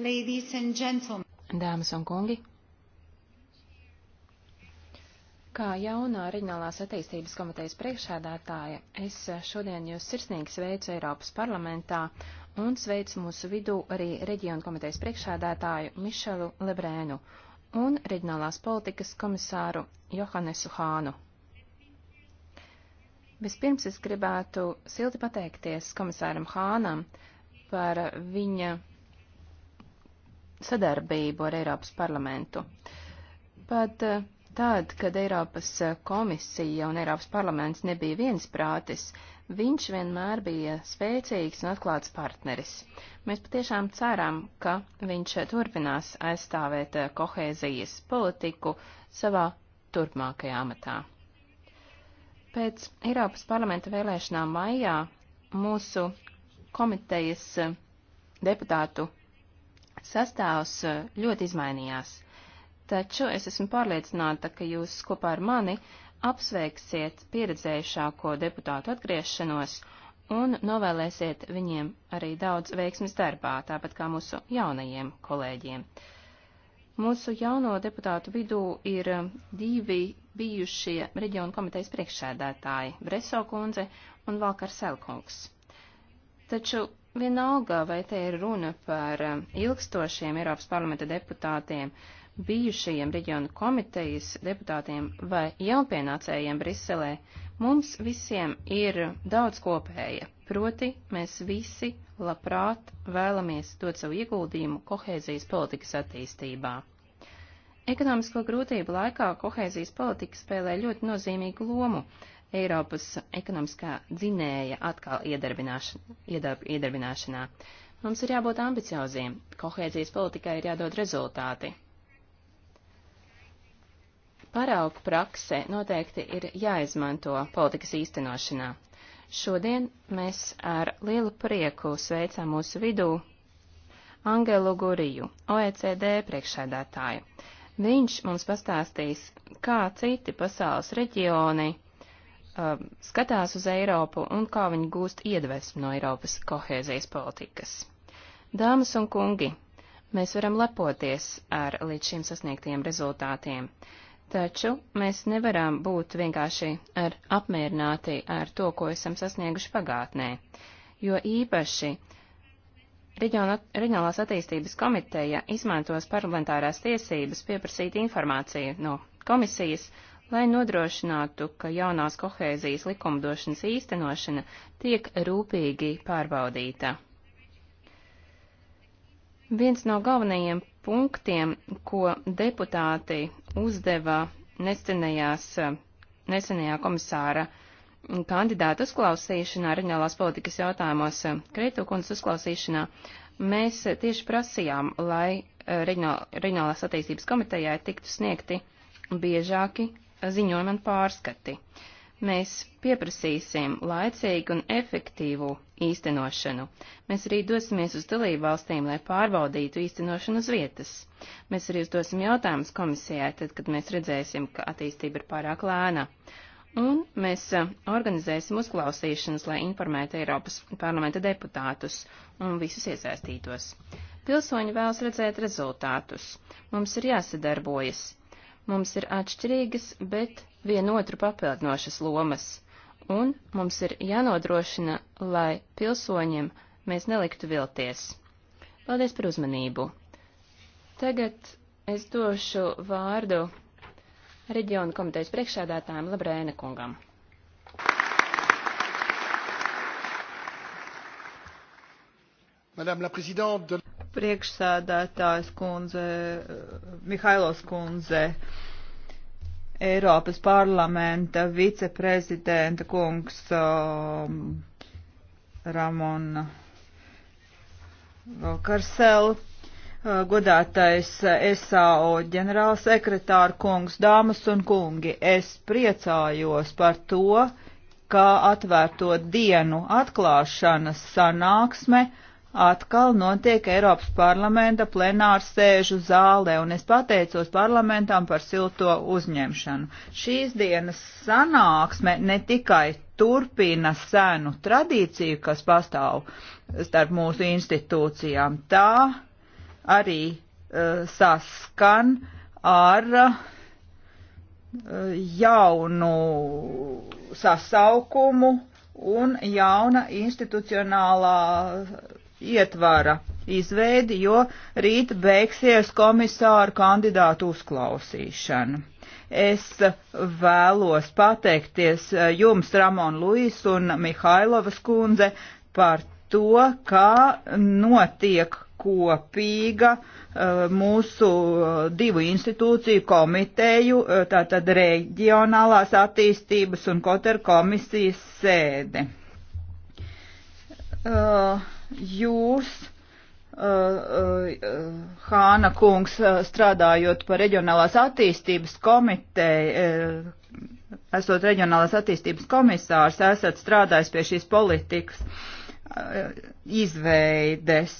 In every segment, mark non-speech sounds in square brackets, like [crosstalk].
Ladies and gentlemen. Dāmas un kungi. Kā jaunā Reģionālās attīstības komitejas priekšsēdētāja, es šodien jūs sirsnīgi sveicu Eiropas parlamentā un sveicu mūsu vidū arī Reģionu komitejas priekšsēdētāju Mišelu Lebrēnu un Reģionālās politikas komisāru Johannesu Hānu. Vispirms es gribētu silti pateikties komisāram Hānam par viņa sadarbību ar Eiropas parlamentu. Pat eh, tad, kad Eiropas eh, komisija un Eiropas parlaments nebija viensprātis, viņš vienmēr bija spēcīgs un atklāts partneris. Mēs patiešām ceram, ka viņš eh, turpinās aizstāvēt kohēzijas politiku savā turpmākajā amatā. Pēc Eiropas parlamenta vēlēšanām maijā mūsu komitejas deputātu Sastāvs eh, ļoti izmainījās, taču es esmu pārliecināta, ka jūs kopā ar mani apsveiksiet pieredzējušāko deputātu atgriešanos un novēlēsiet viņiem arī daudz veiksmes darbā, tāpat kā mūsu jaunajiem kolēģiem. Mūsu jauno deputātu vidū ir eh, divi bijušie reģionu komitejas priekšsēdētāji - Breso kundze un Valkar Selkungs. Taču Vienalga, vai te ir runa par um, ilgstošiem Eiropas parlamenta deputātiem, bijušajiem reģionu komitejas deputātiem vai jaunpienācējiem Briselē, mums visiem ir daudz kopēja. Proti, mēs visi labprāt vēlamies dot savu ieguldījumu kohēzijas politikas attīstībā. Ekonomisko grūtību laikā kohēzijas politika spēlē ļoti nozīmīgu lomu, Eiropas ekonomiskā dzinēja atkal iedarbināšanā. Mums ir jābūt ambicioziem. Kohēzijas politikai ir jādod rezultāti. Paraugu prakse noteikti ir jāizmanto politikas īstenošanā. Šodien mēs ar lielu prieku sveicām mūsu vidū Angelu Guriju, OECD priekšsēdētāju. Viņš mums pastāstīs, kā citi pasaules reģioni uh, skatās uz Eiropu un kā viņi gūst iedvesmu no Eiropas kohēzijas politikas. Dāmas un kungi, mēs varam lepoties ar līdz šim sasniegtiem rezultātiem, taču mēs nevaram būt vienkārši ar apmierināti ar to, ko esam sasnieguši pagātnē, jo īpaši Reģionālās attīstības komiteja izmantos parlamentārās tiesības pieprasīt informāciju no komisijas lai nodrošinātu, ka jaunās kohēzijas likumdošanas īstenošana tiek rūpīgi pārbaudīta. Viens no galvenajiem punktiem, ko deputāti uzdeva nesenajās, nesenajā komisāra kandidātu uzklausīšanā, reģionālās politikas jautājumos, Kreitūkundas uzklausīšanā, mēs tieši prasījām, lai eh, reģionālās attīstības komitejai tiktu sniegti biežāki ziņojuma un pārskati. Mēs pieprasīsim laicīgu un efektīvu īstenošanu. Mēs arī dosimies uz dalību valstīm, lai pārbaudītu īstenošanu uz vietas. Mēs arī uzdosim jautājumus komisijai, tad, kad mēs redzēsim, ka attīstība ir pārāk lēna. Un mēs eh, organizēsim uzklausīšanas, lai informētu Eiropas parlamenta deputātus un visus iesaistītos. Pilsoņi vēlas redzēt rezultātus. Mums ir jāsadarbojas Mums ir atšķirīgas, bet vienotru papildinošas lomas, un mums ir jānodrošina, lai pilsoņiem mēs neliktu vilties. Paldies par uzmanību. Tagad es došu vārdu reģionu komitejas priekšsēdētājiem Labrēna kungam. Madame la Présidente de priekšsēdētājs kundze, eh, Mihailos kundze, Eiropas parlamenta viceprezidenta kungs um, Ramona uh, Karsel, uh, godātais SAO ģenerālsekretāra kungs, dāmas un kungi, es priecājos par to, ka atvērto dienu atklāšanas sanāksme uh, atkal notiek Eiropas parlamenta plenāru sēžu zālē, un es pateicos parlamentam par silto uzņemšanu. Šīs dienas sanāksme ne tikai turpina senu tradīciju, kas pastāv starp mūsu institūcijām, tā arī uh, saskan ar uh, jaunu sasaukumu un jauna institucionālā ietvara izveidi, jo rīt beigsies komisāru kandidātu uzklausīšana. Es vēlos pateikties eh, jums, Ramon Luis un Mihailovas kundze, par to, kā notiek kopīga eh, mūsu eh, divu institūciju komiteju, tātad reģionālās attīstības un koter komisijas sēde. Uh, jūs, uh, uh, Hāna kungs, uh, strādājot par reģionālās attīstības komiteju, esot reģionālās attīstības komisārs, esat strādājis pie šīs politikas izveides.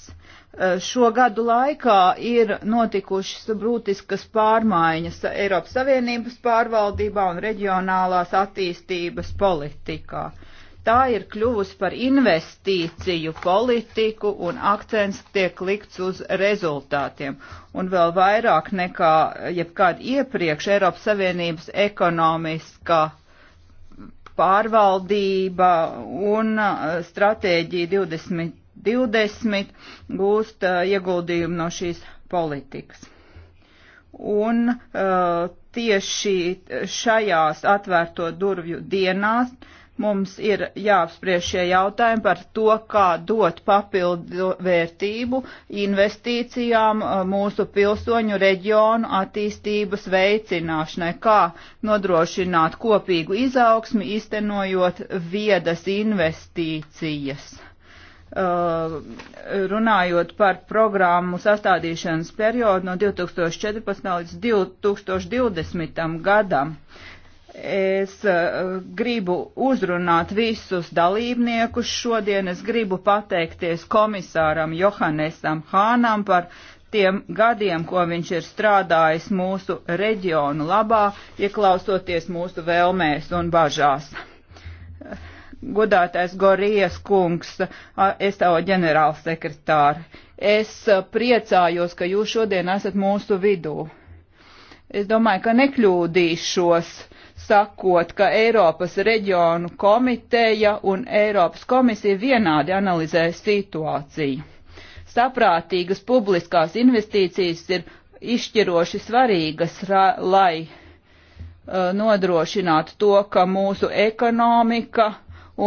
Šo gadu laikā ir notikušas brūtiskas pārmaiņas Eiropas Savienības pārvaldībā un reģionālās attīstības politikā. Uh, Tā ir kļuvusi par investīciju politiku un akcents tiek likts uz rezultātiem. Un vēl vairāk nekā jebkād iepriekš Eiropas Savienības ekonomiskā pārvaldība un stratēģija 2020 gūst ieguldījumu no šīs politikas. Un uh, tieši šajās atvērto durvju dienās uh, Mums ir jāapspriež šie jautājumi par to, kā dot papildu vērtību investīcijām uh, mūsu pilsoņu reģionu attīstības veicināšanai, kā nodrošināt kopīgu izaugsmi, iztenojot viedas investīcijas. Uh, runājot par programmu sastādīšanas periodu no 2014 līdz 2020 gadam. Uh, Es eh, gribu uzrunāt visus dalībniekus šodien. Es gribu pateikties komisāram Johannesam Hānam par tiem gadiem, ko viņš ir strādājis mūsu reģionu labā, ieklausoties mūsu vēlmēs un bažās. Godātais Gorijas kungs, STO ģenerālsekretāri, es priecājos, ka jūs šodien esat mūsu vidū. Es domāju, ka nekļūdīšos sakot, ka Eiropas reģionu komiteja un Eiropas komisija vienādi analizē situāciju. Saprātīgas publiskās investīcijas ir izšķiroši svarīgas, lai uh, nodrošinātu to, ka mūsu ekonomika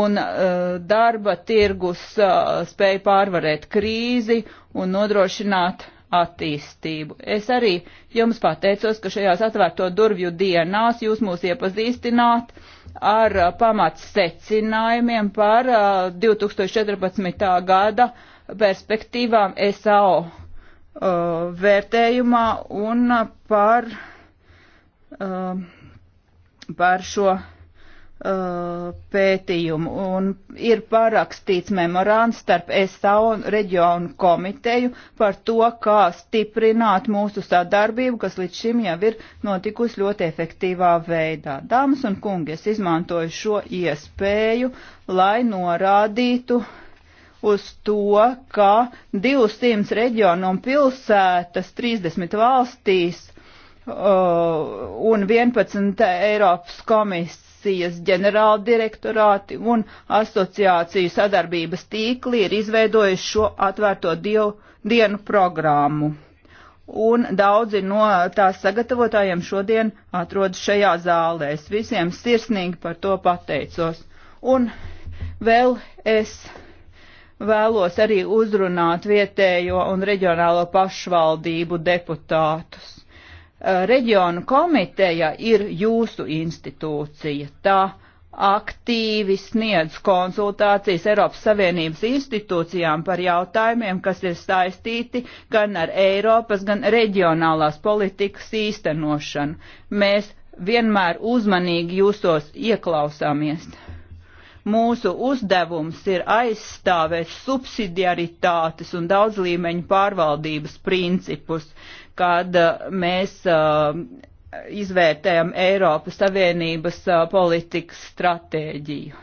un uh, darba tirgus uh, spēja pārvarēt krīzi un nodrošināt attīstību. Es arī jums pateicos, ka šajās atvērto durvju dienās jūs mūs iepazīstināt ar uh, pamats secinājumiem par 2014. Uh, gada perspektīvām SAO uh, vērtējumā un par, par šo Uh, pētījumu un ir parakstīts memorāns starp SAO un reģionu komiteju par to, kā stiprināt mūsu sadarbību, kas līdz šim jau ir notikusi ļoti efektīvā veidā. Dāmas un kungi, es izmantoju šo iespēju, lai norādītu uz to, ka 200 reģionu un pilsētas 30 valstīs Uh, un 11 Eiropas komis, komisijas ģenerāldirektorāti un asociāciju sadarbības tīkli ir izveidojuši šo atvērto dievu, dienu programmu. Un daudzi no tās sagatavotājiem šodien atrodas šajā zālē. Es visiem sirsnīgi par to pateicos. Un vēl es vēlos arī uzrunāt vietējo un reģionālo pašvaldību deputātus Eh, reģionu komiteja ir jūsu institūcija. Tā aktīvi sniedz konsultācijas Eiropas Savienības institūcijām par jautājumiem, kas ir saistīti gan ar Eiropas, gan reģionālās politikas īstenošanu. Mēs vienmēr uzmanīgi jūsos ieklausāmies. Mūsu uzdevums ir aizstāvēt subsidiaritātes un daudzlīmeņu pārvaldības principus. Uh, kad uh, mēs uh, izvērtējam Eiropas Savienības uh, politikas stratēģiju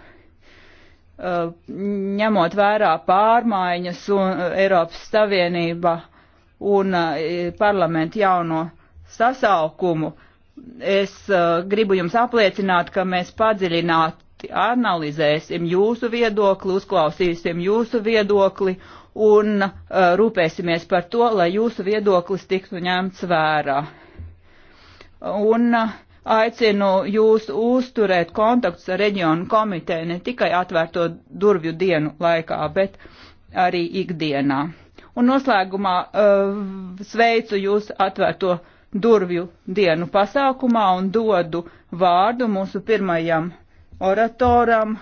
ņemot vērā pārmaiņas un Eiropas Savienība un parlamentu jauno sasaukumu, es gribu jums apliecināt, ka mēs padziļināti analizēsim jūsu viedokli, uzklausīsim jūsu viedokli un uh, rūpēsimies par to, lai jūsu viedoklis tiktu ņemts vērā. Un uh, aicinu jūs uzturēt kontaktus ar reģionu komiteju ne tikai atvērto durvju dienu laikā, bet arī ikdienā. Un noslēgumā uh, sveicu jūs atvērto durvju dienu pasākumā un dodu vārdu mūsu pirmajam oratoram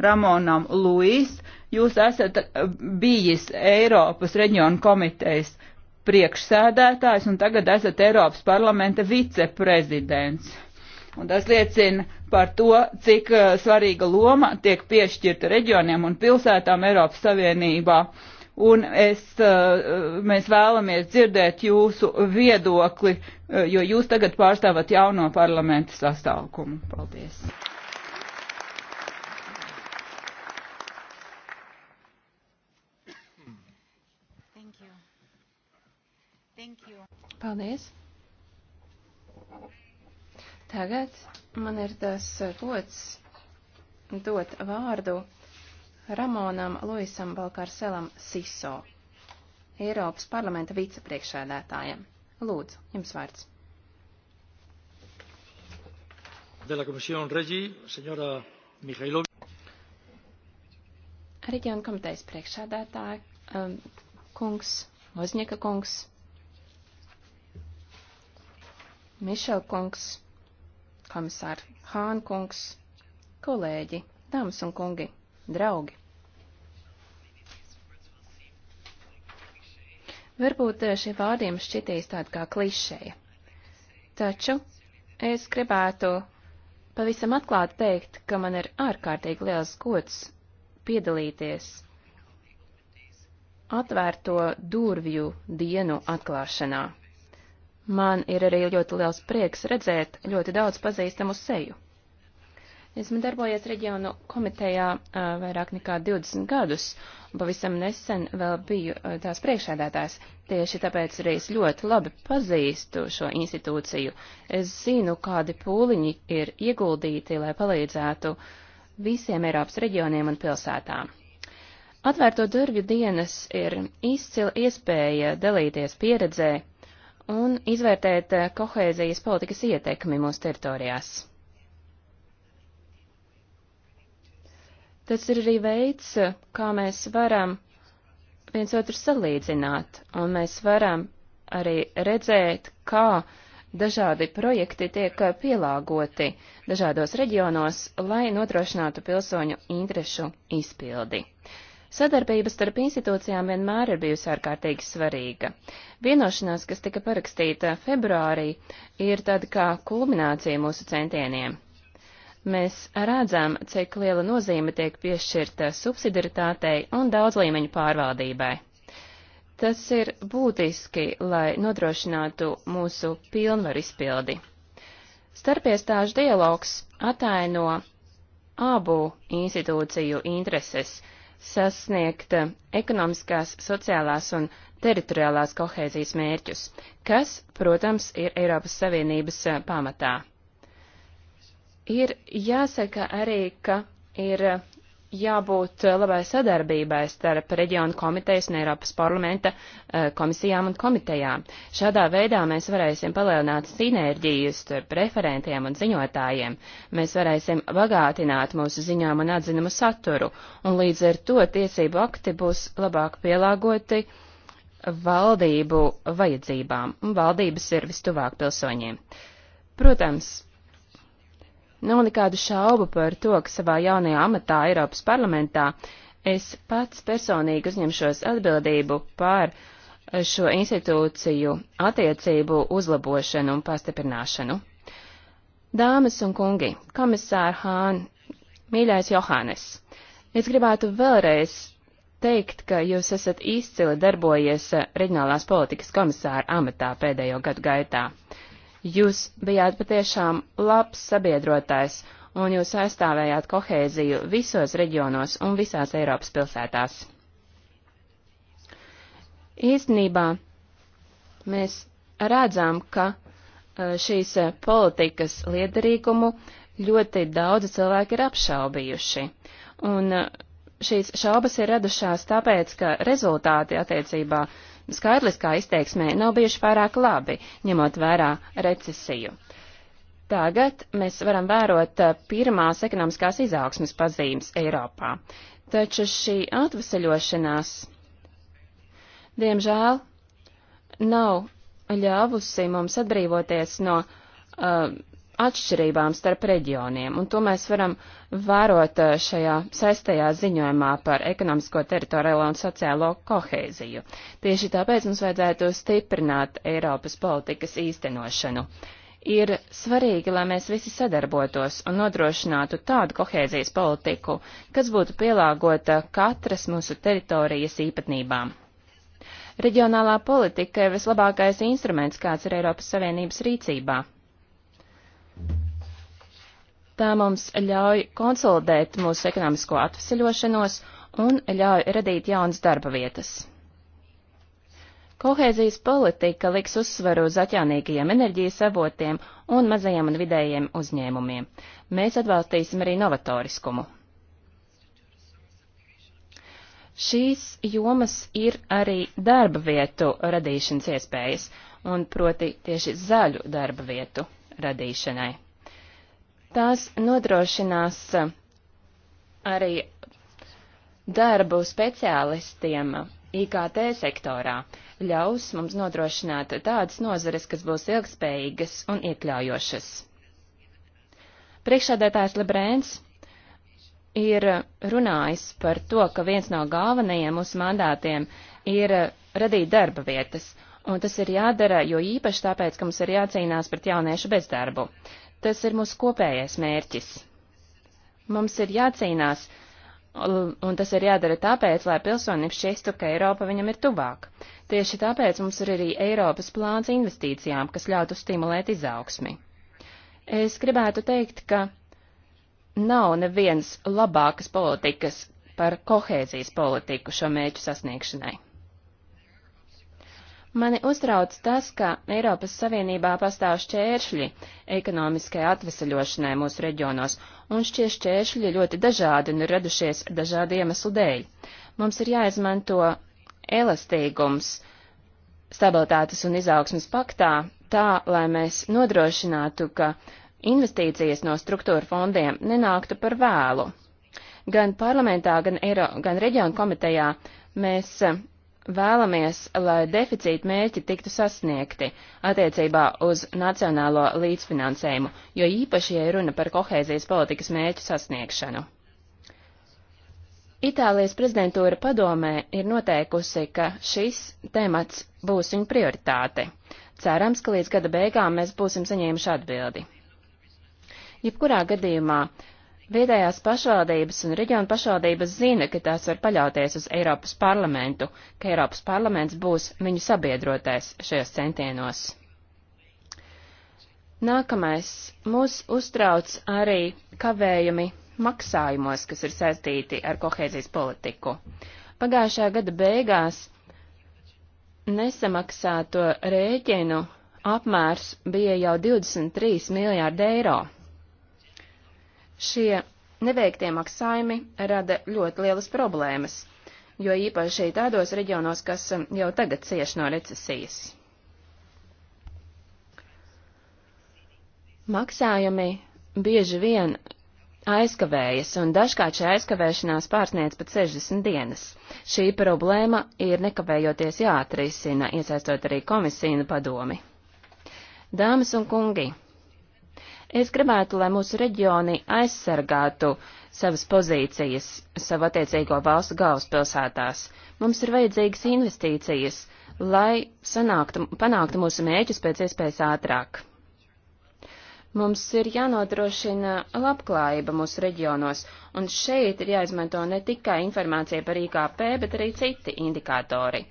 Ramonam Luis, Jūs esat uh, bijis Eiropas reģionu komitejas priekšsēdētājs un tagad esat Eiropas parlamenta viceprezidents. Un tas liecina par to, cik uh, svarīga loma tiek piešķirta reģioniem un pilsētām Eiropas Savienībā. Un es, uh, mēs vēlamies dzirdēt jūsu viedokli, jo jūs tagad pārstāvat jauno parlamenta sastāvkumu. Paldies! Paldies! Tagad man ir tas gods dot vārdu Ramonam Luisam Balkarselam Siso, Eiropas parlamenta vicepriekšēdētājam. Lūdzu, jums vārds. De la Comisión Regi, señora Mihailov. Reģiona komitejas priekšsēdētāja, um, kungs, Vozņika kungs, Mišelkungs, komisāri Hānkungs, kolēģi, dāmas un kungi, draugi. Varbūt eh, šie vārdi jums šķitīs tādi kā klišeja, taču es gribētu pavisam atklāti teikt, ka man ir ārkārtīgi liels gods piedalīties atvērto durvju dienu atklāšanā. Man ir arī ļoti liels prieks redzēt ļoti daudz pazīstamu seju. Esmu darbojies reģionu komitejā uh, vairāk nekā 20 gadus, un pavisam nesen vēl biju uh, tās priekšēdētājs. Tieši tāpēc arī es ļoti labi pazīstu šo institūciju. Es zinu, kādi pūliņi ir ieguldīti, lai palīdzētu visiem Eiropas reģioniem un pilsētām. Atvērto durvju dienas ir izcila iespēja dalīties pieredzē, un izvērtēt eh, kohēzijas politikas ietekmi mūsu teritorijās. Tas ir arī veids, kā mēs varam viens otru salīdzināt, un mēs varam arī redzēt, kā dažādi projekti tiek pielāgoti dažādos reģionos, lai nodrošinātu pilsoņu interešu izpildi. Uh, Sadarbības starp institūcijām vienmēr ir bijusi ārkārtīgi svarīga. Vienošanās, kas tika parakstīta februārī, ir tāda kā kulminācija mūsu centieniem. Mēs redzam, cik liela nozīme tiek piešķirta subsidiaritātei un daudzlīmeņu pārvaldībai. Tas ir būtiski, lai nodrošinātu mūsu pilnvaru izpildi. Starpiestāžu dialogs ataino abu institūciju intereses, sasniegt eh, ekonomiskās, sociālās un teritoriālās kohēzijas mērķus, kas, protams, ir Eiropas Savienības eh, pamatā. Ir jāsaka arī, ka ir eh, jābūt eh, labai sadarbībai starp reģionu komitejas un Eiropas parlamenta eh, komisijām un komitejām. Šādā veidā mēs varēsim palielināt sinerģiju starp referentiem un ziņotājiem, mēs varēsim bagātināt mūsu ziņām un atzinumu saturu, un līdz ar to tiesību akti būs labāk pielāgoti valdību vajadzībām, un valdības ir vistuvāk pilsoņiem. Protams, Nav nekādu šaubu par to, ka savā jaunajā amatā Eiropas parlamentā es pats personīgi uzņemšos atbildību par eh, šo institūciju attiecību uzlabošanu un pastiprināšanu. Dāmas un kungi, komisāra Hān, mīļais Johannes, es gribētu vēlreiz teikt, ka jūs esat izcili darbojies eh, reģionālās politikas komisāra amatā pēdējo gadu gaitā. Jūs bijāt patiešām labs sabiedrotājs, un jūs aizstāvējāt kohēziju visos reģionos un visās Eiropas pilsētās. Īstenībā mēs redzam, ka e, šīs e, politikas liederīgumu ļoti daudzi cilvēki ir apšaubījuši. Un e, šīs šaubas ir radušās tāpēc, ka rezultāti attiecībā skaitliskā izteiksmē nav bijuši pārāk labi, ņemot vērā recesiju. Tagad mēs varam vērot eh, pirmās ekonomiskās izaugsmas pazīmes Eiropā, taču šī atveseļošanās, diemžēl, nav ļāvusi mums atbrīvoties no uh, atšķirībām starp reģioniem, un to mēs varam vērot eh, šajā sestajā ziņojumā par ekonomisko, teritoriālo un sociālo kohēziju. Tieši tāpēc mums vajadzētu stiprināt Eiropas politikas īstenošanu. Ir svarīgi, lai mēs visi sadarbotos un nodrošinātu tādu kohēzijas politiku, kas būtu pielāgota katras mūsu teritorijas īpatnībām. Reģionālā politika ir vislabākais instruments, kāds ir Eiropas Savienības rīcībā, Tā mums ļauj konsolidēt mūsu ekonomisko atvesaļošanos un ļauj radīt jaunas darba vietas. Kohēzijas politika liks uzsvaru uz atjaunīgajiem enerģijas avotiem un mazajiem un vidējiem uzņēmumiem. Mēs atbalstīsim arī novatoriskumu. Šīs jomas ir arī darba vietu radīšanas iespējas, un proti tieši zaļu darba vietu radīšanai. Tās nodrošinās uh, arī darbu speciālistiem IKT sektorā, ļaus mums nodrošināt tādas nozares, kas būs ilgspējīgas un iekļaujošas. Priekšādētājs Lebrēns ir runājis par to, ka viens no galvenajiem mūsu mandātiem ir radīt darba vietas, un tas ir jādara, jo īpaši tāpēc, ka mums ir jācīnās pret jauniešu bezdarbu. Tas ir mūsu kopējais mērķis. Mums ir jācīnās, un tas ir jādara tāpēc, lai pilsonim šķistu, ka Eiropa viņam ir tuvāk. Tieši tāpēc mums ir arī Eiropas plāns investīcijām, kas ļautu stimulēt izaugsmi. Es gribētu teikt, ka nav nevienas labākas politikas par kohēzijas politiku šo mērķu sasniegšanai. Mani uztrauc tas, ka Eiropas Savienībā pastāv šķēršļi ekonomiskai atvesaļošanai mūsu reģionos, un šie šķēršļi ļoti dažādi un ir radušies dažādu iemeslu dēļ. Mums ir jāizmanto elastīgums stabilitātes un izaugsmas paktā tā, lai mēs nodrošinātu, ka investīcijas no struktūra fondiem nenāktu par vēlu. Gan parlamentā, gan, Eiro, gan reģionu komitejā mēs vēlamies, lai deficīta mērķi tiktu sasniegti attiecībā uz nacionālo līdzfinansējumu, jo īpaši, ja runa par kohēzijas politikas mērķu sasniegšanu. Itālijas prezidentūra padomē ir noteikusi, ka šis temats būs viņa prioritāte. Cerams, ka līdz gada beigām mēs būsim saņēmuši atbildi. Jebkurā gadījumā Vietējās pašvaldības un reģiona pašvaldības zina, ka tās var paļauties uz Eiropas parlamentu, ka Eiropas parlaments būs viņu sabiedrotais šajos centienos. Nākamais mūs uztrauc arī kavējumi maksājumos, kas ir saistīti ar kohēzijas politiku. Pagājušā gada beigās nesamaksāto rēķinu apmērs bija jau 23 miljārdi eiro Šie neveiktie maksājumi rada ļoti lielas problēmas, jo īpaši tādos reģionos, kas um, jau tagad cieš no recesijas. Maksājumi bieži vien aizkavējas, un dažkārt šī aizkavēšanās pārsniec pat 60 dienas. Šī problēma ir nekavējoties jāatrisina, iesaistot arī komisiju un padomi. Dāmas un kungi, Es gribētu, lai mūsu reģioni aizsargātu savas pozīcijas savu attiecīgo valstu galvaspilsētās. Mums ir vajadzīgas investīcijas, lai sanāktu, panāktu mūsu mēģus pēc iespējas ātrāk. Mums ir jānodrošina labklājība mūsu reģionos, un šeit ir jāizmanto ne tikai informācija par IKP, bet arī citi indikātori.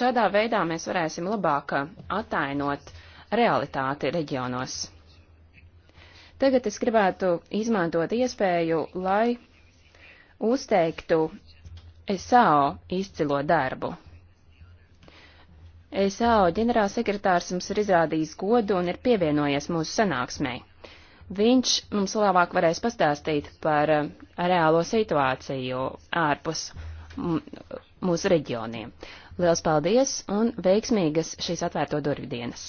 Šādā veidā mēs varēsim labāk atainot realitāti reģionos. Tagad es gribētu izmantot iespēju, lai uzteiktu SAO izcilo darbu. SAO ģenerālsekretārs mums ir izrādījis godu un ir pievienojies mūsu sanāksmei. Viņš mums labāk varēs pastāstīt par eh, reālo situāciju ārpus mūsu reģioniem. Liels paldies un veiksmīgas šīs atvērto durvju dienas!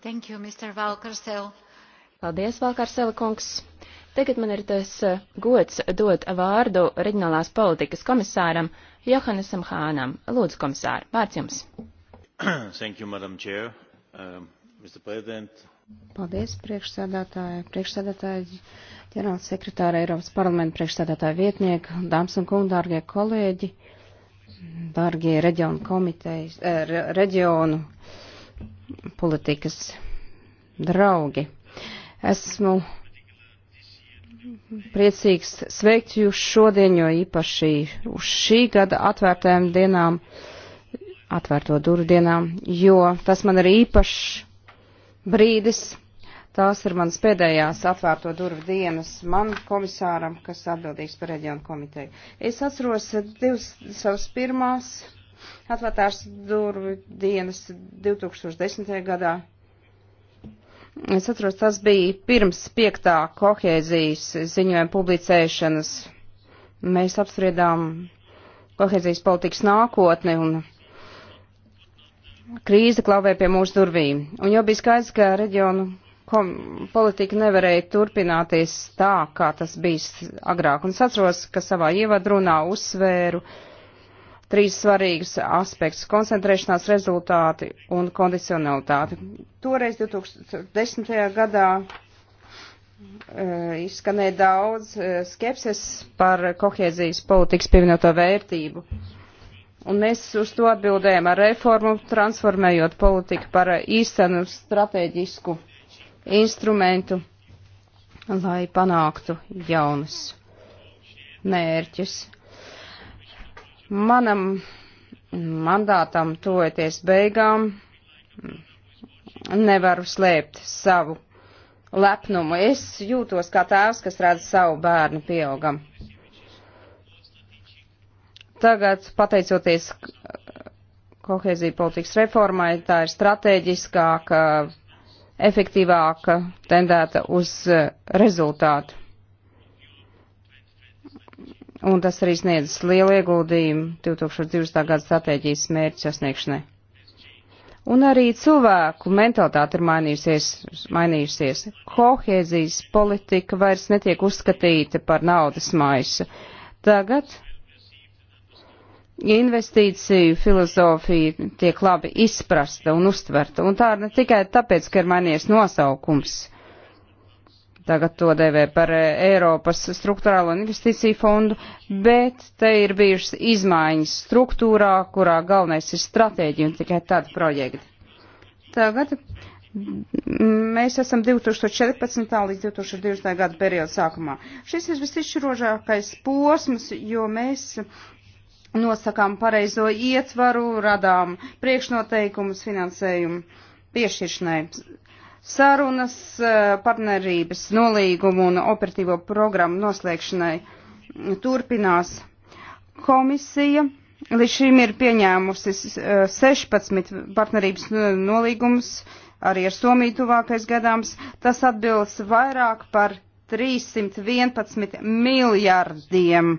Thank you, Mr. Valkarsel. Paldies, Valkārsela kungs! Tagad man ir tas eh, gods dot vārdu reģionālās politikas komisāram Johannesam Hānam. Lūdzu, komisār, vārds jums. [clears throat] Thank you, Madam Chair. Um, Mr. President. Paldies, priekšsēdētāji, priekšsēdētāji, ģenerāls sekretāra Eiropas parlamenta priekšsēdētāja vietnieka, dāmas un kungi, dārgie kolēģi, dārgie reģionu komitejas, eh, reģionu politikas draugi. Esmu priecīgs sveikt jūs šodien, jo īpaši uz šī gada atvērtēm dienām, atvērto duru dienām, jo tas man ir īpašs brīdis. Tās ir manas pēdējās atvērto durvju dienas man komisāram, kas atbildīgs par reģionu komiteju. Es atceros divas savas pirmās atvērtās durvju dienas 2010. gadā. Es atceros, tas bija pirms piektā kohēzijas ziņojuma publicēšanas. Mēs apspriedām kohēzijas politikas nākotni un krīze klauvē pie mūsu durvīm. Un jau bija skaidrs, ka reģionu politika nevarēja turpināties tā, kā tas bijis agrāk. Un es atceros, ka savā ievadrunā uzsvēru, uh, trīs svarīgas aspekts - koncentrēšanās rezultāti un kondicionalitāti. Toreiz 2010. gadā e, izskanēja daudz e, skepses par kohēzijas politikas pievienoto vērtību. Un mēs uz to atbildējam ar reformu, transformējot politiku par īstenu strateģisku instrumentu, lai panāktu jaunus mērķus. Manam mandātam tojoties beigām nevaru slēpt savu lepnumu. Es jūtos kā tēvs, kas redz savu bērnu pieaugam. Tagad, pateicoties kohēzija politikas reformai, tā ir strateģiskāka, efektīvāka, tendēta uz eh, rezultātu un tas arī sniedz lielu ieguldījumu 2020. gada stratēģijas mērķu sasniegšanai. Un arī cilvēku mentalitāte ir mainījusies, mainījusies. Kohēzijas politika vairs netiek uzskatīta par naudas maisu. Tagad investīciju filozofija tiek labi izprasta un uztverta, un tā ir ne tikai tāpēc, ka ir mainījies nosaukums tagad to dēvē par eh, Eiropas struktūrālo investīciju fondu, bet te ir bijušas izmaiņas struktūrā, kurā galvenais ir stratēģija un tikai tāda projekta. Tagad mēs esam 2014. līdz 2020. gada perioda sākumā. Šis ir visizšķirošākais posms, jo mēs nosakām pareizo ietvaru, radām priekšnoteikumus finansējumu piešķiršanai sarunas eh, partnerības nolīgumu un operatīvo programmu noslēgšanai turpinās komisija. Līdz šim ir pieņēmusi 16 eh, partnerības nolīgumus, arī ar Somiju tuvākais gadāms. Tas atbilst vairāk par 311 miljārdiem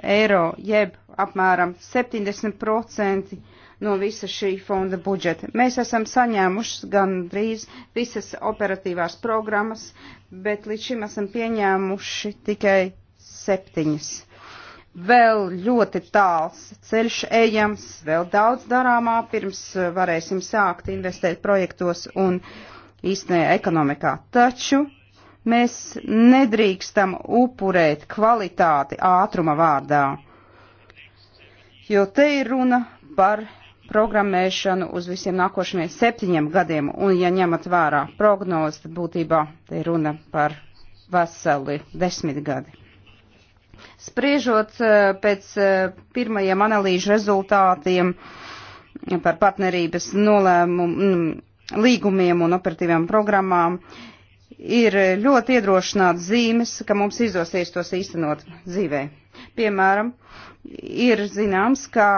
eiro, jeb apmēram 70% no visa šī fonda budžeta. Mēs esam saņēmuši gan drīz visas operatīvās programmas, bet līdz šim esam pieņēmuši tikai septiņas. Vēl ļoti tāls ceļš ejams, vēl daudz darāmā, pirms varēsim sākt investēt projektos un īstenajā ekonomikā. Taču mēs nedrīkstam upurēt kvalitāti ātruma vārdā, jo te ir runa par programmēšanu uz visiem nākošajiem septiņiem gadiem, un ja ņemat vērā prognozes, tad būtībā te ir runa par veseli desmit gadi. Spriežot eh, pēc eh, pirmajiem analīžu rezultātiem par partnerības nolēmumu, mm, līgumiem un operatīvām programmām, ir ļoti iedrošināts zīmes, ka mums izdosies tos īstenot dzīvē. Piemēram, ir zināms, ka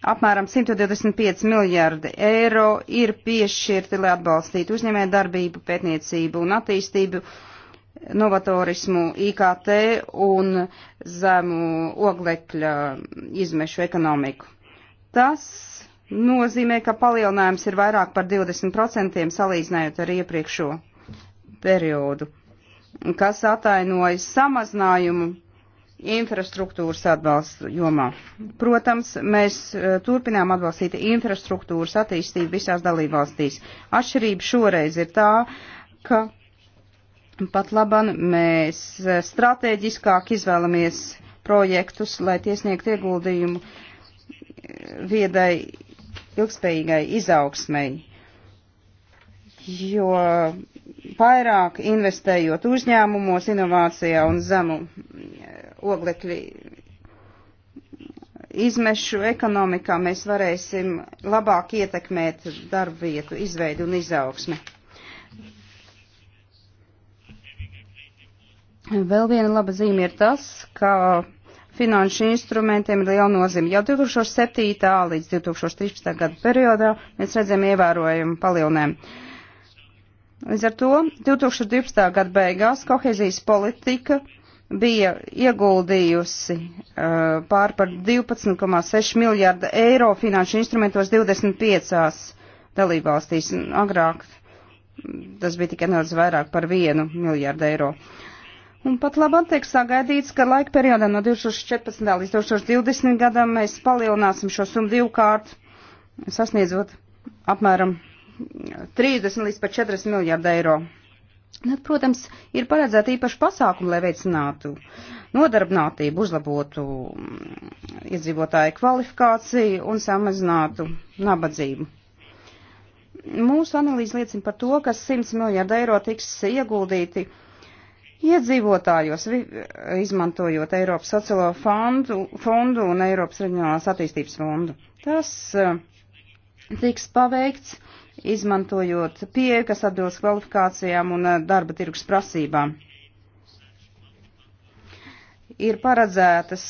Apmēram 125 miljārdi eiro ir piešķirti, lai atbalstītu uzņēmē darbību, pētniecību un attīstību, novatorismu, IKT un zemu oglekļa izmešu ekonomiku. Tas nozīmē, ka palielinājums ir vairāk par 20% salīdzinājot ar iepriekšo periodu, kas atainojas samazinājumu infrastruktūras atbalsta jomā. Protams, mēs eh, turpinām atbalstīt infrastruktūras attīstību visās dalībvalstīs. Atšķirība šoreiz ir tā, ka pat laban mēs eh, strateģiskāk izvēlamies projektus, lai tie sniegtu ieguldījumu eh, viedai ilgspējīgai izaugsmei. Jo vairāk investējot uzņēmumos, inovācijā un zemu oglekļi izmešu ekonomikā mēs varēsim labāk ietekmēt darba vietu izveidu un izaugsmi. Vēl viena laba zīme ir tas, ka finanšu instrumentiem ir liela nozīme. Jau 2007. līdz 2013. gada periodā mēs redzam ievērojumu palielinājumu. Līdz ar to 2012. gada beigās kohezijas politika bija ieguldījusi uh, pār par 12,6 miljārdu eiro finanšu instrumentos 25 dalībvalstīs. Agrāk tas bija tikai nedaudz vairāk par 1 miljārdu eiro. Un pat labam tiek sagaidīts, ka laika periodā no 2014. līdz 2020. gadam mēs palielināsim šo summu divkārt, sasniedzot apmēram 30 līdz pat 40 miljārdu eiro. Nu, protams, ir paredzēta īpaša pasākuma, lai veicinātu nodarbinātību, uzlabotu mm, iedzīvotāju kvalifikāciju un samazinātu nabadzību. Mūsu analīze liecina par to, ka 100 miljārdu eiro tiks ieguldīti iedzīvotājos, izmantojot Eiropas sociālo fondu, fondu un Eiropas reģionālās attīstības fondu. Tas eh, tiks paveikts izmantojot pieeju, kas atbilst kvalifikācijām un eh, darba tirgus prasībām. Ir paredzētas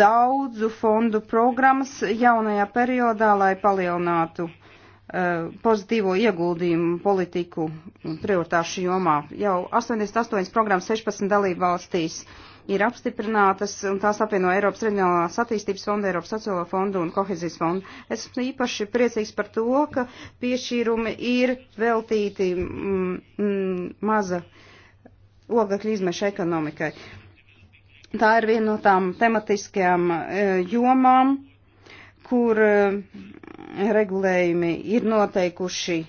daudzu fondu programmas jaunajā periodā, lai palielinātu uh, pozitīvo ieguldījumu politiku prioritāšu jomā. Jau 88 programmas 16 dalību valstīs ir apstiprinātas un tās apvieno Eiropas Reģionālās attīstības fondu, Eiropas sociālo fondu un kohezijas fondu. Esmu īpaši priecīgs par to, ka piešķīrumi ir veltīti mm, mm, maza ogakļu izmeša ekonomikai. Tā ir viena no tām tematiskajām e, jomām, kur e, regulējumi ir noteikuši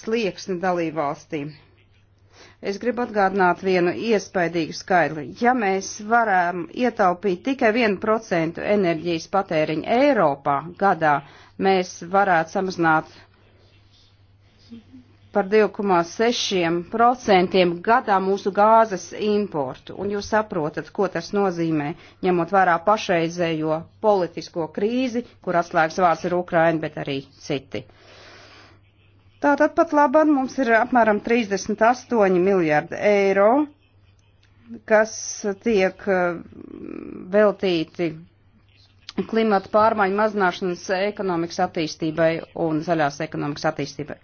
slieksni dalībvalstīm. Es gribu atgādināt vienu iespaidīgu skaidru. Ja mēs varam ietaupīt tikai 1% enerģijas patēriņu Eiropā gadā, mēs varētu samazināt par 2,6% gadā mūsu gāzes importu. Un jūs saprotat, ko tas nozīmē, ņemot vērā pašreizējo politisko krīzi, kur atslēgas vārds ir Ukraina, bet arī citi. Tātad pat labam mums ir apmēram 38 miljārdi eiro, kas tiek eh, veltīti klimata pārmaiņu mazināšanas ekonomikas attīstībai un zaļās ekonomikas attīstībai.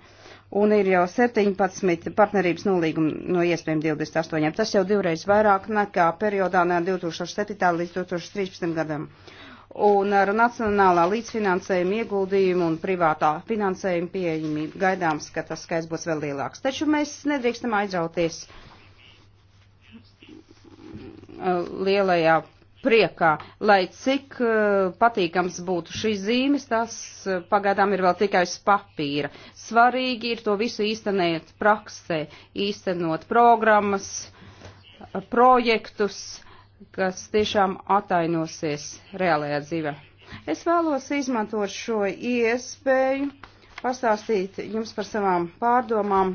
Un ir jau 17 partnerības nolīgumi no iespējām 28. Tas jau divreiz vairāk nekā periodā no 2007. līdz 2013. gadam. Uh, un ar nacionālā līdzfinansējuma ieguldījumu un privātā finansējuma pieejamību gaidāms, ka tas skaits būs vēl lielāks. Taču mēs nedrīkstam aizrauties uh, lielajā priekā, lai cik uh, patīkams būtu šīs zīmes, tas uh, pagaidām ir vēl tikai uz papīra. Svarīgi ir to visu īstenēt praksē, īstenot programmas, projektus, kas tiešām atainosies reālajā dzīvē. Es vēlos izmantot šo iespēju, pastāstīt jums par savām pārdomām,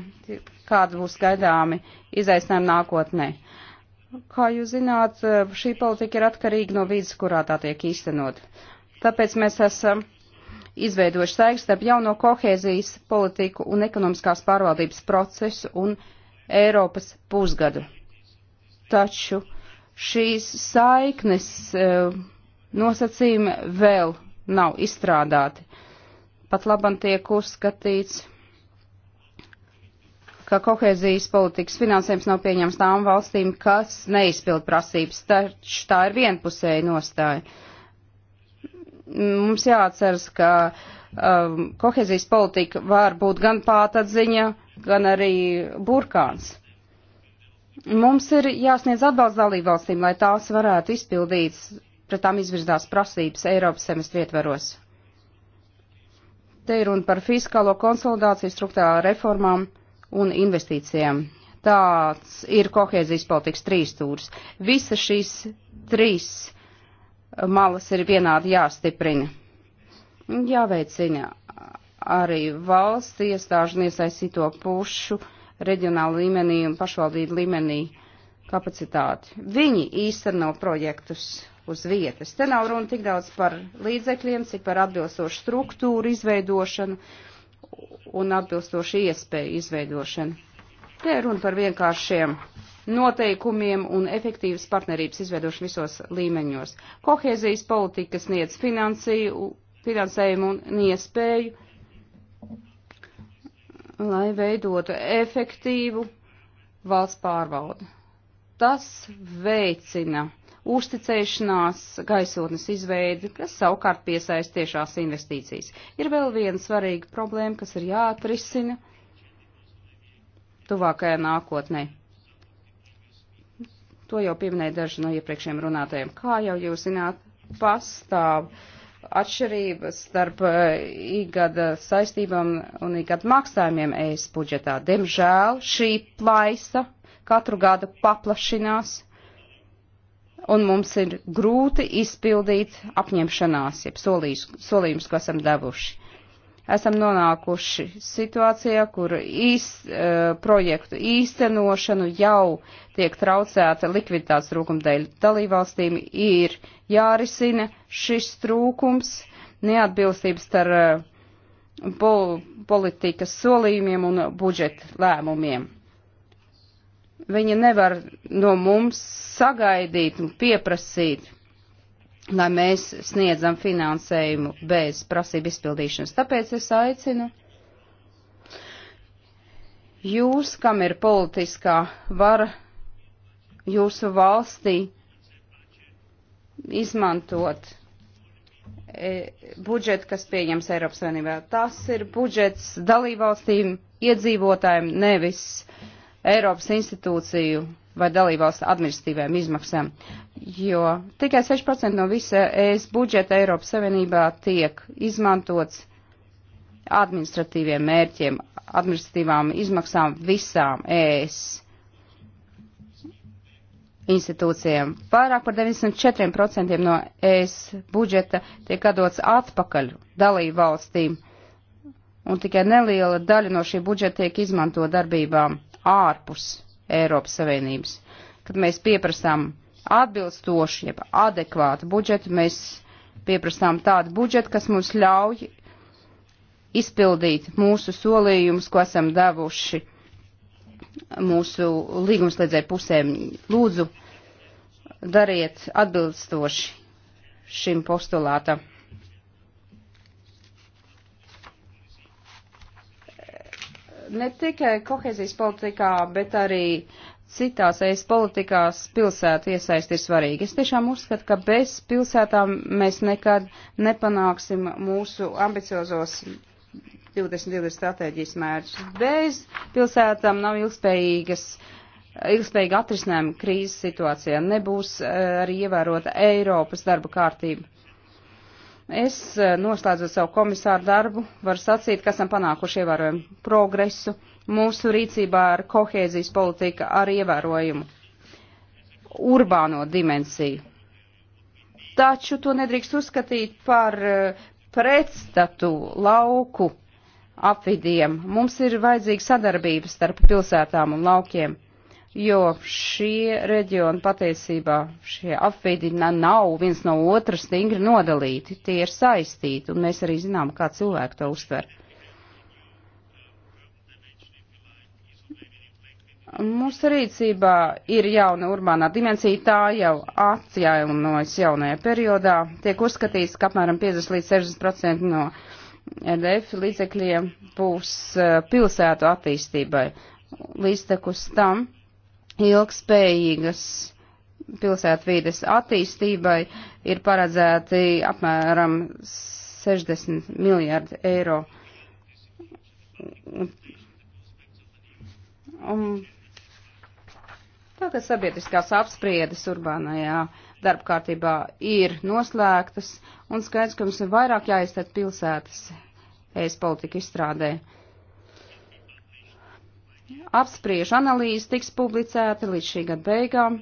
kāda būs gaidāmi izaicinājumi nākotnē. Kā jūs zināt, šī politika ir atkarīga no vīdes, kurā tā tiek īstenot. Tāpēc mēs esam izveidojuši saikstu starp jauno kohēzijas politiku un ekonomiskās pārvaldības procesu un Eiropas pusgadu. Taču šīs saiknes e, nosacījumi vēl nav izstrādāti. Pat labam tiek uzskatīts, ka kohēzijas politikas finansējums nav pieņems tām valstīm, kas neizpild prasības, taču tā ir vienpusēja nostāja. Mums jāatceras, ka um, kohēzijas politika var būt gan pātadziņa, gan arī burkāns Mums ir jāsniedz atbalsts dalībvalstīm, lai tās varētu izpildīt pret tām izvirzās prasības Eiropas semestri ietveros. Te ir runa par fiskālo konsolidāciju, struktūrā reformām un investīcijām. Tāds ir kohēzijas politikas trīs stūrs. Visas šīs trīs malas ir vienādi jāstiprina. Jāveicina arī valsts iestāžu iesaistīto pušu reģionāla līmenī un pašvaldību līmenī kapacitāti. Viņi īsteno projektus uz vietas. Te nav runa tik daudz par līdzekļiem, cik par atbilstošu struktūru izveidošanu un atbilstošu iespēju izveidošanu. Te runa par vienkāršiem noteikumiem un efektīvas partnerības izveidošanu visos līmeņos. Kohēzijas politika sniedz finansējumu un iespēju lai veidotu efektīvu valsts pārvaldi. Tas veicina uzticēšanās gaisotnes izveidi, kas savukārt piesaist tiešās investīcijas. Ir vēl viena svarīga problēma, kas ir jāatrisina tuvākajā nākotnē. To jau pieminēja daži no iepriekšējiem runātajiem. Kā jau jūs zināt, pastāv uh, atšķirības starp īgada eh, saistībām un īgada maksājumiem ES budžetā. Diemžēl šī plaisa katru gadu paplašinās, un mums ir grūti izpildīt apņemšanās, jeb solījums, ko esam devuši esam nonākuši situācijā, kur īst, uh, e, projektu īstenošanu jau tiek traucēta likviditātes trūkuma dēļ. Dalībvalstīm ir jārisina šis trūkums, neatbilstības ar uh, e, pol politikas solījumiem un budžeta lēmumiem. Viņi nevar no mums sagaidīt un pieprasīt lai mēs sniedzam finansējumu bez prasību izpildīšanas. Tāpēc es aicinu jūs, kam ir politiskā vara jūsu valstī, izmantot e, budžetu, kas pieņems Eiropas Savienībā. Tas ir budžets dalībvalstīm, iedzīvotājiem, nevis Eiropas institūciju vai dalībvalstu administratīvajām izmaksām, jo tikai 6% no visa ES budžeta Eiropas Savienībā tiek izmantots administratīviem mērķiem, administratīvām izmaksām visām ES institūcijām. Pārāk par 94% no ES budžeta tiek dots atpakaļ dalību valstīm, un tikai neliela daļa no šī budžeta tiek izmanto darbībām ārpus Eiropas Savienības. Kad mēs pieprasām atbilstošu, jeb adekvātu budžetu, mēs pieprasām tādu budžetu, kas mums ļauj izpildīt mūsu solījumus, ko esam devuši mūsu līgumslēdzēju pusēm. Lūdzu, dariet atbilstoši šim postulātam. ne tikai kohēzijas politikā, bet arī citās ES politikās pilsētu iesaisti ir svarīgi. Es tiešām uzskatu, ka bez pilsētām mēs nekad nepanāksim mūsu ambiciozos 2020 stratēģijas mērķus. Bez pilsētām nav ilgspējīgas ilgspējīga atrisinājuma krīzes situācijā, nebūs eh, arī ievērota Eiropas darba kārtība. Es eh, noslēdzot savu komisāru darbu, varu sacīt, ka esam panākuši ievērojumu progresu. Mūsu rīcībā ar kohēzijas politika ar ievērojumu urbāno dimensiju. Taču to nedrīkst uzskatīt par eh, pretstatu lauku apvidiem. Mums ir vajadzīga sadarbība starp pilsētām un laukiem jo šie reģioni patiesībā, šie apvidi nav viens no otra stingri nodalīti, tie ir saistīti, un mēs arī zinām, kā cilvēki to uztver. Mūsu rīcībā ir jauna urbānā dimensija, tā jau atjaunojas jaunajā periodā. Tiek uzskatīts, ka apmēram 50 līdz 60% no RDF līdzekļiem būs eh, pilsētu attīstībai. Līdztekus tam ilgspējīgas pilsētvīdes attīstībai ir paredzēti apmēram 60 miljārdi eiro. Un tagad sabiedriskās apspriedes urbānajā darba kārtībā ir noslēgtas, un skaidrs, ka mums ir vairāk jāizstat pilsētas ēst politika izstrādē apspriež analīze tiks publicēta līdz šī gada beigām.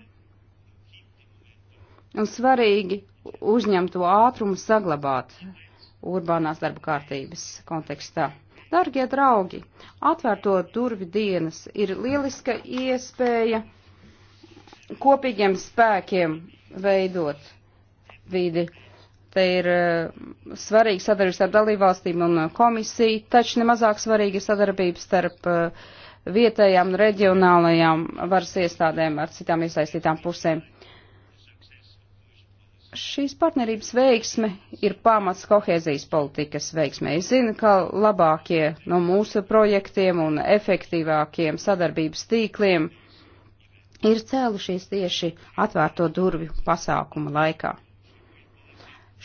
Un svarīgi uzņemt to ātrumu saglabāt urbānās darba kārtības kontekstā. Dargie draugi, atvērto durvi dienas ir lieliska iespēja kopīgiem spēkiem veidot vidi. Te ir uh, svarīga sadarbība starp dalībvalstīm un komisiju, taču nemazāk svarīga sadarbība starp uh, vietējām un reģionālajām varas iestādēm, ar citām iesaistītām pusēm. Šīs partnerības veiksme ir pamats kohēzijas politikas veiksmē. Es zinu, ka labākie no mūsu projektiem un efektīvākiem sadarbības tīkliem ir cēlušies tieši atvērto durvju pasākuma laikā.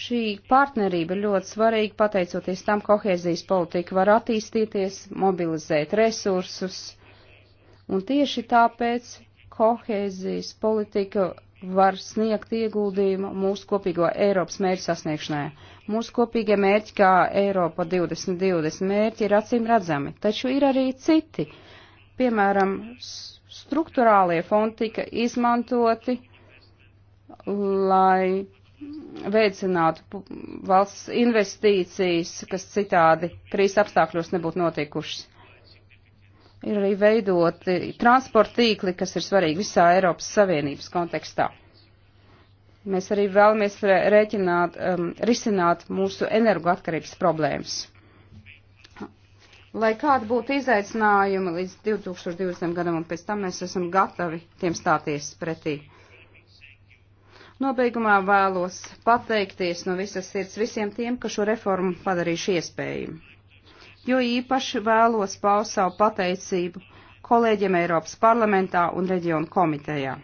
Šī partnerība ļoti svarīga, pateicoties tam, kohēzijas politika var attīstīties, mobilizēt resursus, un tieši tāpēc kohēzijas politika var sniegt ieguldījumu mūsu kopīgo Eiropas mērķu sasniegšanai. Mūsu kopīgie mērķi, kā Eiropa 2020 mērķi, ir acīm redzami, taču ir arī citi. Piemēram, struktūrālie fondi tika izmantoti, lai veicinātu valsts investīcijas, kas citādi krīzes apstākļos nebūtu notikušas. Ir arī veidoti transporta tīkli, kas ir svarīgi visā Eiropas Savienības kontekstā. Mēs arī vēlamies rēķināt, um, risināt mūsu energoatkarības problēmas. Lai kāda būtu izaicinājuma līdz 2020. gadam, un pēc tam mēs esam gatavi tiem stāties pretī. Nobeigumā vēlos pateikties no visas sirds visiem tiem, kas šo reformu padarījuši iespējumu. Jo īpaši vēlos paust savu pateicību kolēģiem Eiropas parlamentā un reģionu komitejā.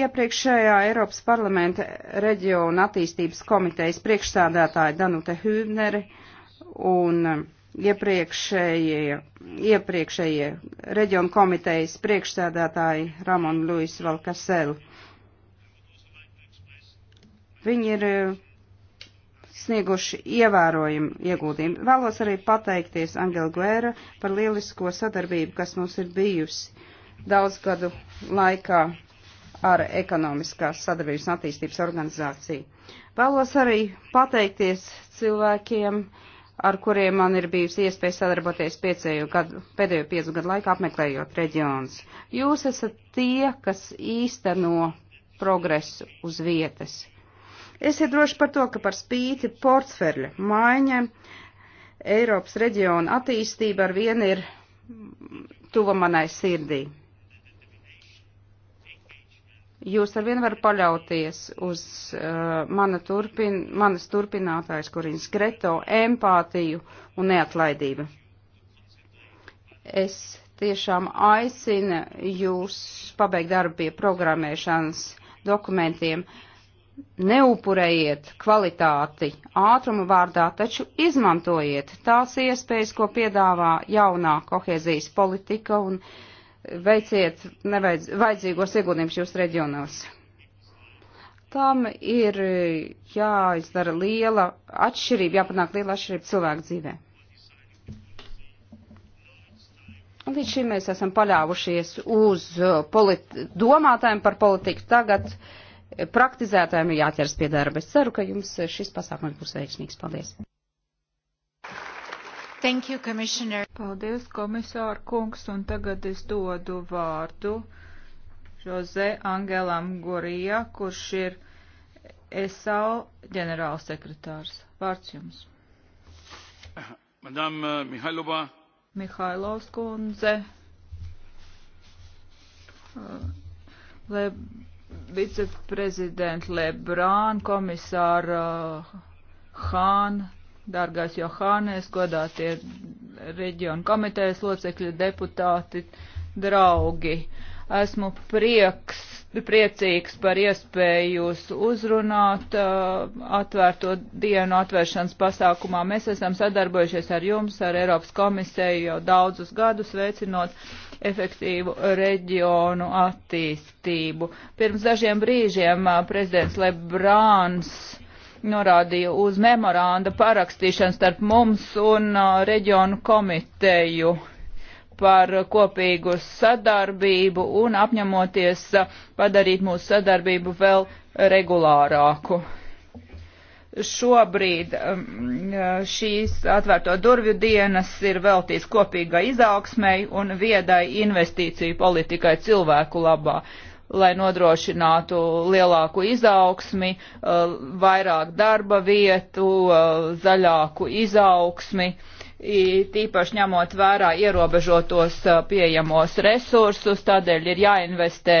Iepriekšējā Eiropas parlamenta reģiona attīstības komitejas priekšstādātāja Danute Hübneri un iepriekšējie, iepriekšējie reģionu komitejas priekšsēdētāji Ramon Luis Valkasel. Viņi ir eh, snieguši ievērojumu ieguldījumu. Vēlos arī pateikties Angela Guēra par lielisko sadarbību, kas mums ir bijusi daudz gadu laikā ar ekonomiskās sadarbības un attīstības organizāciju. Vēlos arī pateikties cilvēkiem, uh, ar kuriem man ir bijusi iespēja sadarboties gadu, pēdējo piecu gadu laikā apmeklējot reģionus. Jūs esat tie, kas īsteno progresu uz vietas. Esiet droši par to, ka par spīti portfeļa maiņa Eiropas reģiona attīstība ar vienu ir tuva manai sirdī jūs arvien var paļauties uz uh, mana turpin, manas turpinātājas, kurins greto, empātiju un neatlaidību. Es tiešām aicinu jūs pabeigt darbu pie programmēšanas dokumentiem. Neupurējiet kvalitāti ātruma vārdā, taču izmantojiet tās iespējas, ko piedāvā jaunā kohēzijas politika un uh, veiciet nevajadz, vajadzīgos ieguldījumus jūsu reģionos. Tam ir e, jāizdara liela atšķirība, jāpanāk liela atšķirība cilvēku dzīvē. Līdz šim mēs esam paļāvušies uz e, politi domātājiem par politiku. Tagad e, praktizētājiem ir jāķers pie darba. Es ceru, ka jums šis pasākums būs veiksmīgs. Paldies! Thank you, Commissioner. Paldies, komisāra kungs, un tagad es dodu vārdu Jose Angelam Gorija, kurš ir ESAU ģenerālsekretārs. Vārds jums. Madame eh, Mihailova. Mihailovs kundze. Eh, le, viceprezident Lebrān, komisāra eh, Hāna dārgais Johānēs, godātie reģionu komitejas locekļi, deputāti, draugi. Esmu prieks, priecīgs par iespēju jūs uzrunāt uh, atvērto dienu atvēršanas pasākumā. Mēs esam sadarbojušies ar jums, ar Eiropas komisēju jau daudzus gadus veicinot efektīvu reģionu attīstību. Pirms dažiem brīžiem uh, prezidents Lebrāns norādīja uz memoranda parakstīšanu starp mums un uh, reģionu komiteju par kopīgu sadarbību un apņemoties uh, padarīt mūsu sadarbību vēl regulārāku. Šobrīd um, uh, šīs atvērto durvju dienas ir veltīts kopīgai izaugsmai un viedai investīciju politikai cilvēku labā. Uh, lai nodrošinātu lielāku izaugsmi, uh, vairāk darba vietu, uh, zaļāku izaugsmi, tīpaši ņemot vērā ierobežotos uh, pieejamos resursus, tādēļ ir jāinvestē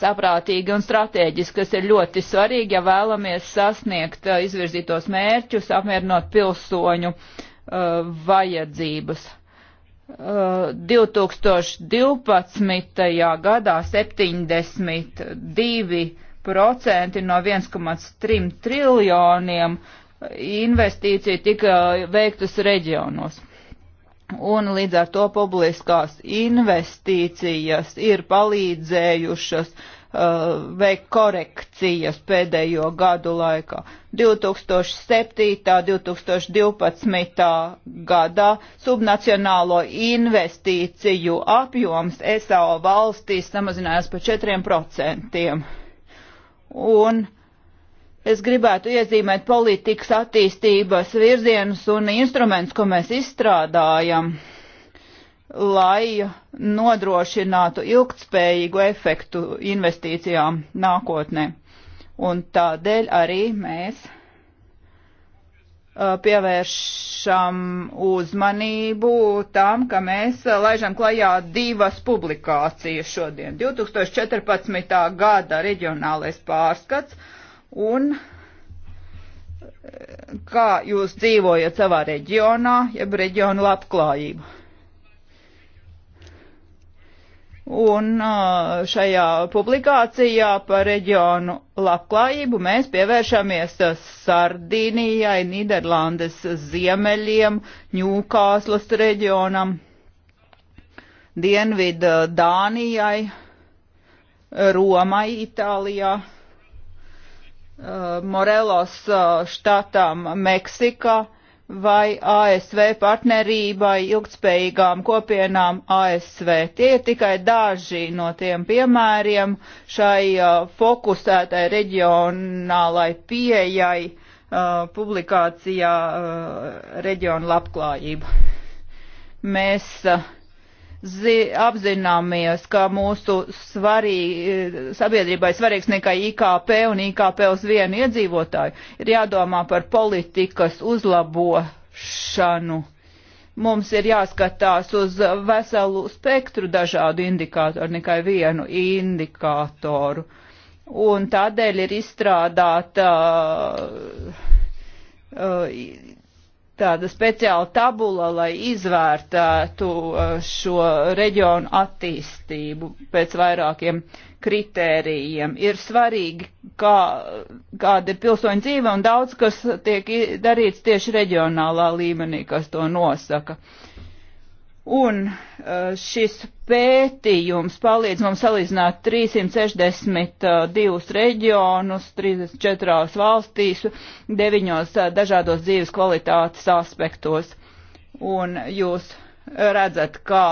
saprātīgi un strateģiski, kas ir ļoti svarīgi, ja vēlamies sasniegt izvirzītos mērķus, apmierinot pilsoņu vajadzības. 2012. Uh, gadā 72% no 1,3 triljoniem investīciju tika veiktas reģionos. Un līdz ar to publiskās investīcijas ir palīdzējušas uh, Uh, veikt korekcijas pēdējo gadu laikā. 2007. 2012. gadā subnacionālo investīciju apjoms SAO valstīs samazinājās par 4%. Un es gribētu iezīmēt politikas attīstības virzienus un instrumentus, ko mēs izstrādājam lai nodrošinātu ilgtspējīgu efektu investīcijām nākotnē. Un tādēļ arī mēs pievēršam uzmanību tam, ka mēs laižam klajā divas publikācijas šodien. 2014. gada reģionālais pārskats un kā jūs dzīvojat savā reģionā, jeb reģionu labklājību. Un šajā publikācijā par reģionu labklājību mēs pievēršamies Sardīnijai, Nīderlandes ziemeļiem, Ņūkāslas reģionam, Dienvidu Dānijai, Romai, Itālijā. Morelos štatam Meksikā, vai ASV partnerībai, ilgtspējīgām kopienām ASV. Tie ir tikai daži no tiem piemēriem šai uh, fokusētai reģionālai pieejai uh, publikācijā uh, reģiona labklājība. Mēs uh, zi, apzināmies, ka mūsu svarī, sabiedrībai svarīgs nekai IKP un IKP uz vienu iedzīvotāju, ir jādomā par politikas uzlabošanu. Mums ir jāskatās uz veselu spektru dažādu indikātoru, nekai vienu indikātoru. Un tādēļ ir izstrādāta uh, uh, tāda speciāla tabula, lai izvērtētu uh, šo reģionu attīstību pēc vairākiem kritērijiem. Ir svarīgi, kā, kāda ir pilsoņa dzīve, un daudz kas tiek darīts tieši reģionālā līmenī, kas to nosaka. Uh, Un uh, šis pētījums palīdz mums salīdzināt 362 uh, reģionus, 34 valstīs, 9 uh, dažādos dzīves kvalitātes aspektos. Un jūs redzat, kā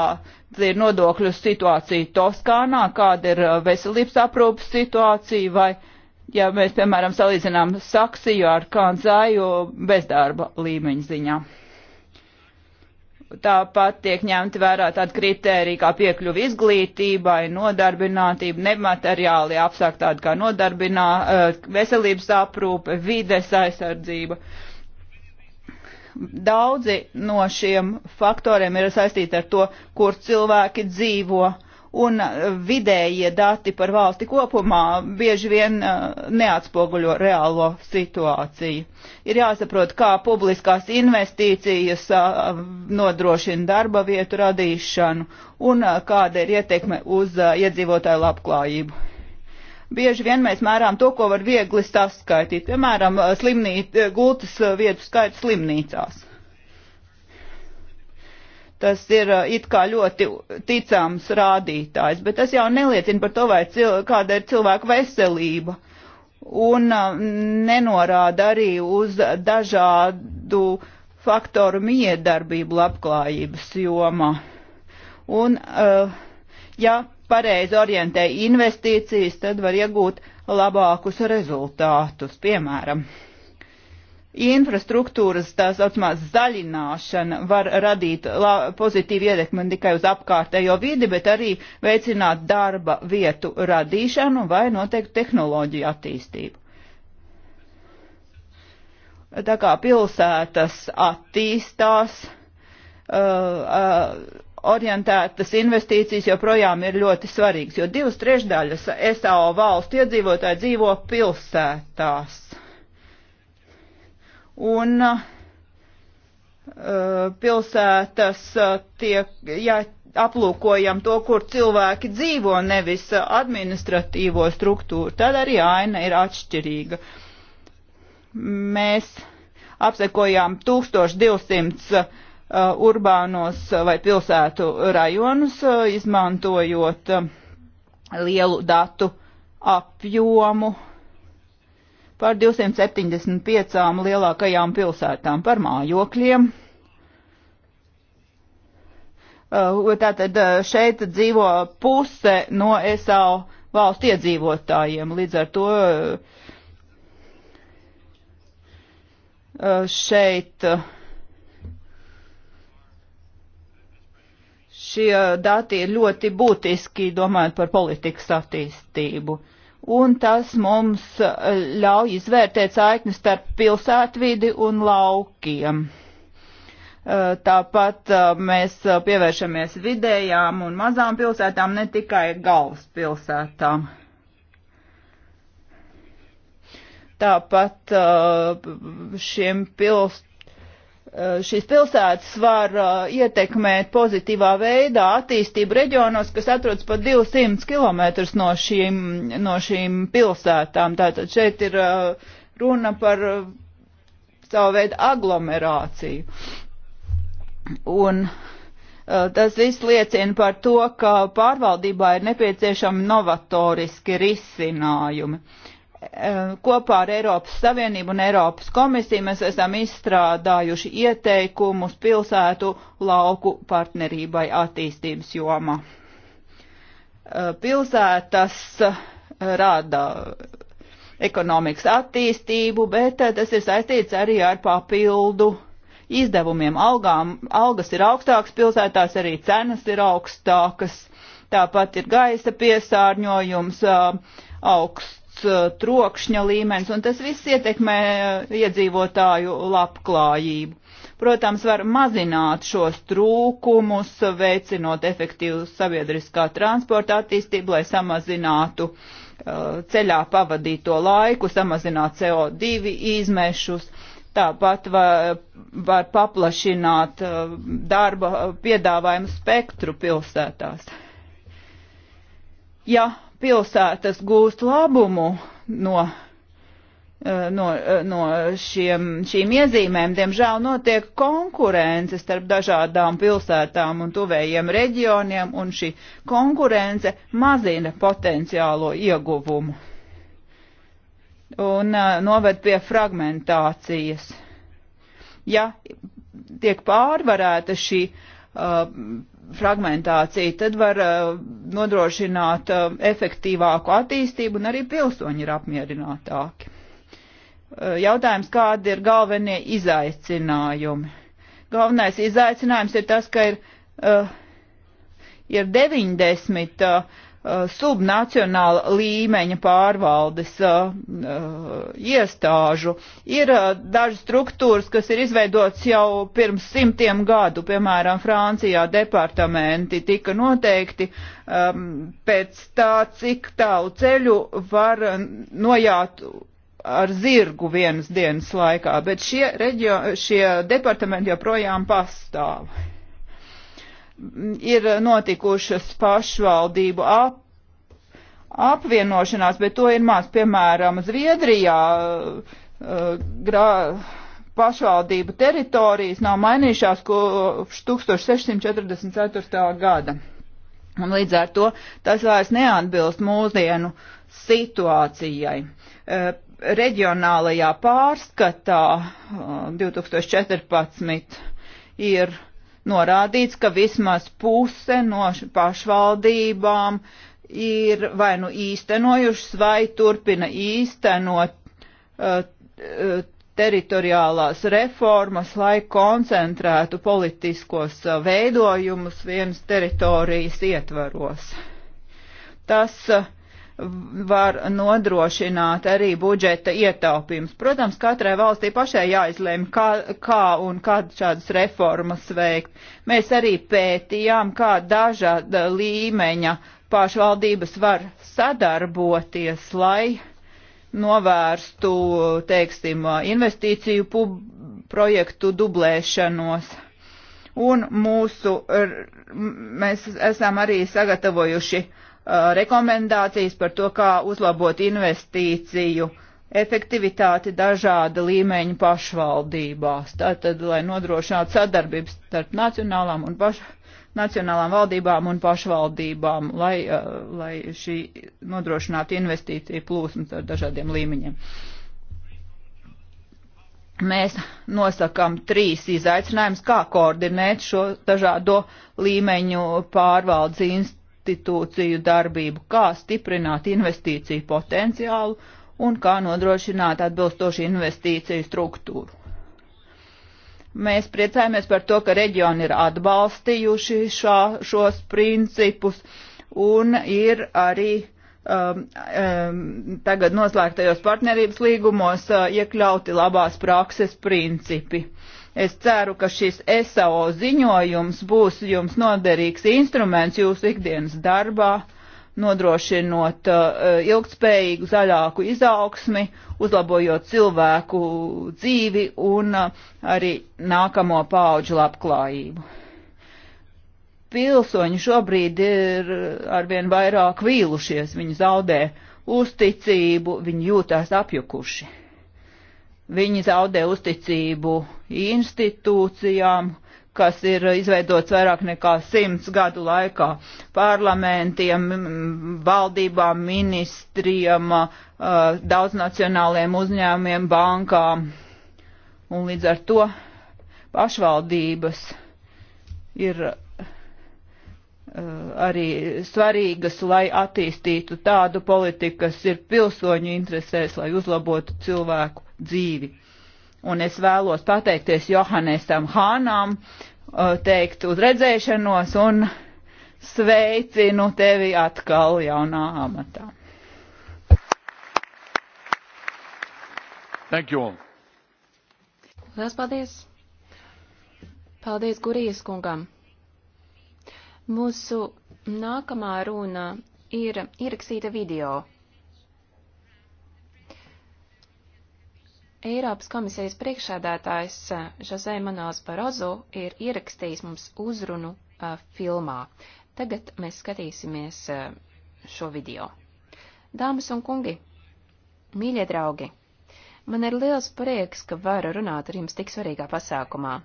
ir nodokļu situācija Toskānā, kāda ir veselības aprūpas situācija, vai, ja mēs, piemēram, salīdzinām Saksiju ar Kanzāju bezdarba līmeņa ziņā. Tāpat tiek ņemti vērā tādi kriteriji kā piekļuvi izglītībai, nodarbinātība, nemateriāli apsāk tādi kā nodarbinā, eh, veselības aprūpe, vides aizsardzība. Daudzi no šiem faktoriem ir saistīti ar to, kur cilvēki dzīvo un vidējie dati par valsti kopumā bieži vien eh, neatspoguļo reālo situāciju. Ir jāsaprot, kā publiskās investīcijas eh, nodrošina darba vietu radīšanu un eh, kāda ir ietekme uz iedzīvotāju labklājību. Bieži vien mēs mērām to, ko var viegli saskaitīt, piemēram, slimnīt, gultas vietu skaitu slimnīcās Tas ir uh, it kā ļoti ticams rādītājs, bet tas jau neliecina par to, vai cil, kāda ir cilvēka veselība. Un uh, nenorāda arī uz dažādu faktoru miedarbību labklājības jomā. Un, uh, ja pareizi orientē investīcijas, tad var iegūt labākus rezultātus, piemēram infrastruktūras tā saucamā zaļināšana var radīt la, pozitīvu ietekmi ne tikai uz apkārtējo vidi, bet arī veicināt darba vietu radīšanu vai noteiktu tehnoloģiju attīstību. Tā kā pilsētas attīstās, uh, uh, orientētas investīcijas joprojām ir ļoti svarīgas, jo divas trešdaļas SAO valstu iedzīvotāji dzīvo pilsētās. Uh, un uh, pilsētas eh, tiek, ja aplūkojam to, kur cilvēki dzīvo, nevis eh, administratīvo struktūru, tad arī aina ir atšķirīga. Mēs apsekojām 1200 uh, urbānos vai pilsētu rajonus, uh, izmantojot uh, lielu datu apjomu par 275 lielākajām pilsētām, par mājokļiem. Uh, tātad uh, šeit dzīvo puse no SAO valstu iedzīvotājiem, līdz ar to uh, šeit šie dati ir ļoti būtiski, domājot par politikas attīstību. Uh, un tas mums eh, ļauj izvērtēt saikni starp pilsētvidi un laukiem. Eh, tāpat eh, mēs pievēršamies vidējām un mazām pilsētām, ne tikai galvaspilsētām. Tāpat šiem pils, Eh, šīs pilsētas var eh, ietekmēt pozitīvā veidā attīstību reģionos, kas atrodas pat 200 km no šīm, no šīm pilsētām. Tātad šeit ir eh, runa par savu veidu aglomerāciju. Un tas viss liecina par to, ka pārvaldībā ir nepieciešami novatoriski risinājumi. Uh, kopā ar Eiropas Savienību un Eiropas komisiju mēs esam izstrādājuši ieteikumus pilsētu lauku partnerībai attīstības jomā. Pilsētas eh, rada ekonomikas attīstību, bet eh, tas ir saistīts arī ar papildu izdevumiem. Algām, algas ir augstākas pilsētās, arī cenas ir augstākas, tāpat ir gaisa piesārņojums, eh, augsts Eh, trokšņa līmenis, un tas viss ietekmē eh, iedzīvotāju labklājību. Protams, var mazināt šos trūkumus, veicinot efektīvu sabiedriskā transporta attīstību, lai samazinātu uh, ceļā pavadīto laiku, samazināt CO2 izmešus. Tāpat var, var paplašināt uh, darba piedāvājumu spektru pilsētās. Ja pilsētas gūst labumu no, eh, no, eh, no šiem, šīm iezīmēm. Diemžēl notiek konkurence starp dažādām pilsētām un tuvējiem reģioniem, un šī konkurence mazina potenciālo ieguvumu un eh, noved pie fragmentācijas. Ja tiek pārvarēta šī uh, fragmentācija, tad var uh, nodrošināt uh, efektīvāku attīstību un arī pilsoņi ir apmierinātāki. Uh, jautājums, kādi ir galvenie izaicinājumi? Galvenais izaicinājums ir tas, ka ir, ir 90 Uh, subnacionāla līmeņa pārvaldes uh, uh, iestāžu. Ir uh, dažas struktūras, kas ir izveidotas jau pirms simtiem gadu, piemēram, Francijā departamenti tika noteikti um, pēc tā, cik tālu ceļu var nojāt ar zirgu vienas dienas laikā, bet šie, reģio, šie departamenti joprojām pastāv ir notikušas pašvaldību ap, apvienošanās, bet to ir maz, piemēram, Zviedrijā uh, grā, pašvaldību teritorijas nav mainījušās kopš 1644. gada. Un līdz ar to tas vairs neatbilst mūsdienu situācijai. Uh, reģionālajā pārskatā 2014 uh, ir norādīts, ka vismaz puse no pašvaldībām ir vai nu īstenojušas, vai turpina īstenot uh, uh teritoriālās reformas, lai koncentrētu politiskos uh, veidojumus vienas teritorijas ietvaros. Tas uh, var nodrošināt arī budžeta ietaupījums. Protams, katrai valstī pašai jāizlēma, kā, kā un kad šādas reformas veikt. Mēs arī pētījām, kā dažāda līmeņa pašvaldības var sadarboties, lai novērstu, teiksim, investīciju projektu dublēšanos un mūsu, mēs esam arī sagatavojuši Uh, rekomendācijas par to, kā uzlabot investīciju efektivitāti dažāda līmeņa pašvaldībās. Tātad, lai nodrošinātu sadarbības starp nacionālām un paš, nacionālām valdībām un pašvaldībām, lai, uh, lai šī nodrošinātu investīciju plūsmas ar dažādiem līmeņiem. Mēs nosakam trīs izaicinājumus, kā koordinēt šo dažādo līmeņu pārvaldes inst institūciju darbību, kā stiprināt investīciju potenciālu un kā nodrošināt atbilstošu investīciju struktūru. Mēs priecājamies par to, ka reģioni ir atbalstījuši šā, šos principus un ir arī um, um, tagad noslēgtajos partnerības līgumos uh, iekļauti labās prakses principi. Uh, Es ceru, ka šis SAO ziņojums būs jums noderīgs instruments jūsu ikdienas darbā, nodrošinot uh, ilgtspējīgu zaļāku izaugsmi, uzlabojot cilvēku dzīvi un uh, arī nākamo pauģu labklājību. Pilsoņi šobrīd ir arvien vairāk vīlušies, viņi zaudē uzticību, viņi jūtās apjukuši. Viņi zaudē uzticību institūcijām, kas ir izveidots vairāk nekā simts gadu laikā - parlamentiem, valdībām, ministriem, uh, daudznacionāliem uzņēmumiem, bankām. Un līdz ar to pašvaldības ir Eh, arī svarīgas, lai attīstītu tādu politiku, kas ir pilsoņu interesēs, lai uzlabotu cilvēku dzīvi. Un es vēlos pateikties Johannesam Hānam, eh, teikt uz redzēšanos un sveicinu tevi atkal jaunā amatā. Thank you all. Lielas paldies! Paldies Gurijas kungam! Mūsu nākamā runa ir ierakstīta video. Eiropas komisijas priekšādātājs Žozē eh, Manuels Barozu ir ierakstījis mums uzrunu a, eh, filmā. Tagad mēs skatīsimies a, eh, šo video. Dāmas un kungi, mīļie draugi, man ir liels prieks, ka varu runāt ar jums tik svarīgā pasākumā.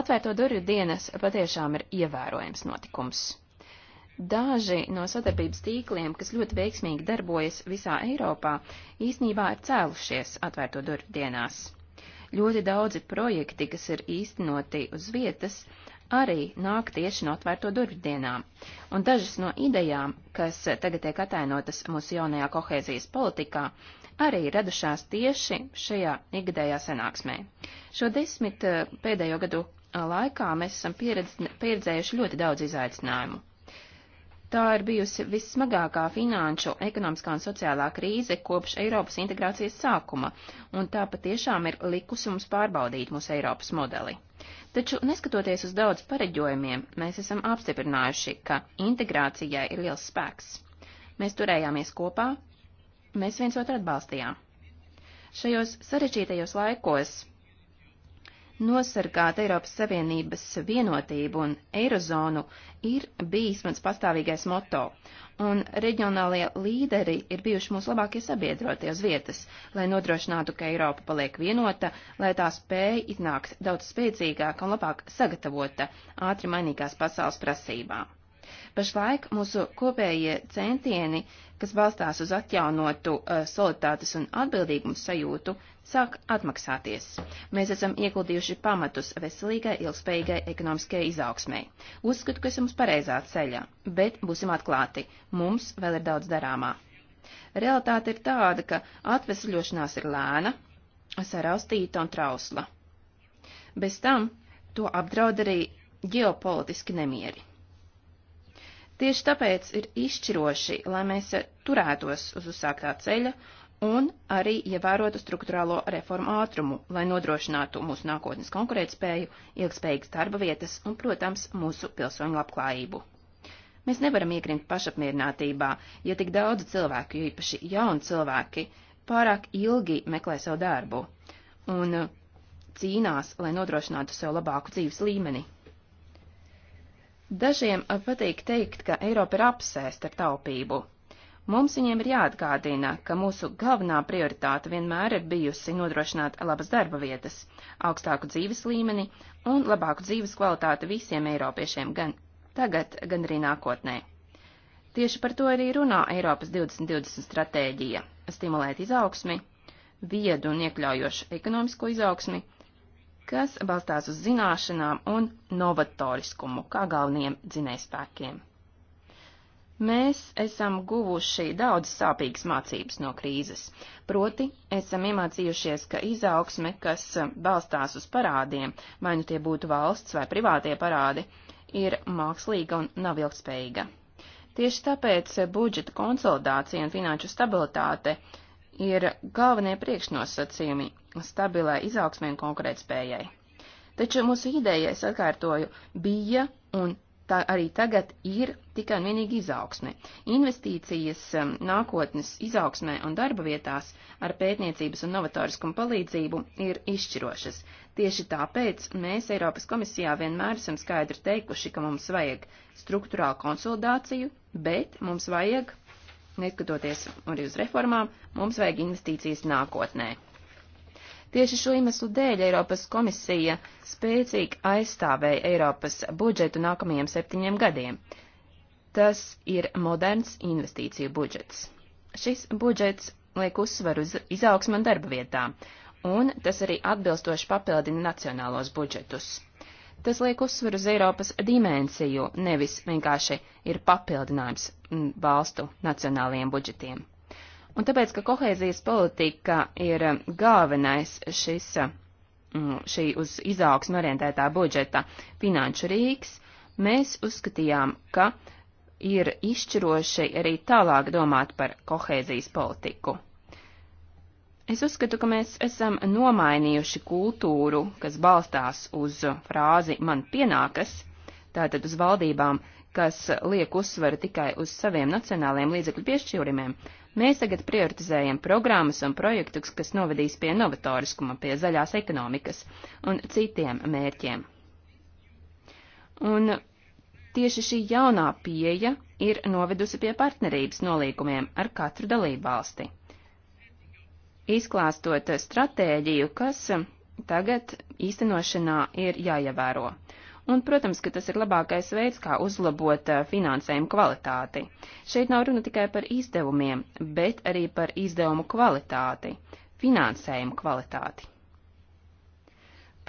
Atvērto durvju dienas patiešām ir ievērojams notikums. Daži no sadarbības tīkliem, kas ļoti veiksmīgi darbojas visā Eiropā, īsnībā ir cēlušies atvērto durvju dienās. Ļoti daudzi projekti, kas ir īstenoti uz vietas, arī nāk tieši no atvērto durvju dienām, un dažas no idejām, kas tagad tiek atainotas mūsu jaunajā kohēzijas politikā, arī radušās tieši šajā ikgadējā sanāksmē. Šo desmit eh, pēdējo gadu eh, laikā mēs esam pieredz, pieredzējuši ļoti daudz izaicinājumu. Tā ir bijusi vissmagākā finanšu, ekonomiskā un sociālā krīze kopš Eiropas integrācijas sākuma, un tā patiešām ir likusi mums pārbaudīt mūsu Eiropas modeli. Taču, neskatoties uz daudz pareģojumiem, mēs esam apstiprinājuši, ka integrācijai ir liels spēks. Mēs turējāmies kopā, mēs viens otru atbalstījām. Šajos sarežģītajos laikos nosargāt Eiropas Savienības vienotību un eirozonu ir bijis mans pastāvīgais moto, un reģionālie līderi ir bijuši mūsu labākie sabiedrotie uz vietas, lai nodrošinātu, ka Eiropa paliek vienota, lai tā spēja iznākt daudz spēcīgāka un labāk sagatavota ātri mainīgās pasaules prasībām. Pašlaik mūsu kopējie centieni, kas balstās uz atjaunotu uh, solidaritātes un atbildīgums sajūtu, sāk atmaksāties. Mēs esam ieguldījuši pamatus veselīgai, ilgspējīgai ekonomiskajai izaugsmai. Uzskatu, ka esam uz pareizā ceļā, bet būsim atklāti, mums vēl ir daudz darāmā. Realitāte ir tāda, ka atvesļošanās ir lēna, saraustīta un trausla. Bez tam to apdraud arī ģeopolitiski nemieri. Tieši tāpēc ir izšķiroši, lai mēs turētos uz uzsāktā ceļa un arī ievērotu struktūrālo reformu ātrumu, lai nodrošinātu mūsu nākotnes konkurētspēju, ilgspējīgas darba vietas un, protams, mūsu pilsoņu labklājību. Mēs nevaram iekrimt pašapmierinātībā, ja tik daudz cilvēku, jo īpaši jauni cilvēki, pārāk ilgi meklē savu darbu un cīnās, lai nodrošinātu sev labāku dzīves līmeni. Dažiem patīk teikt, ka Eiropa ir apsēsta ar taupību. Mums viņiem ir jāatgādina, ka mūsu galvenā prioritāte vienmēr ir bijusi nodrošināt labas darba vietas, augstāku dzīves līmeni un labāku dzīves kvalitāti visiem eiropiešiem gan tagad, gan arī nākotnē. Tieši par to arī runā Eiropas 2020 stratēģija - stimulēt izaugsmi, viedu un iekļaujošu ekonomisko izaugsmi kas balstās uz zināšanām un novatoriskumu kā galveniem dzinējspēkiem. Mēs esam guvuši daudz sāpīgas mācības no krīzes, proti esam iemācījušies, ka izaugsme, kas balstās uz parādiem, vai nu tie būtu valsts vai privātie parādi, ir mākslīga un nav ilgspējīga. Tieši tāpēc budžeta konsolidācija un finanšu stabilitāte uh, ir galvenie priekšnosacījumi stabilai izaugsmē un konkurētspējai. Taču mūsu ideja, es atkārtoju, bija un tā arī tagad ir tikai un vienīgi izaugsme. Investīcijas um, nākotnes izaugsmē un darba vietās ar pētniecības un novatoriskumu palīdzību ir izšķirošas. Tieši tāpēc mēs Eiropas komisijā vienmēr esam skaidri teikuši, ka mums vajag struktūrālu konsolidāciju, bet mums vajag neskatoties arī uz reformām, mums vajag investīcijas nākotnē. Tieši šo iemeslu dēļ Eiropas komisija spēcīgi aizstāvēja Eiropas budžetu nākamajiem septiņiem gadiem. Tas ir moderns investīciju budžets. Šis budžets liek uzsvaru uz izaugsmu un darba vietām, un tas arī atbilstoši papildina nacionālos budžetus. Tas liek uzsver uz Eiropas dimensiju, nevis vienkārši ir papildinājums mm, valstu nacionālajiem budžetiem. Un tāpēc, ka kohēzijas politika ir mm, galvenais šis, mm, šī uz izaugsmu orientētā budžeta finanšu rīks, mēs uzskatījām, ka ir izšķiroši arī tālāk domāt par kohēzijas politiku. Es uzskatu, ka mēs esam nomainījuši kultūru, kas balstās uz frāzi man pienākas, tātad uz valdībām, kas liek uzsvaru tikai uz saviem nacionālajiem līdzekļu piešķīrumiem, mēs tagad prioritizējam programmas un projektus, kas novedīs pie novatoriskuma, pie zaļās ekonomikas un citiem mērķiem. Un tieši šī jaunā pieeja ir novedusi pie partnerības nolīkumiem ar katru dalību valsti izklāstot stratēģiju, kas tagad īstenošanā ir jāievēro. Un, protams, ka tas ir labākais veids, kā uzlabot eh, finansējumu kvalitāti. Šeit nav runa tikai par izdevumiem, bet arī par izdevumu kvalitāti, finansējumu kvalitāti.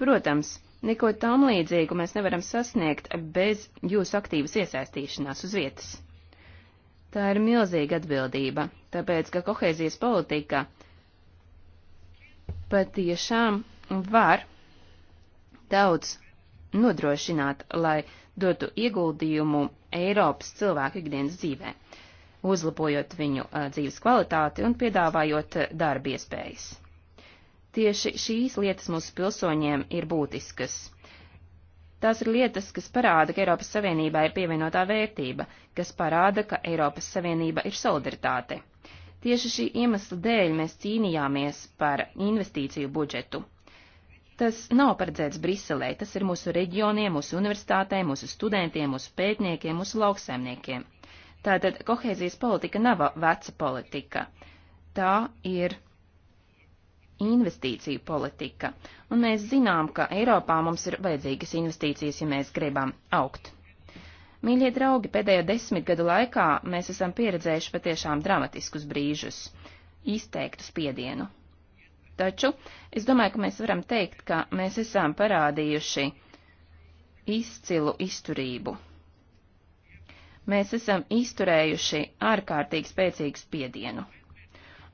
Protams, neko tam līdzīgu mēs nevaram sasniegt bez jūsu aktīvas iesaistīšanās uz vietas. Tā ir milzīga atbildība, tāpēc, ka kohēzijas politika patiešām var daudz nodrošināt, lai dotu ieguldījumu Eiropas cilvēku ikdienas dzīvē, uzlabojot viņu uh, dzīves kvalitāti un piedāvājot darba iespējas. Tieši šīs lietas mūsu pilsoņiem ir būtiskas. Tās ir lietas, kas parāda, ka Eiropas Savienībā ir pievienotā vērtība, kas parāda, ka Eiropas Savienība ir solidaritāte. Tieši šī iemesla dēļ mēs cīnījāmies par investīciju budžetu. Tas nav paredzēts Briselē, tas ir mūsu reģioniem, mūsu universitātēm, mūsu studentiem, mūsu pētniekiem, mūsu lauksaimniekiem. Tātad kohēzijas politika nav veca politika. Tā ir investīciju politika, un mēs zinām, ka Eiropā mums ir vajadzīgas investīcijas, ja mēs gribam augt. Mīļie draugi, pēdējo desmitgadu laikā mēs esam pieredzējuši patiešām dramatiskus brīžus, izteiktu spiedienu. Taču es domāju, ka mēs varam teikt, ka mēs esam parādījuši izcilu izturību. Mēs esam izturējuši ārkārtīgi spēcīgu spiedienu.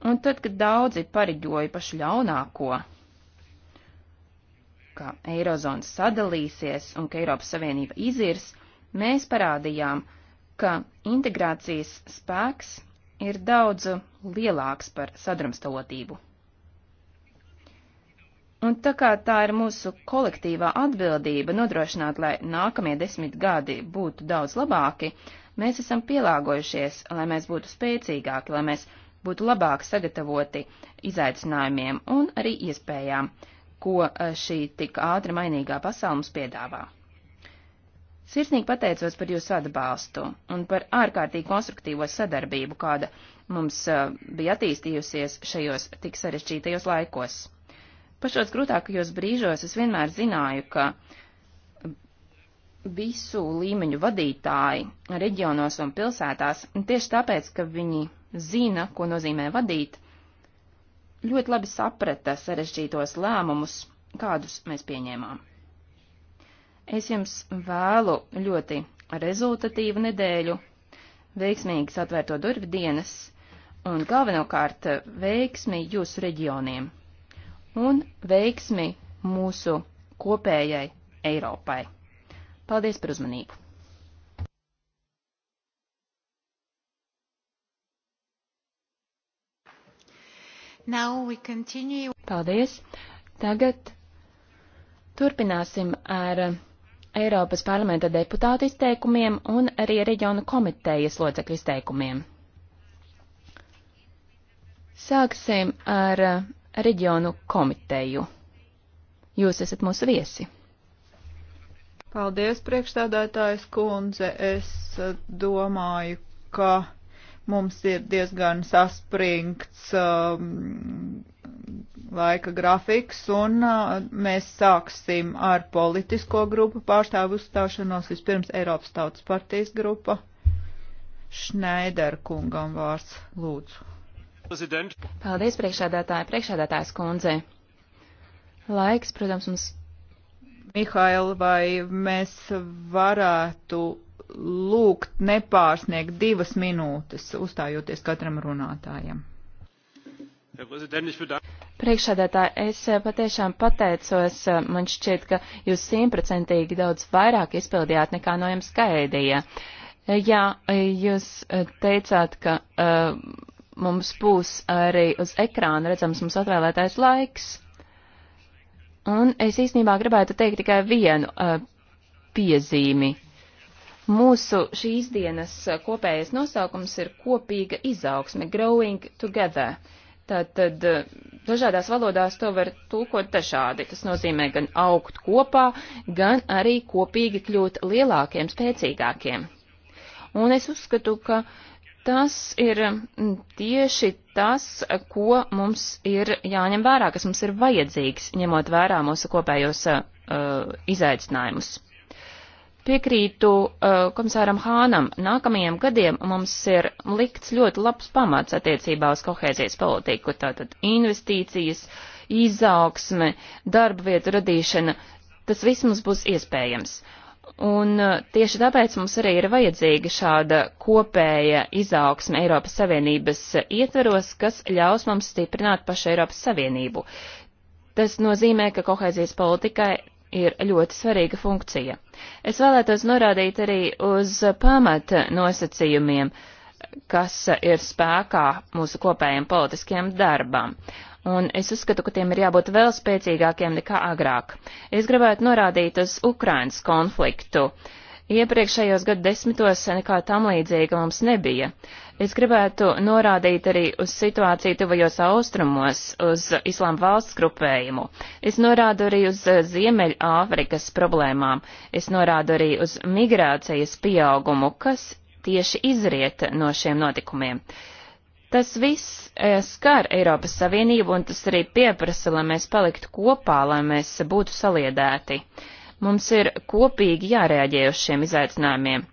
Un tad, kad daudzi pariģoja pašu ļaunāko, ka Eirozonas sadalīsies un ka Eiropas Savienība izirs, Mēs parādījām, ka integrācijas spēks ir daudz lielāks par sadrumstalotību. Un tā kā tā ir mūsu kolektīvā atbildība nodrošināt, lai nākamie desmit gadi būtu daudz labāki, mēs esam pielāgojušies, lai mēs būtu spēcīgāki, lai mēs būtu labāk sagatavoti izaicinājumiem un arī iespējām, ko eh, šī tik ātri mainīgā pasaule mums piedāvā. Sirsnīgi pateicos par jūsu atbalstu un par ārkārtīgi konstruktīvo sadarbību, kāda mums uh, bija attīstījusies šajos tik sarežģītajos laikos. Pašos grūtākajos brīžos es vienmēr zināju, ka visu līmeņu vadītāji reģionos un pilsētās, tieši tāpēc, ka viņi zina, ko nozīmē vadīt, ļoti labi saprata sarežģītos lēmumus, kādus mēs pieņēmām. Es jums vēlu ļoti rezultatīvu nedēļu, veiksmīgas atvērto durvju dienas un galvenokārt veiksmi jūsu reģioniem un veiksmi mūsu kopējai Eiropai. Paldies par uzmanību! Paldies! Tagad turpināsim ar Eiropas parlamenta deputātu izteikumiem un arī reģionu komitejas locekļu izteikumiem. Sāksim ar uh, reģionu komiteju. Jūs esat mūsu viesi. Paldies, priekšstādātājs kundze. Es uh, domāju, ka mums ir diezgan saspringts um, laika grafiks, un mēs sāksim ar politisko grupu pārstāvu uzstāšanos. Vispirms Eiropas Tautas partijas grupa. Šneider kungam vārds lūdzu. President. Paldies, priekšādātāja, priekšādātājas kundze. Laiks, protams, mums. Mihail, vai mēs varētu lūgt nepārsniegt divas minūtes, uzstājoties katram runātājam? Priekšādētāji, es eh, patiešām pateicos, eh, man šķiet, ka jūs simtprocentīgi daudz vairāk izpildījāt nekā no jums gaidīja. Eh, jā, jūs teicāt, ka uh, mums būs arī uz ekrāna redzams mums atvēlētais laiks. Un es īstenībā gribētu teikt tikai vienu uh, piezīmi. Mūsu šīs dienas kopējais nosaukums ir kopīga izaugsme, growing together. Uh, Tātad eh, dažādās valodās to var tulkot dažādi. Tas nozīmē gan augt kopā, gan arī kopīgi kļūt lielākiem, spēcīgākiem. Un es uzskatu, ka tas ir mm, tieši tas, ko mums ir jāņem vērā, kas mums ir vajadzīgs, ņemot vērā mūsu kopējos uh, izaicinājumus. Piekrītu uh, komisāram Hānam, nākamajiem gadiem mums ir likts ļoti labs pamats attiecībā uz kohēzijas politiku, tātad investīcijas, izaugsme, darba vietu radīšana, tas viss mums būs iespējams. Un uh, tieši tāpēc mums arī ir vajadzīga šāda kopēja izaugsme Eiropas Savienības ietveros, kas ļaus mums stiprināt pašu Eiropas Savienību. Tas nozīmē, ka kohēzijas politikai ir ļoti svarīga funkcija. Es vēlētos norādīt arī uz pamata nosacījumiem, kas ir spēkā mūsu kopējiem politiskiem darbam. Un es uzskatu, ka tiem ir jābūt vēl spēcīgākiem nekā agrāk. Es gribētu norādīt uz Ukrainas konfliktu. Uh, iepriekšējos gadu desmitos nekā tam līdzīga mums nebija. Es gribētu norādīt arī uz situāciju tuvajos austrumos, uz islām valsts grupējumu. Es norādu arī uz eh, Ziemeļāfrikas problēmām. Es norādu arī uz migrācijas pieaugumu, kas tieši izriet no šiem notikumiem. Tas viss eh, skar Eiropas Savienību un tas arī pieprasa, lai mēs paliktu kopā, lai mēs būtu saliedēti. Uh, Mums ir kopīgi jārēģē uz šiem izaicinājumiem.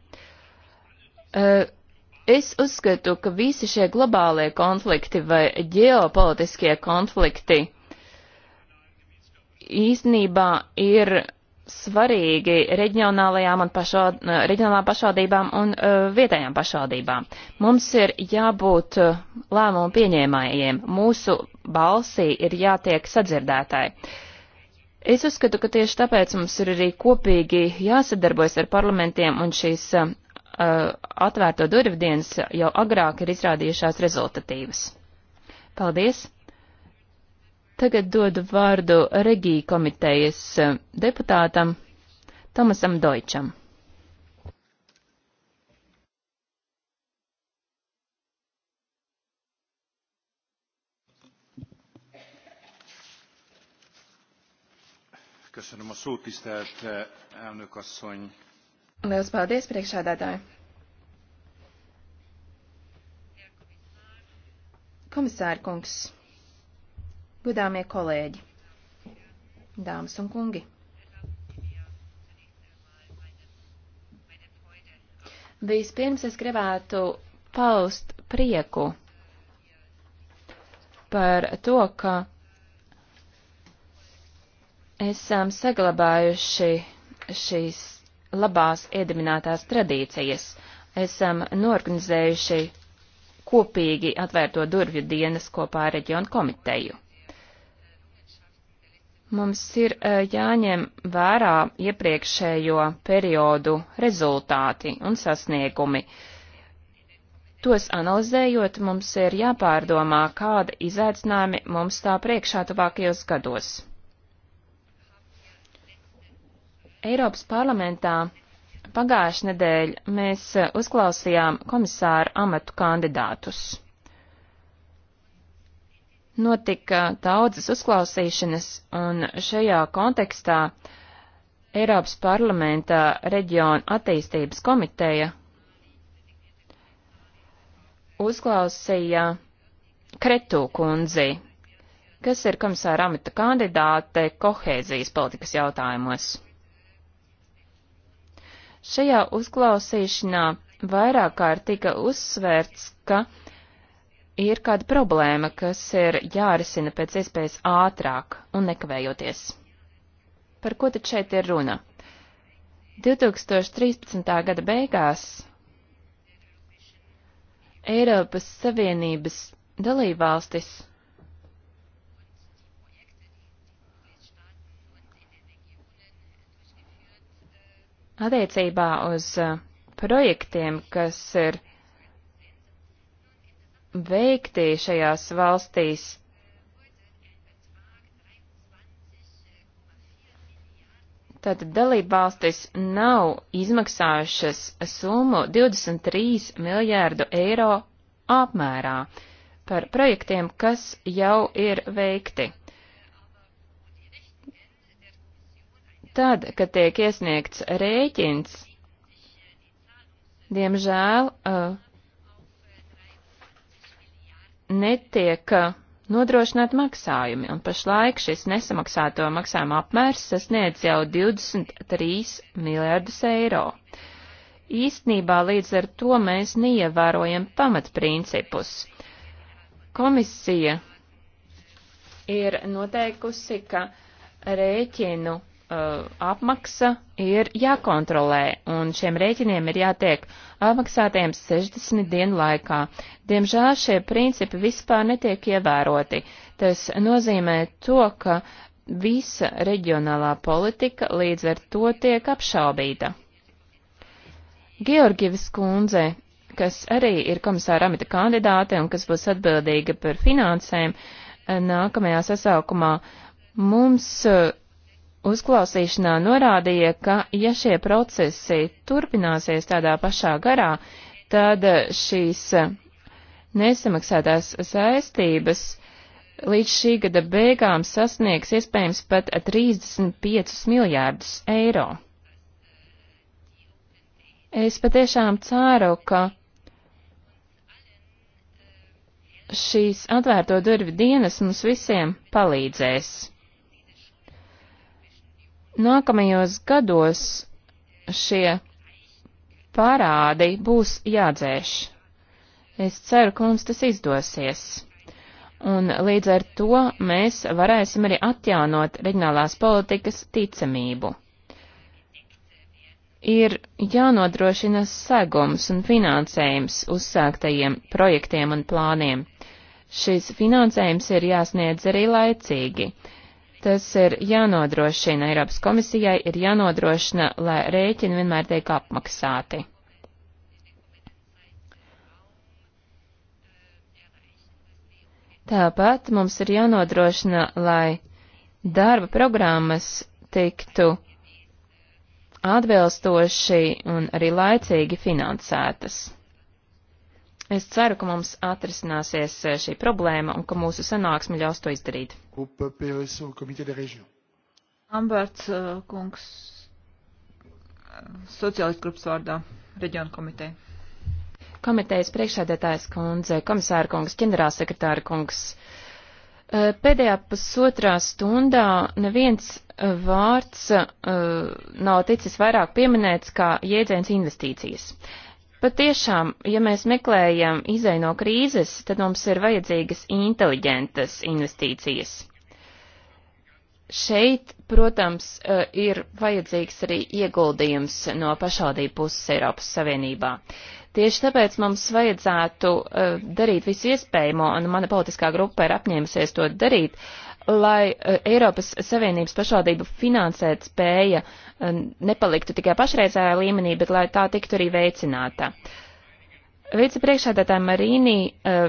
Es uzskatu, ka visi šie globālie konflikti vai ģeopolitiskie konflikti īstenībā ir svarīgi reģionālajām un pašvald, reģionālām pašvaldībām un uh, vietējām pašvaldībām. Mums ir jābūt lēmumu pieņēmājiem. Mūsu balsī ir jātiek sadzirdētāji. Es uzskatu, ka tieši tāpēc mums ir arī kopīgi jāsadarbojas ar parlamentiem, un šīs uh, atvērto durvju dienas jau agrāk ir izrādījušās rezultatīvas. Paldies! Tagad dodu vārdu Regija komitejas uh, deputātam Tomasam Deutšam. Köszönöm a szót, tisztelt eh, elnök asszony. Liels paldies, priekšādātāji. Komisāra kungs, gudāmie kolēģi, dāmas un kungi. Vispirms es gribētu paust prieku par to, ka esam saglabājuši šīs labās iedibinātās tradīcijas, esam norganizējuši kopīgi atvērto durvju dienas kopā ar reģionu komiteju. Mums ir e, jāņem vērā iepriekšējo periodu rezultāti un sasniegumi. Tos analizējot, mums ir jāpārdomā, kāda izaicinājumi mums tā priekšā tuvākajos gados. Eiropas parlamentā pagājušajā nedēļā mēs eh, uzklausījām komisāru amatu kandidātus. Notika eh, daudzas uzklausīšanas, un šajā kontekstā Eiropas parlamenta reģiona attīstības komiteja uzklausīja Kretu kundzi, kas ir komisāra amata kandidāte kohēzijas politikas jautājumos. Šajā uzklausīšanā vairāk kārt tika uzsvērts, ka ir kāda problēma, kas ir jārisina pēc iespējas ātrāk un nekavējoties. Par ko tad šeit ir runa? 2013. gada beigās Eiropas Savienības dalībvalstis Attiecībā uz uh, projektiem, kas ir veikti šajās valstīs, Tātad dalībvalstis nav izmaksājušas summu 23 miljārdu eiro apmērā par projektiem, kas jau ir veikti. tad, kad tiek iesniegts rēķins, diemžēl uh, netiek uh, nodrošināt maksājumi, un pašlaik šis nesamaksāto maksājuma apmērs sasniedz jau 23 miljardus eiro. Īstnībā līdz ar to mēs neievērojam pamatprincipus. Komisija ir noteikusi, ka rēķinu Uh, apmaksa ir jākontrolē, un šiem rēķiniem ir jātiek apmaksātiem 60 dienu laikā. Diemžēl šie principi vispār netiek ievēroti. Tas nozīmē to, ka visa reģionālā politika līdz ar to tiek apšaubīta. Georgievis kundze, kas arī ir komisāra amita kandidāte un kas būs atbildīga par finansēm uh, nākamajā sasaukumā, mums uh, uzklausīšanā norādīja, ka ja šie procesi turpināsies tādā pašā garā, tad eh, šīs eh, nesamaksātās saistības līdz šī gada beigām sasniegs iespējams pat 35 miljārdus eiro. Es patiešām ceru, ka šīs atvērto durvi dienas mums visiem palīdzēs. Nākamajos gados šie parādi būs jādzēš. Es ceru, ka mums tas izdosies. Un līdz ar to mēs varēsim arī atjaunot reģionālās politikas ticamību. Ir jānodrošina segums un finansējums uzsāktajiem projektiem un plāniem. Šis finansējums ir jāsniedz arī laicīgi. Tas ir jānodrošina Eiropas komisijai, ir jānodrošina, lai rēķini vienmēr tiek apmaksāti. Tāpat mums ir jānodrošina, lai darba programmas tiktu atbilstoši un arī laicīgi finansētas. Es ceru, ka mums atrisināsies eh, šī problēma un ka mūsu sanāksme ļaus to izdarīt. E Amberts eh, kungs, eh, sociālistu grupas vārdā, reģionu komiteja. Komitejas priekšsēdētājs kundze, komisāra kungs, ģenerālsekretāra kungs. Pēdējā pusotrā stundā neviens vārds uh, nav ticis vairāk pieminēts kā jēdziens investīcijas. Uh, Patiešām, ja mēs meklējam izēju no krīzes, tad mums ir vajadzīgas inteliģentas investīcijas. Šeit, protams, e, ir vajadzīgs arī ieguldījums no pašvaldību puses Eiropas Savienībā. Tieši tāpēc mums vajadzētu e, darīt visu iespējamo, un mana politiskā grupa ir apņēmusies to darīt, uh, lai eh, Eiropas Savienības pašvaldību finansēt spēja eh, nepaliktu tikai pašreizējā līmenī, bet lai tā tiktu arī veicināta. Vicepriekšādātāja Marīnī eh,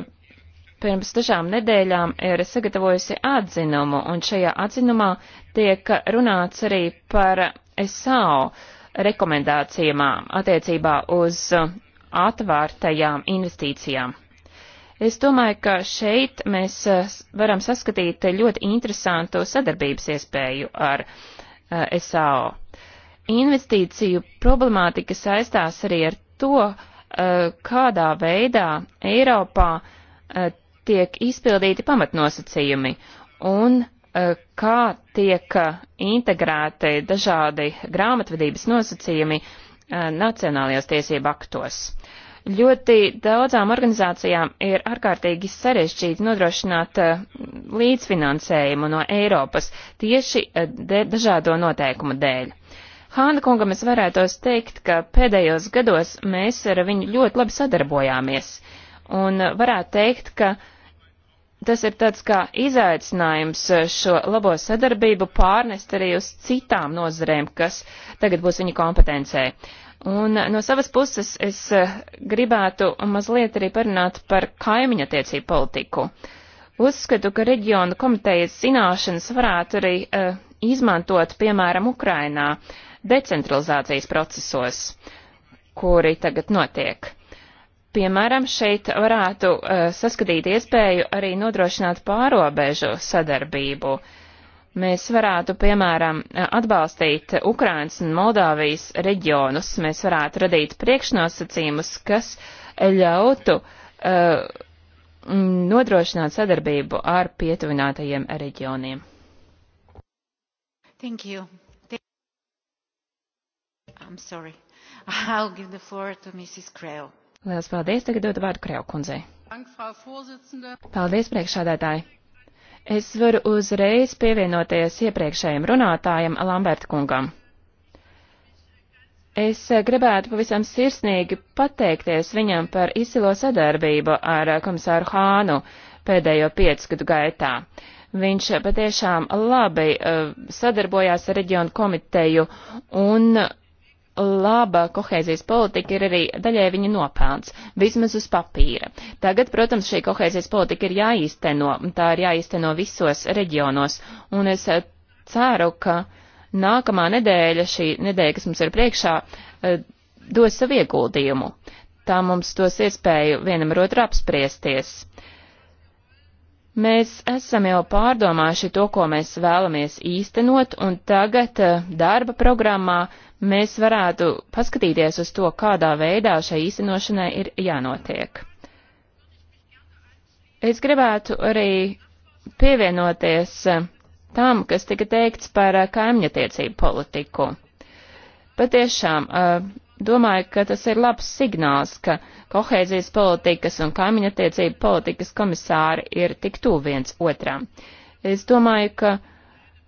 pirms dažām nedēļām ir sagatavojusi atzinumu, un šajā atzinumā tiek runāts arī par SAO rekomendācijām attiecībā uz atvērtajām investīcijām. Es domāju, ka šeit mēs eh, varam saskatīt ļoti interesantu sadarbības iespēju ar eh, SAO. Investīciju problemātika saistās arī ar to, eh, kādā veidā Eiropā tiek izpildīti pamatnosacījumi un kā tiek integrēti dažādi grāmatvedības nosacījumi nacionālajos tiesību aktos. Uh, Ļoti daudzām organizācijām ir ārkārtīgi sarežģīti nodrošināt eh, līdzfinansējumu no Eiropas tieši eh, dažādo noteikumu dēļ. Hāna kungam es varētos teikt, ka pēdējos gados mēs ar viņu ļoti labi sadarbojāmies. Un varētu teikt, ka tas ir tāds kā izaicinājums eh, šo labo sadarbību pārnest arī uz citām nozarēm, kas tagad būs viņa kompetencē. Un no savas puses es eh, gribētu mazliet arī parunāt par kaimiņa tiecību politiku. Uzskatu, ka reģionu komitejas zināšanas varētu arī uh, izmantot, piemēram, Ukrainā decentralizācijas procesos, kuri tagad notiek. Piemēram, šeit varētu uh, saskatīt iespēju arī nodrošināt pārobežu sadarbību. Uh, mēs varētu, piemēram, atbalstīt Ukrainas un Moldāvijas reģionus, mēs varētu radīt priekšnosacījumus, kas ļautu uh, nodrošināt sadarbību ar pietuvinātajiem reģioniem. Thank you. Thank I'm sorry. I'll give the floor to Mrs. Krell. Lielas paldies, tagad dod vārdu Krell kundzei. Paldies, priekšādātāji. Es varu uzreiz pievienoties iepriekšējiem runātājiem Lamberta kungam. Es gribētu pavisam sirsnīgi pateikties viņam par izcilo sadarbību ar komisāru Hānu pēdējo piecu gadu gaitā. Viņš patiešām labi eh, sadarbojās ar reģionu komiteju un laba kohēzijas politika ir arī daļai viņa nopelns, vismaz uz papīra. Tagad, protams, šī kohēzijas politika ir jāīsteno, tā ir jāīsteno visos reģionos, un es eh, ceru, ka nākamā nedēļa, šī nedēļa, kas mums ir priekšā, eh, dos savu ieguldījumu. Tā mums dos iespēju vienam ar otru apspriesties. Mēs esam jau pārdomājuši to, ko mēs vēlamies īstenot, un tagad eh, darba programmā mēs varētu paskatīties uz to, kādā veidā šai īstenošanai ir jānotiek. Es gribētu arī pievienoties eh, tam, kas tika teikts par eh, kaimiņatiecību politiku. Patiešām, eh, domāju, ka tas ir labs signāls, ka kohēzijas politikas un kaimiņatiecību politikas komisāri ir tik tuvu viens otram. Es domāju, ka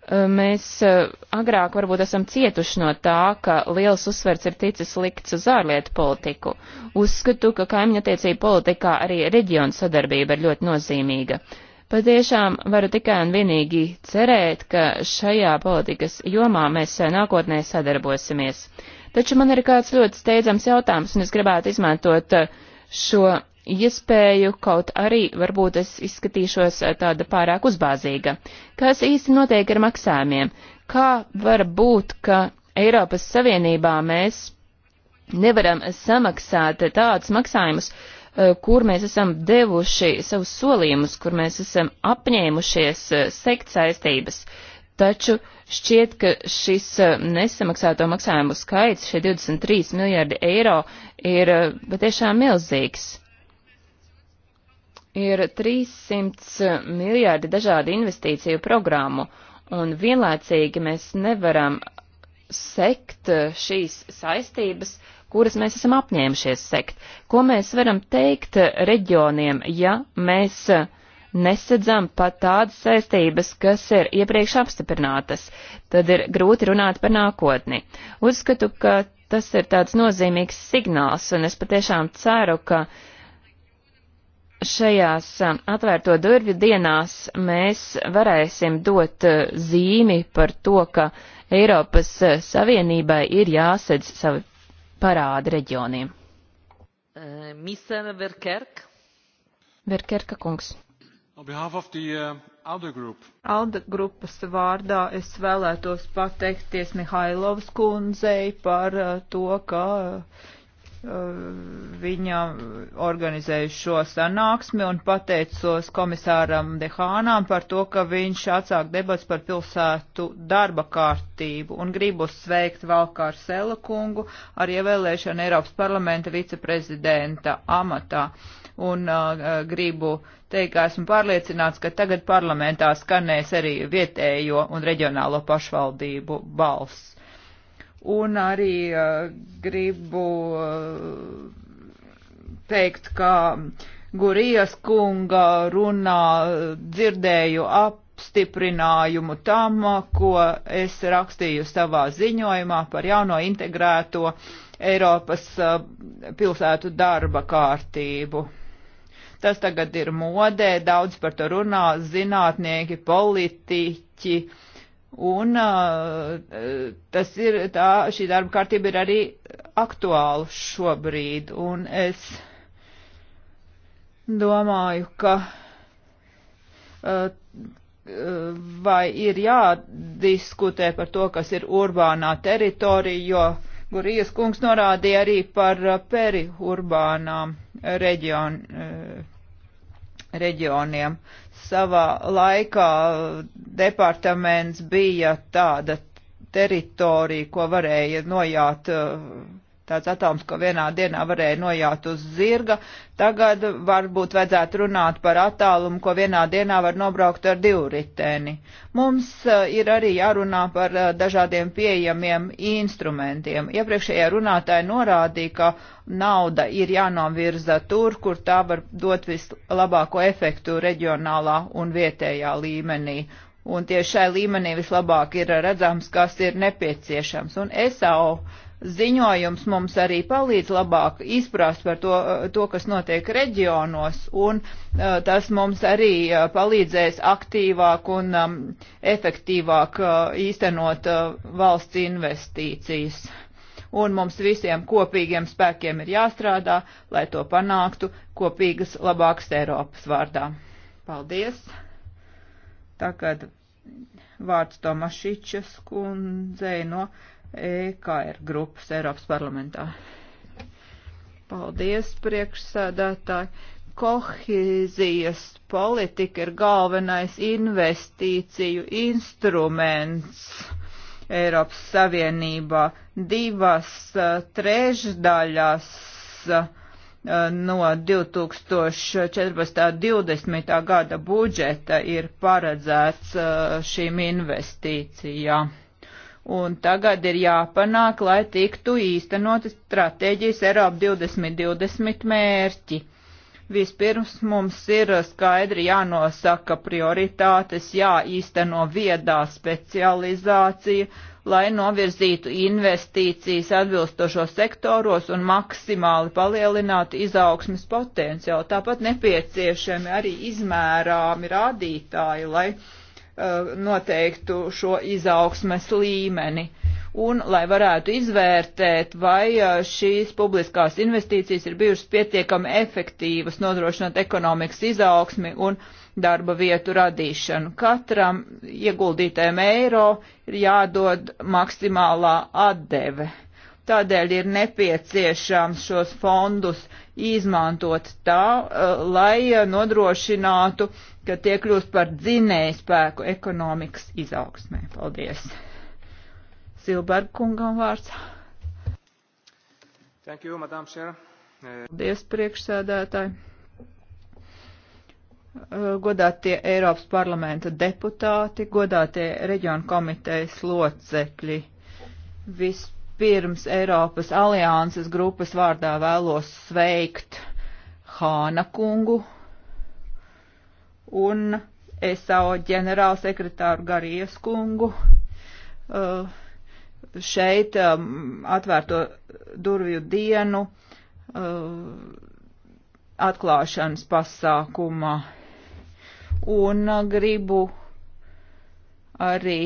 Eh, mēs eh, agrāk varbūt esam cietuši no tā, ka liels uzsverts ir ticis likts uz ārlietu politiku. Uzskatu, ka kaimiņattiecību politikā arī reģionu sadarbība ir ļoti nozīmīga. Patiešām varu tikai un vienīgi cerēt, ka šajā politikas jomā mēs eh, nākotnē sadarbosimies. Taču man ir kāds ļoti steidzams jautājums, un es gribētu izmantot šo iespēju, kaut arī varbūt es izskatīšos eh, tāda pārāk uzbāzīga. Kas īsti notiek ar maksājumiem? Kā var būt, ka Eiropas Savienībā mēs nevaram samaksāt tādus maksājumus, eh, kur mēs esam devuši savus solījumus, kur mēs esam apņēmušies eh, sekt saistības. Taču šķiet, ka šis nesamaksāto maksājumu skaits, šie 23 miljārdi eiro, ir patiešām milzīgs ir 300 miljārdi dažādu investīciju programmu, un vienlaicīgi mēs nevaram sekt šīs saistības, kuras mēs esam apņēmušies sekt. Ko mēs varam teikt reģioniem, ja mēs nesedzam pat tādas saistības, kas ir iepriekš apstiprinātas, tad ir grūti runāt par nākotni. Uzskatu, ka tas ir tāds nozīmīgs signāls, un es patiešām ceru, ka uh, šajās atvērto durvju dienās mēs varēsim dot zīmi par to, ka Eiropas Savienībai ir jāsedz savi parādi reģioniem. Uh, Mr. Verkerk. Verkerka kungs. The, uh, group. Alda grupas vārdā es vēlētos pateikties Mihailovas kundzei par uh, to, ka uh, viņa organizēja šo sanāksmi un pateicos komisāram Dehānām par to, ka viņš atsāk debats par pilsētu darba kārtību un gribu sveikt Valkāru Selakungu ar ievēlēšanu Eiropas parlamenta viceprezidenta amatā. Un uh, uh, gribu teikt, ka esmu pārliecināts, ka tagad parlamentā skanēs arī vietējo un reģionālo pašvaldību balss un arī uh, gribu uh, teikt, ka Gurijas kunga runā dzirdēju ap stiprinājumu tam, ko es rakstīju savā ziņojumā par jauno integrēto Eiropas uh, pilsētu darba kārtību. Tas tagad ir modē, daudz par to runā zinātnieki, politiķi, uh, Un tas ir tā, šī darba kārtība ir arī aktuāla šobrīd. Un es domāju, ka vai ir jādiskutē par to, kas ir urbānā teritorija, jo Gurijas kungs norādīja arī par periurbānām reģion, reģioniem. Uh, savā laikā departaments bija tāda teritorija, ko varēja nojāt uh, tāds atoms, ko vienā dienā varēja nojaut uz zirga. Tagad varbūt vajadzētu runāt par attālumu, ko vienā dienā var nobraukt ar divriteni. Mums eh, ir arī jārunā par eh, dažādiem pieejamiem instrumentiem. Iepriekšējā runātāja norādīja, ka nauda ir jānovirza tur, kur tā var dot vislabāko efektu reģionālā un vietējā līmenī. Un tieši šai līmenī vislabāk ir redzams, kas ir nepieciešams. Un SAO ziņojums mums arī palīdz labāk izprast par to, eh, to kas notiek reģionos, un eh, tas mums arī eh, palīdzēs aktīvāk un um, efektīvāk īstenot valsts investīcijas. Un mums visiem kopīgiem spēkiem ir jāstrādā, lai to panāktu kopīgas labākas Eiropas vārdā. Paldies! Tagad vārds Tomašičas kundzei no. Uh, EKR grupas Eiropas parlamentā. Paldies, priekšsēdētāji. Kohēzijas politika ir galvenais investīciju instruments Eiropas Savienībā. Divas trešdaļas no 2014.20. gada budžeta ir paredzēts šīm investīcijām un tagad ir jāpanāk, lai tiktu īstenoti stratēģijas Eiropa 2020 mērķi. Vispirms mums ir skaidri jānosaka prioritātes, jāīsteno viedā specializācija, lai novirzītu investīcijas atbilstošos sektoros un maksimāli palielinātu izaugsmes potenciālu. Tāpat nepieciešami arī izmērāmi rādītāji, lai Uh, noteiktu šo izaugsmes līmeni. Un, lai varētu izvērtēt, vai uh, šīs publiskās investīcijas ir bijušas pietiekami efektīvas, nodrošinot ekonomikas izaugsmi un darba vietu radīšanu. Katram ieguldītēm eiro ir jādod maksimālā atdeve. Tādēļ ir nepieciešams šos fondus izmantot tā, e, lai e, nodrošinātu, ka tie kļūst par dzinēju spēku ekonomikas izaugsmē. Paldies! Silberg kungam vārds. Thank you, Madam Chair. E, Paldies, priekšsēdētāji. Godātie Eiropas parlamenta deputāti, godātie reģionu komitejas locekļi. Vispār Vispirms Eiropas alianses grupas vārdā vēlos sveikt Hāna kungu un ESAO ģenerālsekretāru Garijas kungu. Uh, šeit um, atvērto durvju dienu uh, atklāšanas pasākuma. Un uh, gribu arī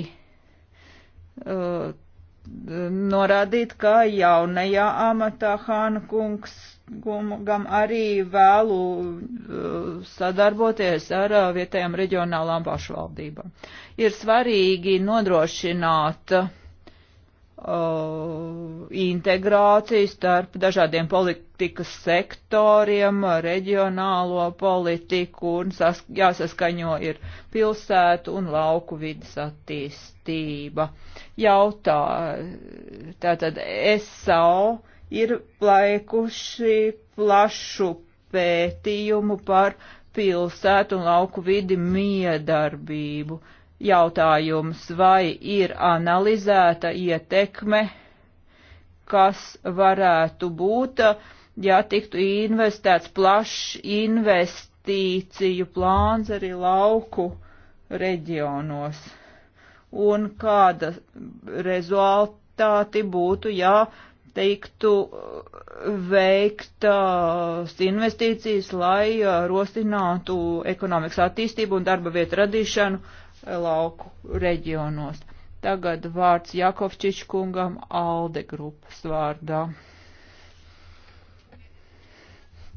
uh, norādīt, ka jaunajā amatā Hāna kungs gam arī vēlu uh, sadarboties ar uh, vietējām reģionālām pašvaldībām. Ir svarīgi nodrošināt uh, integrāciju starp dažādiem politikas sektoriem, reģionālo politiku un sas, jāsaskaņo ir pilsētu un lauku vidas attīstība. Uh, jautā. Tātad SAO ir laikuši plašu pētījumu par pilsētu un lauku vidi miedarbību. Jautājums, vai ir analizēta ietekme, kas varētu būt, ja tiktu investēts plašs investīciju plāns arī lauku reģionos un kāda rezultāti būtu, ja teiktu veiktas investīcijas, lai uh, rosinātu ekonomikas attīstību un darba vietu radīšanu uh, lauku reģionos. Tagad vārds Jakovčič kungam Alde grupas vārdā.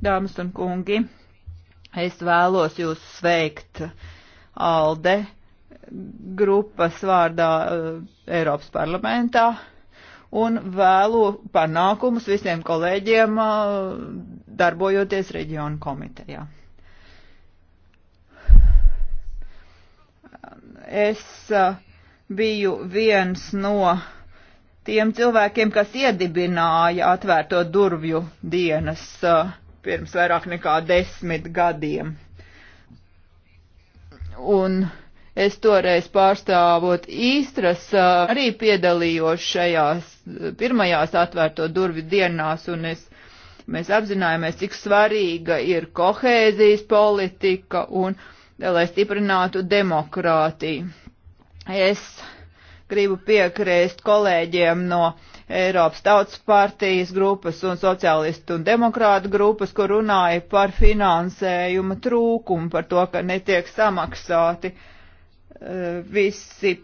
Dāmas un kungi, es vēlos jūs sveikt Alde grupas vārdā eh, Eiropas parlamentā un vēlu panākumus visiem kolēģiem eh, darbojoties reģionu komitejā. Es eh, biju viens no tiem cilvēkiem, kas iedibināja atvērto durvju dienas pirms vairāk nekā desmit gadiem. Un Es toreiz pārstāvot Īstras arī piedalījos šajās pirmajās atvērto durvi dienās, un es, mēs apzinājāmies, cik svarīga ir kohēzijas politika un lai stiprinātu demokrātiju. Es gribu piekrēst kolēģiem no Eiropas Tautas partijas grupas un sociālistu un demokrātu grupas, kur runāja par finansējuma trūkumu, par to, ka netiek samaksāti uh, visi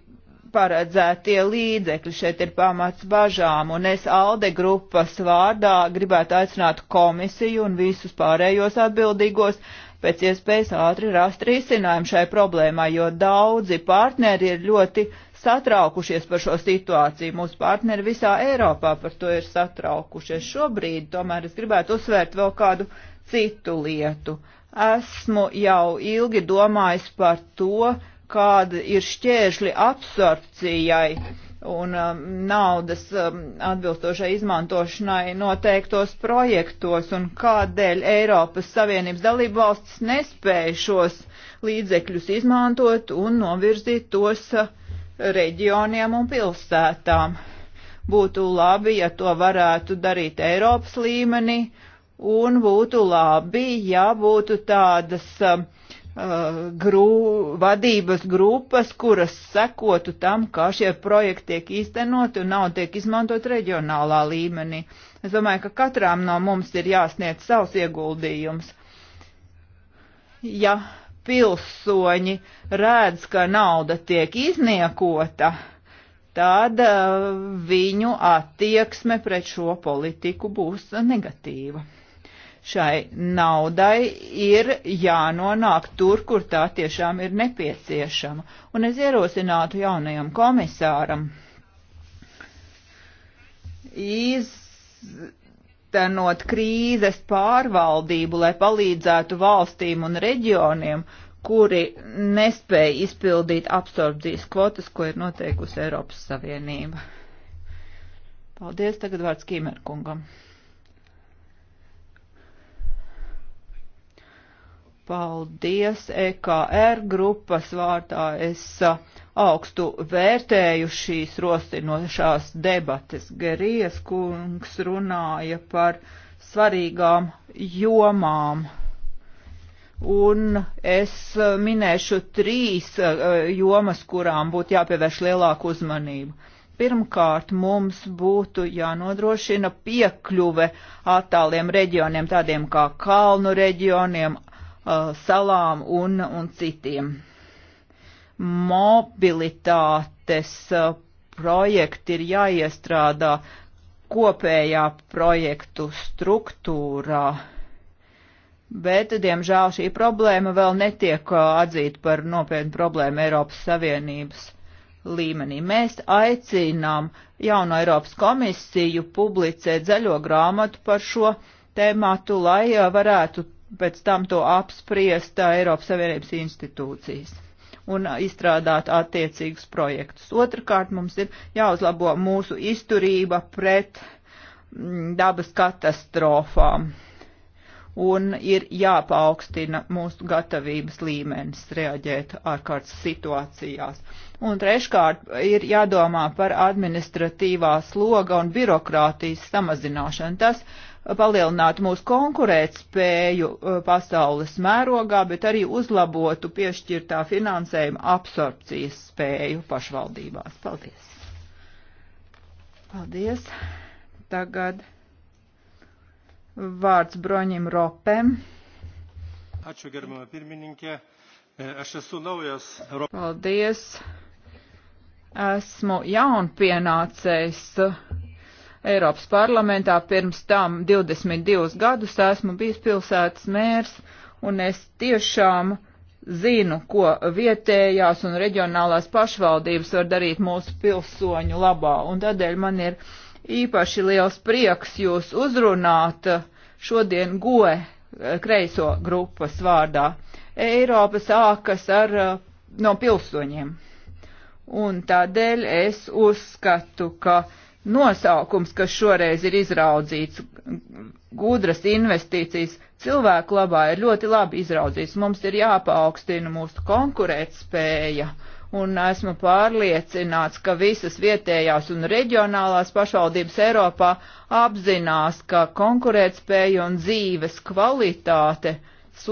paredzētie līdzekļi šeit ir pamats bažām, un es ALDE grupas vārdā gribētu aicināt komisiju un visus pārējos atbildīgos pēc iespējas ātri rast risinājumu šai problēmai, jo daudzi partneri ir ļoti satraukušies par šo situāciju. Mūsu partneri visā Eiropā par to ir satraukušies šobrīd, tomēr es gribētu uzsvērt vēl kādu citu lietu. Esmu jau ilgi domājis par to, kāda ir šķēršļi absorpcijai un um, naudas um, atbilstošai izmantošanai noteiktos projektos un kādēļ Eiropas Savienības dalību valsts nespēja šos līdzekļus izmantot un novirzīt tos uh, reģioniem un pilsētām. Būtu labi, ja to varētu darīt Eiropas līmenī un būtu labi, ja būtu tādas uh, Uh, grū, vadības grupas, kuras sekotu tam, kā šie projekti tiek īstenoti un nav tiek izmantot reģionālā līmenī. Es domāju, ka katrām no mums ir jāsniedz savs ieguldījums. Ja pilsoņi redz, ka nauda tiek izniekota, tad uh, viņu attieksme pret šo politiku būs negatīva šai naudai ir jānonāk tur, kur tā tiešām ir nepieciešama. Un es ierosinātu jaunajam komisāram iztenot krīzes pārvaldību, lai palīdzētu valstīm un reģioniem, kuri nespēja izpildīt absorpcijas kvotas, ko ir noteikusi Eiropas Savienība. Paldies, tagad vārds Kīmerkungam. Paldies, EKR grupas vārtā es augstu vērtēju šīs rostinošās debates. Gerijas kungs runāja par svarīgām jomām. Un es minēšu trīs jomas, kurām būtu jāpievērš lielāku uzmanību. Pirmkārt, mums būtu jānodrošina piekļuve attāliem reģioniem, tādiem kā kalnu reģioniem, Uh, salām un, un citiem. Mobilitātes uh, projekti ir jāiestrādā kopējā projektu struktūrā. Bet, diemžēl, šī problēma vēl netiek uh, atzīta par nopietnu problēmu Eiropas Savienības līmenī. Mēs aicinām jauno Eiropas komisiju publicēt zaļo grāmatu par šo tēmātu, lai varētu pēc tam to apspriest Eiropas Savienības institūcijas un izstrādāt attiecīgus projektus. Otrakārt, mums ir jāuzlabo mūsu izturība pret mm, dabas katastrofām un ir jāpaukstina mūsu gatavības līmenis reaģēt ārkārtas situācijās. Un treškārt ir jādomā par administratīvā sloga un birokrātijas samazināšanu. Tas palielinātu mūsu konkurētspēju uh, pasaules mērogā, bet arī uzlabotu piešķirtā finansējuma absorpcijas spēju pašvaldībās. Paldies! Paldies! Tagad vārds Broņim Ropem. Ačiū, gerbama pirmininkė. E, aš esu naujas Europos. Paldies! Esmu jaunpienācējs. Eiropas parlamentā. Pirms tam 22 gadus esmu bijis pilsētas mērs, un es tiešām zinu, ko vietējās un reģionālās pašvaldības var darīt mūsu pilsoņu labā. Un tādēļ man ir īpaši liels prieks jūs uzrunāt šodien goe eh, kreiso grupas vārdā. Eiropa sākas ar, eh, no pilsoņiem. Un tādēļ es uzskatu, ka uh, nosaukums, kas šoreiz ir izraudzīts, gudras investīcijas cilvēku labā, ir ļoti labi izraudzīts. Mums ir jāpaaugstina mūsu konkurētspēja. Un esmu pārliecināts, ka visas vietējās un reģionālās pašvaldības Eiropā apzinās, ka konkurētspēja un dzīves kvalitāte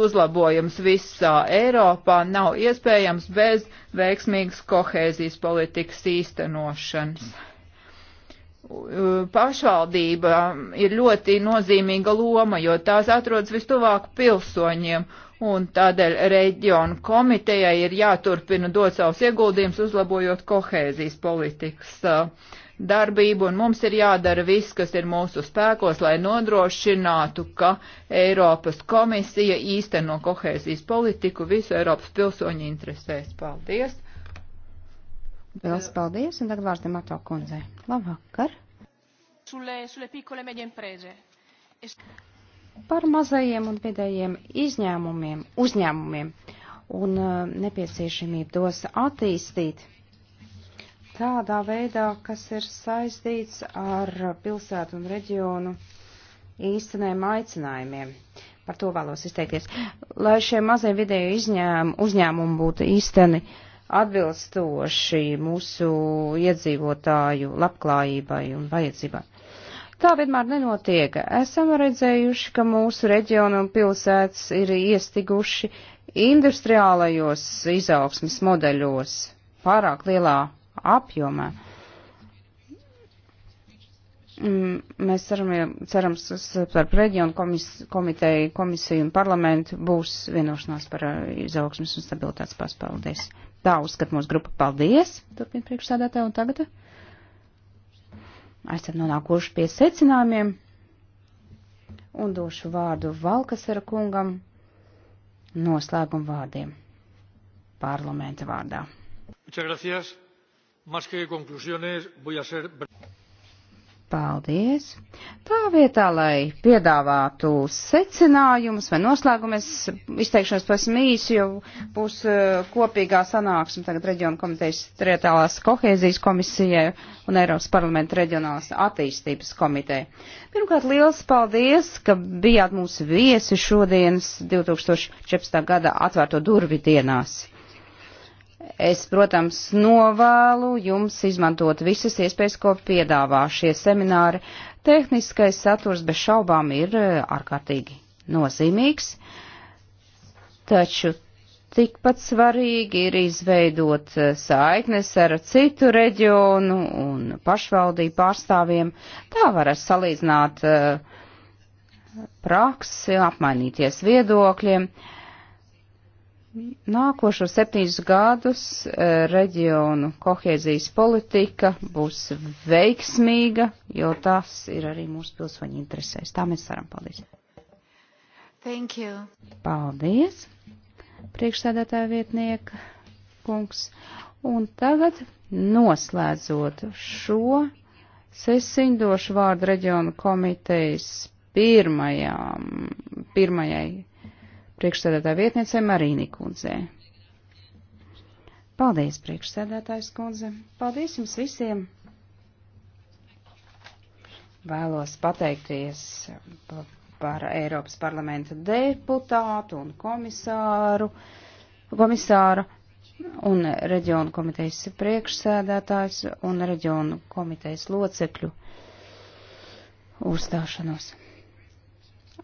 uzlabojums visā Eiropā nav iespējams bez veiksmīgas kohēzijas politikas īstenošanas. Mm pašvaldība ir ļoti nozīmīga loma, jo tās atrodas vistuvāk pilsoņiem, un tādēļ reģionu komitejai ir jāturpina dot savus ieguldījumus, uzlabojot kohēzijas politikas uh, darbību, un mums ir jādara viss, kas ir mūsu spēkos, lai nodrošinātu, ka Eiropas komisija īsteno kohēzijas politiku visu Eiropas pilsoņu interesēs. Paldies! Liels paldies, un tagad vārds Demato kundzei. Labvakar! Sulle, sulle piccole e medie imprese. Es... Par mazajiem un vidējiem izņēmumiem, uzņēmumiem un uh, nepieciešamību tos attīstīt tādā veidā, kas ir saistīts ar pilsētu un reģionu īstenēm aicinājumiem. Par to vēlos izteikties. Lai šie mazie vidēji izņēm, uzņēmumi būtu īsteni uh, atbilstoši mūsu iedzīvotāju labklājībai un vajadzībai. Tā vienmēr nenotiek. Esam redzējuši, ka mūsu reģionu un pilsētas ir iestiguši industriālajos izaugsmes modeļos pārāk lielā apjomā. Mm, mēs ceram, cerams, starp reģionu komis, komiteju, komisiju un parlamentu būs vienošanās par uh, izaugsmes un stabilitātes paspaldies tā uzskata mūsu grupa. Paldies! Turpin priekšsēdētāju un tagad. Esam nonākuši pie secinājumiem un došu vārdu Valkasera kungam noslēguma vārdiem parlamenta vārdā. Muchas gracias. Más que conclusiones, voy a ser. Paldies! Tā vietā, lai piedāvātu secinājumus vai noslēgumus, izteikšos pavisam īsi, jo būs uh, kopīgā sanāksme tagad reģionu komitejas trietēlās kohēzijas komisijai un Eiropas parlamenta reģionālās attīstības komitejai. Pirmkārt, liels paldies, ka bijāt mūsu viesi šodienas 2014. gada atvērto durvi dienās. Es, protams, novēlu jums izmantot visas iespējas, ko piedāvā šie semināri. Tehniskais saturs bez šaubām ir e, ārkārtīgi nozīmīgs, taču tikpat svarīgi ir izveidot e, saiknes ar citu reģionu un pašvaldību pārstāvjiem. Tā var salīdzināt e, praksi, apmainīties viedokļiem. Uh, Nākošo septiņus gadus eh, reģionu kohēzijas politika būs veiksmīga, jo tas ir arī mūsu pilsoņu interesēs. Tā mēs ceram. Paldies. Thank you. Paldies, priekšsēdētāja vietnieka kungs. Un tagad noslēdzot šo sesiņu došu vārdu reģionu komitejas pirmajām, pirmajai priekšsēdētāja vietniecei Marīni kundzē. Paldies, priekšsēdētājs kundze. Paldies jums visiem. Vēlos pateikties par Eiropas parlamenta deputātu un komisāru, komisāru un reģionu komitejas priekšsēdētājs un reģionu komitejas locekļu uzstāšanos.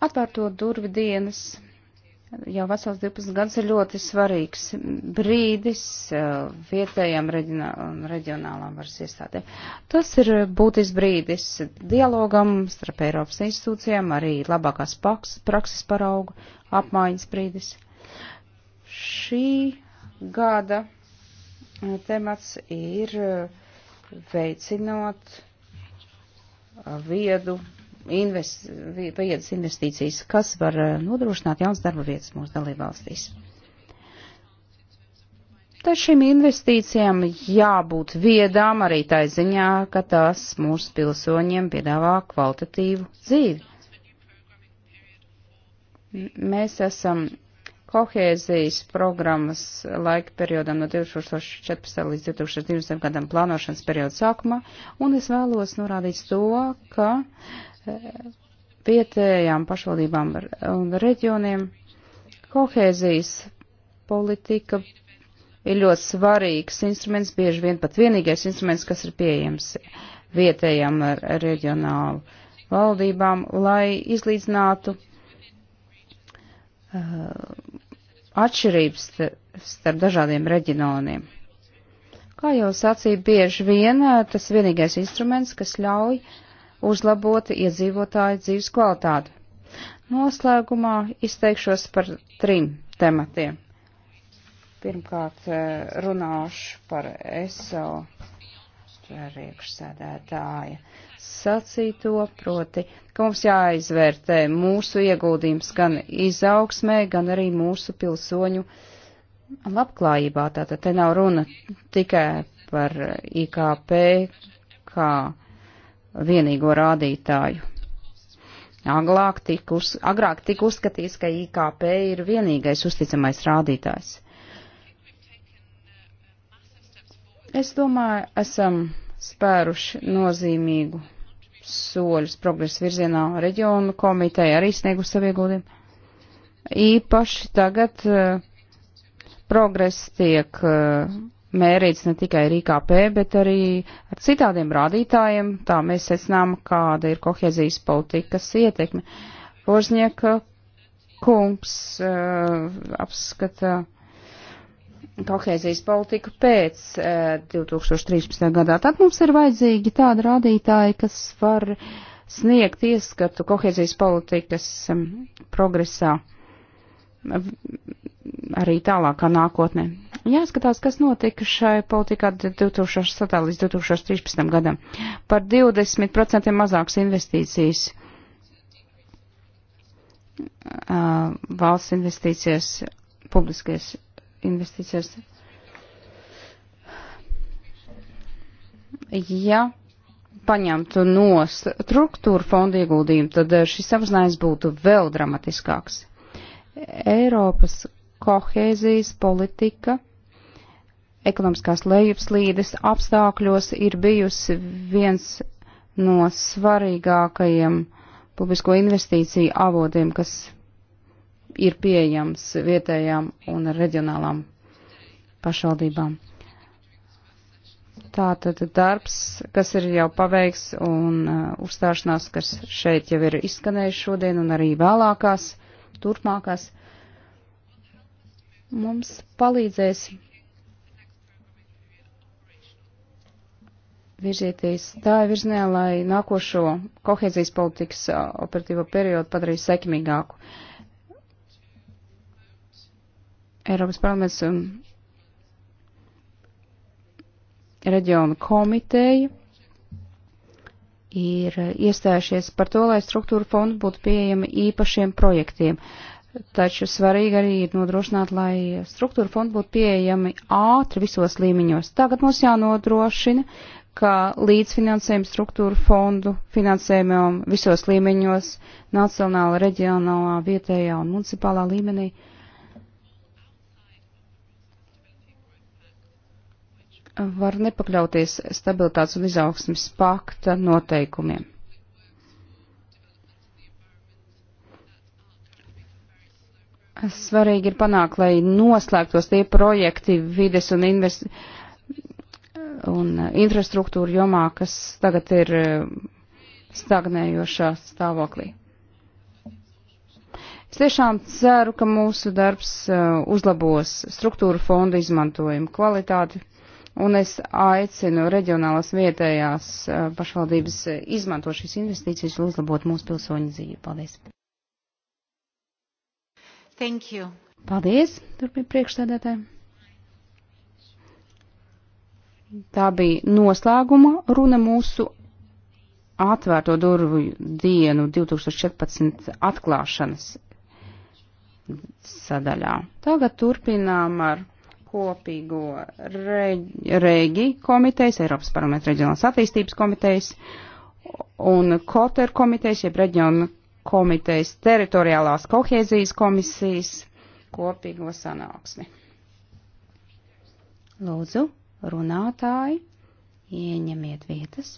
Atvērto durvi dienas jau vesels 12 gadus ir ļoti svarīgs brīdis eh, vietējām reģionālām varas iestādēm. Tas ir būtis brīdis dialogam starp Eiropas institūcijām, arī labākās prakses paraugu apmaiņas brīdis. Šī gada eh, temats ir eh, veicinot viedu invest, vajadzas investīcijas, kas var eh, nodrošināt jauns darba vietas mūsu dalībvalstīs. Tad šīm investīcijām jābūt viedām arī tā ziņā, ka tās mūsu pilsoņiem piedāvā kvalitatīvu dzīvi. Mēs esam kohēzijas programmas laika periodam no 2014 līdz 2020 gadam plānošanas periodu sākumā, un es vēlos norādīt to, ka uh, vietējām pašvaldībām un reģioniem. Kohēzijas politika ir ļoti svarīgs instruments, bieži vien pat vienīgais instruments, kas ir pieejams vietējām reģionālu valdībām, lai izlīdzinātu uh, atšķirības starp dažādiem reģioniem. Kā jau sacīja, bieži vien uh, tas vienīgais instruments, kas ļauj uh, uzlabot iedzīvotāju dzīves kvalitāti. Noslēgumā izteikšos par trim tematiem. Pirmkārt, eh, runāšu par ESO priekšsēdētāja sacīto, proti, ka mums jāizvērtē mūsu ieguldījums gan izaugsmē, gan arī mūsu pilsoņu labklājībā. Tātad te nav runa tikai par IKP kā vienīgo rādītāju. Agrāk tika, uz, agrāk tika uzskatīts, ka IKP ir vienīgais uzticamais rādītājs. Es domāju, esam spēruši nozīmīgu soļus progresa virzienā reģionu komiteja arī sniegu savieguldījumu. Īpaši tagad uh, progress tiek uh, mērīts ne tikai ar IKP, bet arī ar citādiem rādītājiem. Tā mēs secinām, kāda ir kohēzijas politikas ietekme. Porznieka kungs uh, apskata kohēzijas politiku pēc uh, eh, 2013. gadā. Tad mums ir vajadzīgi tādi rādītāji, kas var sniegt ieskatu kohēzijas politikas um, progresā. Uh, arī tālākā nākotnē. Jāskatās, kas notika šai politikā 2007. līdz 2013. gadam. Par 20% mazāks investīcijas valsts investīcijas, publiskais investīcijas. Ja paņemtu no struktūra fonda ieguldījumu, tad šis samazinājums būtu vēl dramatiskāks. Eiropas kohēzijas politika ekonomiskās lejupslīdes apstākļos ir bijusi viens no svarīgākajiem publisko investīciju avotiem, kas ir pieejams vietējām un reģionālām pašvaldībām. Tātad darbs, kas ir jau paveiks un uh, uzstāšanās, kas šeit jau ir izskanējuši šodien un arī vēlākās turpmākās mums palīdzēs virzieties tā virzienā, lai nākošo kohēzijas politikas uh, operatīvo periodu padarītu sekmīgāku. Eiropas parlaments un um, reģionu komiteju ir iestājušies par to, lai struktūra fondu būtu pieejami īpašiem projektiem. Taču svarīgi arī ir nodrošināt, lai struktūra fondu būtu pieejami ātri visos līmeņos. Tagad mums jānodrošina, ka līdzfinansējuma struktūra fondu finansējumam visos līmeņos, nacionāla, reģionālā, vietējā un municipālā līmenī var nepakļauties stabilitātes un izaugsmes pakta noteikumiem. Svarīgi ir panākt, lai noslēgtos tie projekti vides un, invest... un infrastruktūra jomā, kas tagad ir eh, stagnējošā stāvoklī. Es tiešām ceru, ka mūsu darbs eh, uzlabos struktūra fondu izmantojumu kvalitāti Un es aicinu reģionālās vietējās pašvaldības izmanto šīs investīcijas, lai uzlabotu mūsu pilsoņu dzīvi. Paldies! Thank you. Paldies, turpina priekšstādētāji. Tā bija noslēguma runa mūsu atvērto durvju dienu 2014 atklāšanas sadaļā. Tagad turpinām ar kopīgo reģi komitejas, Eiropas parlamenta reģionālās attīstības komitejas un Koter komitejas, jeb reģionu komitejas teritoriālās kohēzijas komisijas kopīgo sanāksmi. Lūdzu, runātāji, ieņemiet vietas.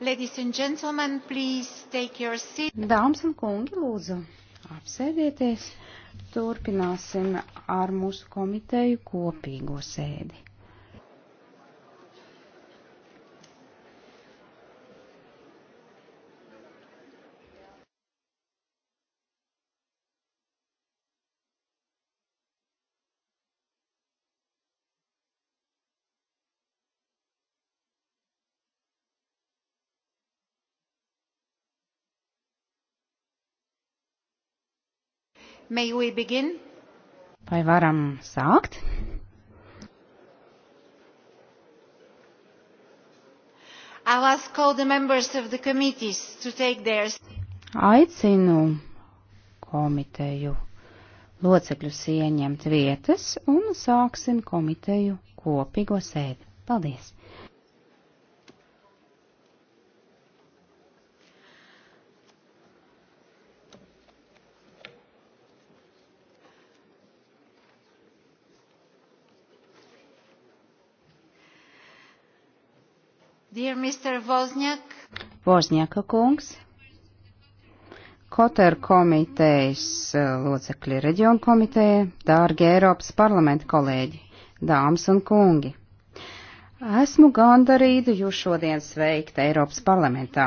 Ladies and gentlemen, please take your seat. Dāmas un kungi, lūdzu, apsēdieties. Turpināsim ar mūsu komiteju kopīgo sēdi. May we begin? Vai varam sākt? I'll ask all the members of the committees to take theirs. Aicinu komiteju locekļus ieņemt vietas un sāksim komiteju kopīgo sēdi. Paldies! Dear Mr. Vozņak. Vozņaka kungs. Koter komitejas e, locekļi reģionu komiteja, dārgi Eiropas parlamenta kolēģi, dāmas un kungi. Esmu gandarīta jūs šodien sveikt Eiropas parlamentā.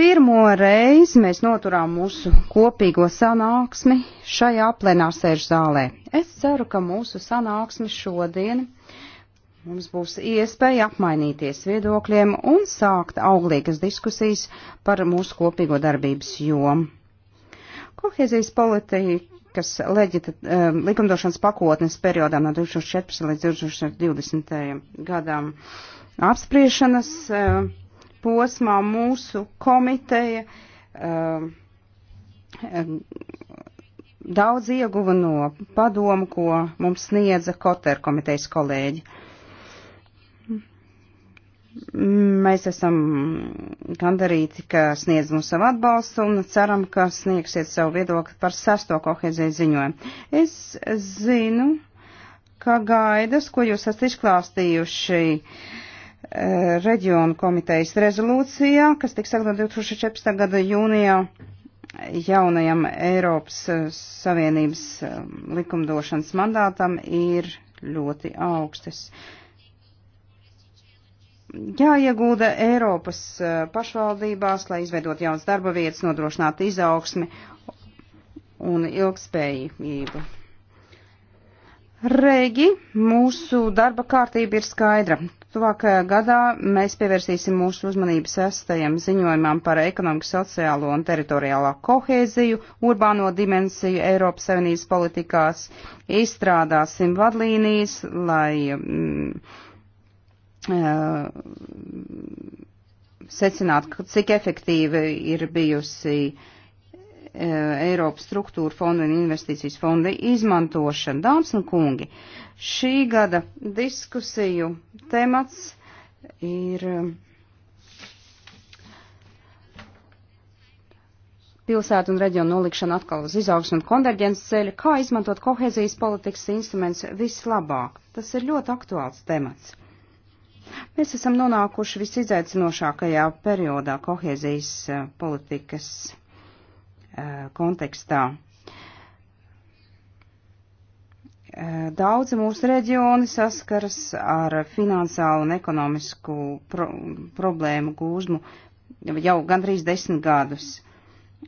Pirmo reizi mēs noturām mūsu kopīgo sanāksmi šajā plenārsēžu zālē. Es ceru, ka mūsu sanāksmi šodien Mums būs iespēja apmainīties viedokļiem un sākt auglīgas diskusijas par mūsu kopīgo darbības jomu. Kohēzijas politikas leģita, um, likumdošanas pakotnes periodā no 2014 līdz 2020. gadam apspriešanas um, posmā mūsu komiteja um, um, daudz ieguva no padomu, ko mums sniedza Koter komitejas kolēģi. Uh, Mēs esam gandarīti, ka sniedz mums savu atbalstu un ceram, ka sniegsiet savu viedokli par sesto kohēzijas ziņojumu. Es zinu, ka gaidas, ko jūs esat izklāstījuši eh, reģionu komitejas rezolūcijā, kas tiks sagatavota 2014. gada jūnijā jaunajam Eiropas eh, Savienības eh, likumdošanas mandātam, ir ļoti augstas. Uh, jāiegulda Eiropas eh, pašvaldībās, lai izveidot jaunas darba vietas, nodrošinātu izaugsmi un ilgspējību. Reigi, mūsu darba kārtība ir skaidra. Tuvākajā gadā mēs pievērsīsim mūsu uzmanību sestajam ziņojumam par ekonomiku, sociālo un teritoriālā kohēziju, urbāno dimensiju Eiropas Savienības politikās, izstrādāsim vadlīnijas, lai. Mm, Eh, secināt, cik efektīva ir bijusi eh, Eiropas struktūra fonda un investīcijas fonda izmantošana. Dāmas un kungi, šī gada diskusiju temats ir eh, pilsētu un reģionu nolikšana atkal uz izaugsmu un konverģences ceļa, kā izmantot kohēzijas politikas instruments vislabāk. Tas ir ļoti aktuāls temats. Mēs esam nonākuši visizaicinošākajā periodā kohēzijas eh, politikas eh, kontekstā. Eh, daudzi mūsu reģioni saskaras ar finansiālu un ekonomisku pro problēmu gūzmu jau gandrīz desmit gadus.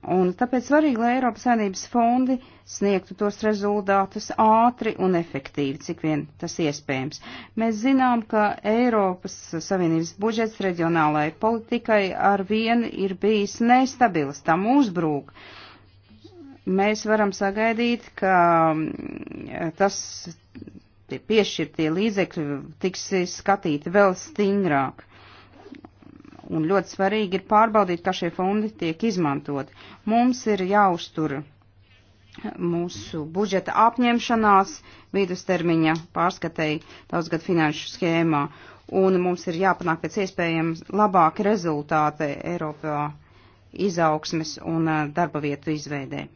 Un tāpēc svarīgi, lai Eiropas saimnības fondi sniegtu tos rezultātus ātri un efektīvi, cik vien tas iespējams. Mēs zinām, ka Eiropas Savienības budžets reģionālajai politikai ar vienu ir bijis nestabils, tam uzbrūk. Mēs varam sagaidīt, ka mm, tas piešķirtie līdzekļi tiks skatīti vēl stingrāk un ļoti svarīgi ir pārbaudīt, kā šie fondi tiek izmantot. Mums ir jāuztur mūsu budžeta apņemšanās vidustermiņa pārskatei daudzgad finanšu schēmā, un mums ir jāpanāk pēc iespējams labāki rezultāti Eiropā izaugsmes un darba vietu izveidē.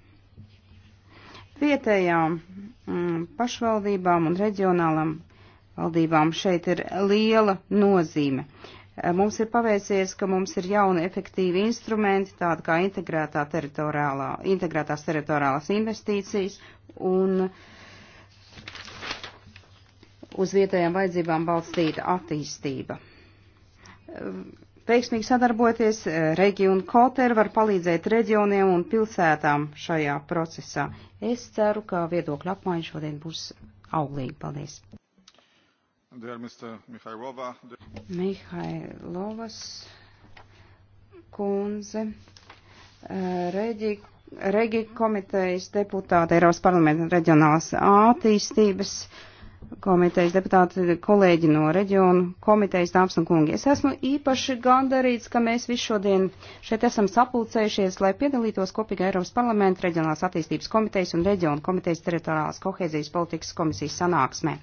Vietējām mm, pašvaldībām un reģionālam valdībām šeit ir liela nozīme. Uh, Mums ir paveicies, ka mums ir jauni efektīvi instrumenti, tādi kā integrētā teritoriālā, integrētās teritoriālās investīcijas un uz vietējām vajadzībām balstīta attīstība. Veiksmīgi sadarboties, reģionu koter var palīdzēt reģioniem un pilsētām šajā procesā. Es ceru, ka viedokļu apmaiņa šodien būs auglīga. Paldies! Mihailovas kundze, eh, reģi, reģi komitejas deputāte Eiropas parlamenta reģionālās attīstības komitejas deputāti, kolēģi no reģionu komitejas, dāmas un kungi. Es esmu īpaši gandarīts, ka mēs visu šodien šeit esam sapulcējušies, lai piedalītos kopīgā Eiropas parlamenta reģionālās attīstības komitejas un reģionu komitejas teritoriālās kohēzijas politikas komisijas sanāksmē.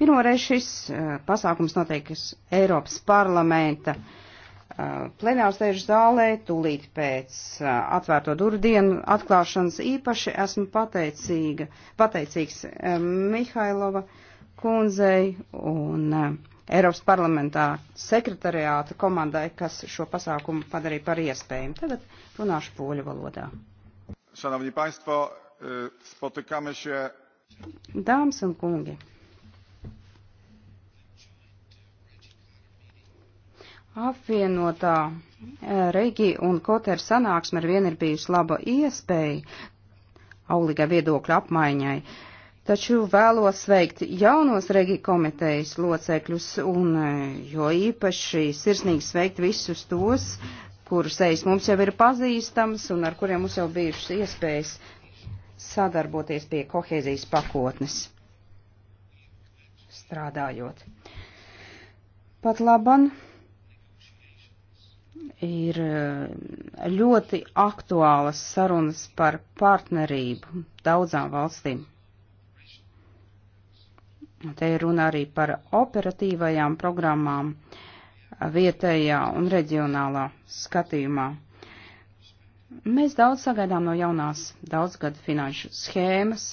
Pirmoreiz šis uh, pasākums noteikas Eiropas parlamenta uh, plenārsēžu zālē, tūlīt pēc uh, atvērto durdienu atklāšanas īpaši esmu pateicīga, pateicīgs Mihailova kundzei un e, Eiropas parlamentā sekretariāta komandai, kas šo pasākumu padarīja par iespējumu. Tagad runāšu poļu valodā. Šanovni paistvo, e, spotykamy się. Dāmas un kungi. Apvienotā e, Regi un Kotera sanāksme ar vienu ir bijusi laba iespēja aulīgai viedokļu apmaiņai. Uh, taču vēlos sveikt jaunos Regi komitejas locekļus un e, jo īpaši sirsnīgi sveikt visus tos, kurus ejas mums jau ir pazīstams un ar kuriem mums jau bijušas iespējas sadarboties pie kohēzijas pakotnes strādājot. Pat laban ir e, ļoti aktuālas sarunas par partnerību daudzām valstīm Te ir runa arī par operatīvajām programmām vietējā un reģionālā skatījumā. Mēs daudz sagaidām no jaunās daudzgada finanšu schēmas.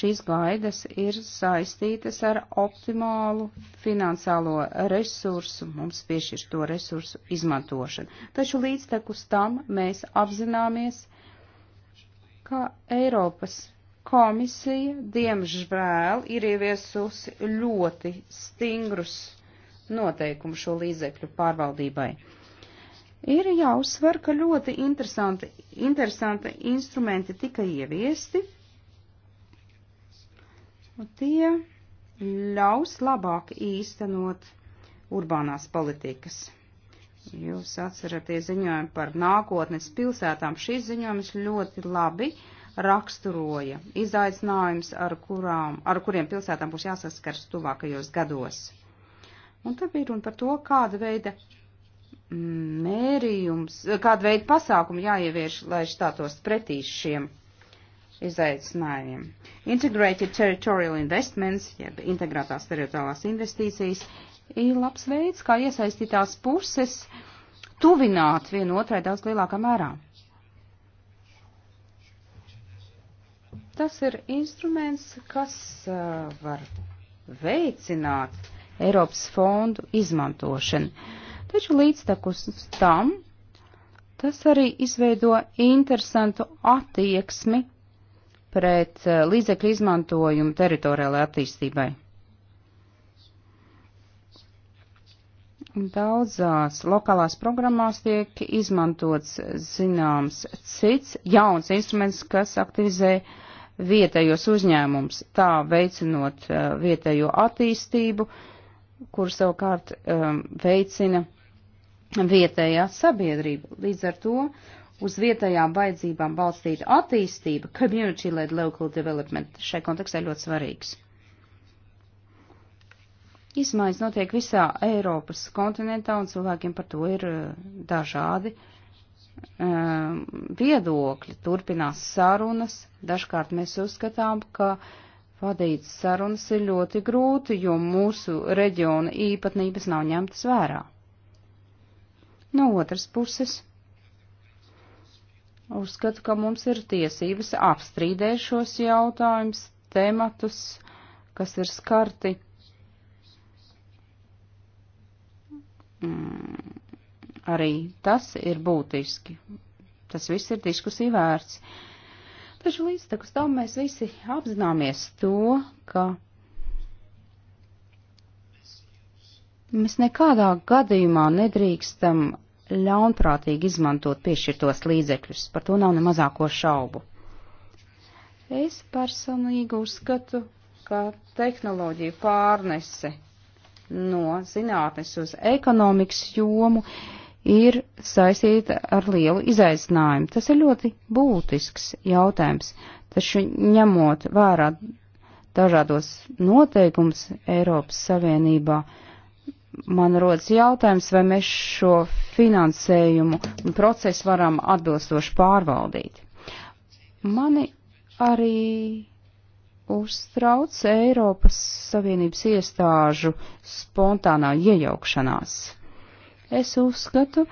Šīs gaidas ir saistītas ar optimālu finansālo resursu, mums piešķirst to resursu izmantošanu. Taču līdztekus tam mēs apzināmies, ka Eiropas Komisija, diemžēl, ir ieviesusi ļoti stingrus noteikumus šo līdzekļu pārvaldībai. Ir jāuzsver, ka ļoti interesanti, interesanti instrumenti tika ieviesti, un tie ļaus labāk īstenot urbānās politikas. Jūs atceraties ziņojumu par nākotnes pilsētām. Šis ziņojums ļoti labi uh, raksturoja izaicinājums, ar, kurām, ar kuriem pilsētām būs jāsaskars tuvākajos gados. Un tad bija runa par to, kāda veida mērījums, kāda veida pasākumu jāievieš, lai stātos pretī šiem izaicinājumiem. Integrated Territorial Investments, jeb integrētās teritoriālās investīcijas, ir labs veids, kā iesaistītās puses tuvināt vienotrai daudz lielākā mērā. Tas ir instruments, kas uh, var veicināt Eiropas fondu izmantošanu. Taču līdztekus tam tas arī izveido interesantu attieksmi pret uh, līdzekļu izmantojumu teritoriālajai attīstībai. Daudzās lokālās programmās tiek izmantots zināms cits jauns instruments, kas aktivizē uh, vietējos uzņēmums, tā veicinot uh, vietējo attīstību, kur savukārt um, veicina vietējā sabiedrība. Līdz ar to uz vietējām vajadzībām balstīta attīstība, community-led local development, šai kontekstā ļoti svarīgs. Izmaiņas notiek visā Eiropas kontinentā, un cilvēkiem par to ir eh, dažādi Um, viedokļi, turpinās sarunas. Dažkārt mēs uzskatām, ka vadīt sarunas ir ļoti grūti, jo mūsu reģiona īpatnības nav ņemtas vērā. No otras puses, uzskatu, ka mums ir tiesības apstrīdēt šos jautājumus, tematus, kas ir skarti. Mm Arī tas ir būtiski. Tas viss ir diskusija vērts. Taču līdz takus tam mēs visi apzināmies to, ka mēs nekādā gadījumā nedrīkstam ļaunprātīgi izmantot piešķirtos līdzekļus. Par to nav ne mazāko šaubu. Es personīgi uzskatu, ka tehnoloģija pārnese no zinātnes uz ekonomikas jomu ir saistīta ar lielu izaicinājumu. Tas ir ļoti būtisks jautājums, taču ņemot vērā dažādos noteikums Eiropas Savienībā, man rodas jautājums, vai mēs šo finansējumu un procesu varam atbilstoši pārvaldīt. Mani arī uztrauc Eiropas Savienības iestāžu spontānā iejaukšanās Es uzskatu,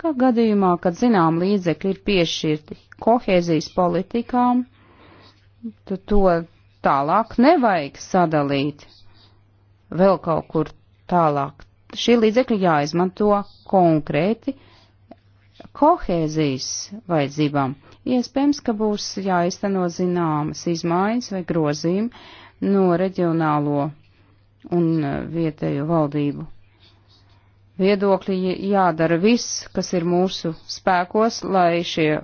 ka gadījumā, kad zinām līdzekļi ir piešķirti kohēzijas politikām, tad to tālāk nevajag sadalīt vēl kaut kur tālāk. Šie līdzekļi jāizmanto konkrēti kohēzijas vajadzībām. Iespējams, ka būs jāizteno zināmas izmaiņas vai grozījumi no reģionālo un eh, vietējo valdību viedokļi jādara viss, kas ir mūsu spēkos, lai šie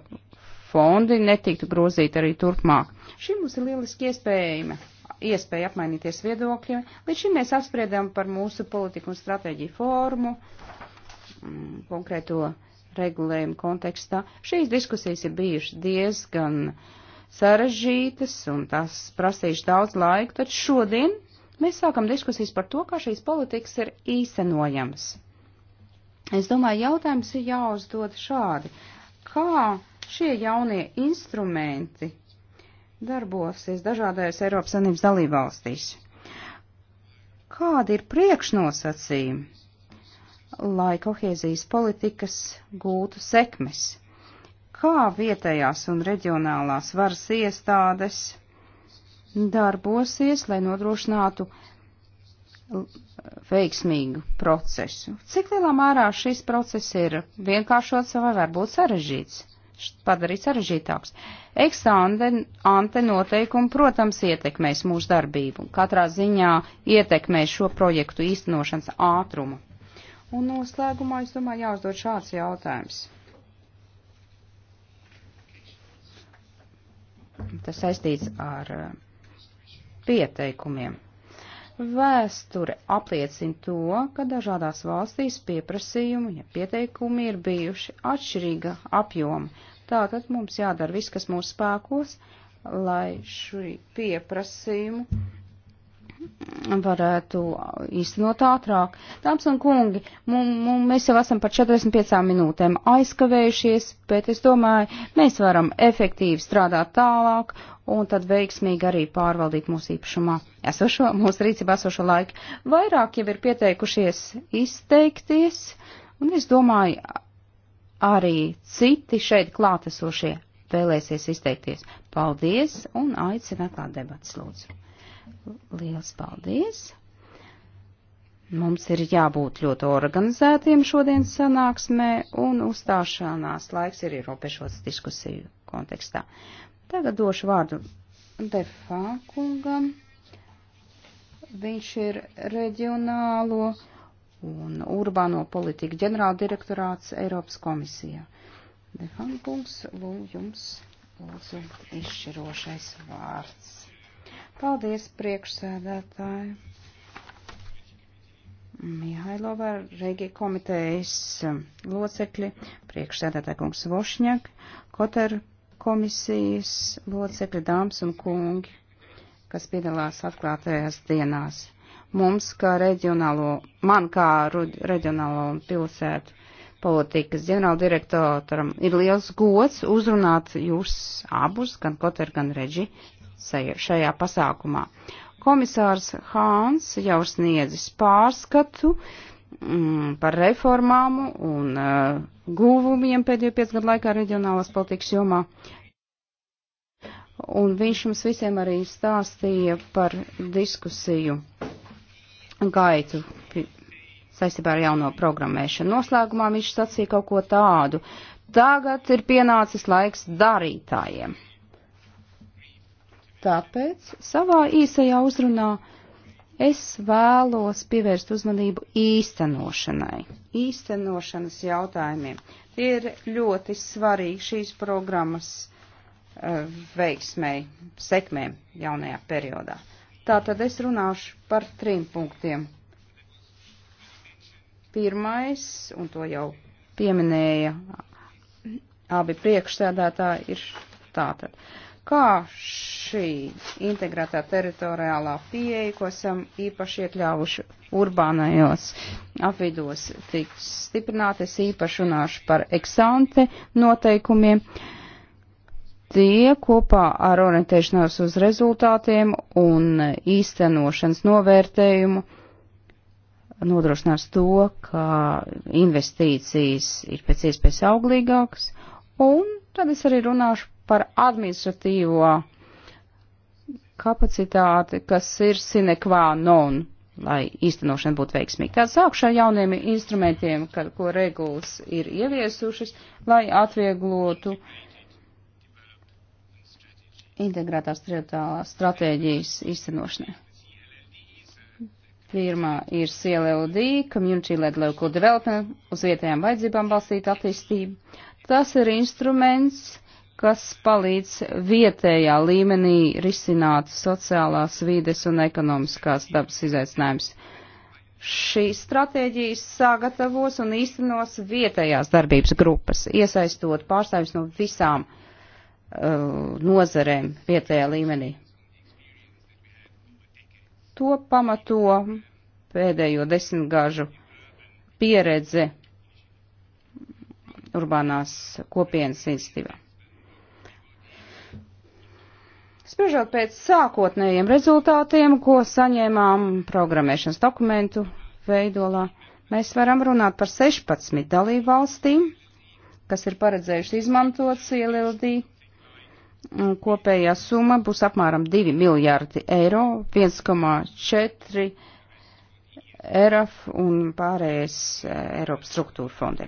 fondi netiktu grozīti arī turpmāk. Šī mums ir lieliski iespējama iespēja apmainīties viedokļiem. Līdz šim mēs apspriedām par mūsu politiku un stratēģiju formu, mm, konkrēto regulējumu kontekstā. Šīs diskusijas ir bijušas diezgan sarežģītas un tas prasījuši daudz laika, taču šodien mēs sākam diskusijas par to, kā šīs politikas ir īstenojamas. Es domāju, jautājums ir jāuzdod šādi. Kā šie jaunie instrumenti darbosies dažādajās Eiropas Savienības dalībvalstīs? Kādi ir priekšnosacījumi, lai kohēzijas politikas gūtu sekmes? Kā vietējās un reģionālās varas iestādes darbosies, lai nodrošinātu veiksmīgu procesu. Cik lielā mērā šis process ir vienkāršots vai varbūt sarežģīts, padarīts sarežģītāks? Eksante noteikumi, protams, ietekmēs mūsu darbību, katrā ziņā ietekmēs šo projektu īstenošanas ātrumu. Un noslēgumā, es domāju, jāuzdod šāds jautājums. Tas saistīts ar uh, pieteikumiem. Vēsture apliecina to, ka dažādās valstīs pieprasījumi, ja pieteikumi ir bijuši atšķirīga apjoma. Tātad mums jādara viss, kas mūsu spēkos, lai šī pieprasījumu varētu īstenot ātrāk. Tāms un kungi, mēs jau esam par 45 minūtēm aizkavējušies, bet es domāju, mēs varam efektīvi strādāt tālāk un tad veiksmīgi arī pārvaldīt mūsu īpašumā esošo, mūsu rīcībā esošo laiku. Vairāk jau ir pieteikušies izteikties, un es domāju, arī citi šeit klātesošie vēlēsies izteikties. Paldies un aicinu atklāt debatas, lūdzu. Liels paldies! Mums ir jābūt ļoti organizētiem šodien sanāksmē, un uzstāšanās laiks ir ierobežots diskusiju kontekstā. Tagad došu vārdu Defā kungam. Viņš ir reģionālo un urbāno politiku ģenerāldirektorāts Eiropas komisijā. Defankungs, lūdzu, jums lūdzu izšķirošais vārds. Paldies, priekšsēdētāji. Mihailova, Reigi komitejas locekļi, priekšsēdētāja kungs Vošņak, Koter komisijas locekļi, dāmas un kungi kas piedalās atklātajās dienās. Mums, kā reģionālo, man kā reģionālo un pilsētu politikas ģenerāldirektoram, ir liels gods uzrunāt jūs abus, gan Koter, gan Reģi, šajā pasākumā. Komisārs Hāns jau sniedzis pārskatu mm, par reformām un uh, guvumiem pēdējo piecu gadu laikā reģionālās politikas jomā un viņš mums visiem arī stāstīja par diskusiju gaitu saistībā ar jauno programmēšanu. Noslēgumā viņš sacīja kaut ko tādu. Tagad ir pienācis laiks darītājiem. Tāpēc savā īsajā uzrunā es vēlos pievērst uzmanību īstenošanai, īstenošanas jautājumiem. Tie ir ļoti svarīgi šīs programmas veiksmēji, sekmēm jaunajā periodā. Tātad es runāšu par trim punktiem. Pirmais, un to jau pieminēja abi priekšsēdētāji, ir tātad. Kā šī integrētā teritoriālā pieeja, ko esam īpaši iekļāvuši urbānajos apvidos, tiks stiprināta, es īpaši runāšu par eksante noteikumiem. Uh, tie kopā ar orientēšanos uz rezultātiem un īstenošanas novērtējumu nodrošinās to, ka investīcijas ir pēc iespējas auglīgākas, un tad es arī runāšu par administratīvo kapacitāti, kas ir sine qua non, lai īstenošana būtu veiksmīga. Tāds sākšā jauniem instrumentiem, kad, ko regulas ir ieviesušas, lai atvieglotu uh, integrētās teritoriālās stratēģijas īstenošanai. Pirmā ir CLOD, Community Led Local Development, uz vietējām vajadzībām balstīta attīstība. Tas ir instruments, kas palīdz vietējā līmenī risināt sociālās vides un ekonomiskās dabas izaicinājumus. Šīs stratēģijas sagatavos un īstenos vietējās darbības grupas, iesaistot pārstāvis no visām uh, Uh, nozarēm vietējā līmenī. To pamato pēdējo desmitgažu pieredze urbānās kopienas institīvā. Spriežot pēc sākotnējiem rezultātiem, ko saņēmām programmēšanas dokumentu veidolā, mēs varam runāt par 16 dalību valstīm, kas ir paredzējuši izmantot CLLD kopējā summa būs apmēram 2 miljārdi eiro, 1,4 ERAF un pārējais eh, Eiropas struktūra fondi.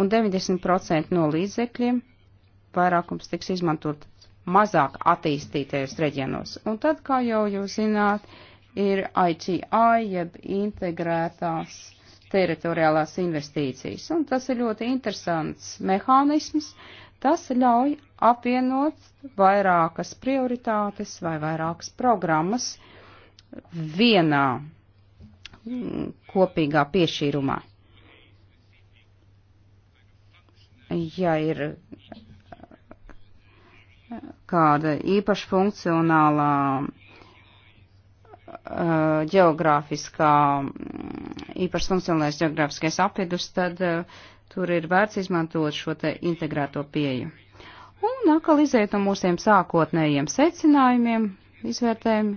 Un 90% no līdzekļiem vairākums tiks izmantot mazāk attīstītajos reģionos. Un tad, kā jau jūs zināt, ir ITI, jeb integrētās teritoriālās investīcijas. Un tas ir ļoti interesants mehānisms, Tas ļauj apvienot vairākas prioritātes vai vairākas programmas vienā kopīgā piešķīrumā. Ja ir kāda īpaši funkcionālā ģeogrāfiskā, īpaši funkcionālais ģeogrāfiskais apvidus, tad uh, Tur ir vērts izmantot šo te integrēto pieju. Un atkal iziet no mūsiem sākotnējiem secinājumiem, izvērtējumi.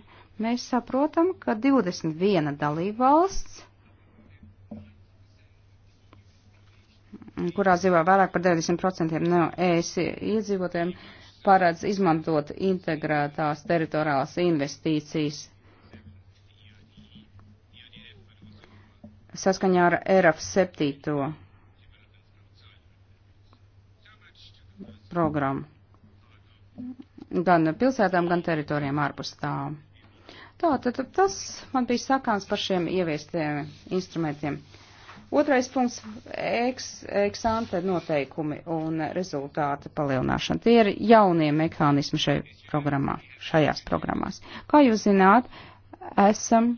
Mēs saprotam, ka 21 dalībvalsts, kurā dzīvo vairāk par 90% no ES iedzīvotājiem, paredz izmantot integrētās teritoriālās investīcijas saskaņā ar ERAF 7. programmu. Gan pilsētām, gan teritorijām ārpus tām. Tā, tad tas man bija sakāms par šiem ieviestiem instrumentiem. Otrais punkts - eksante noteikumi un rezultāta palielināšana. Tie ir jaunie mehānismi šai programmā, šajās programmās. Kā jūs zināt, esam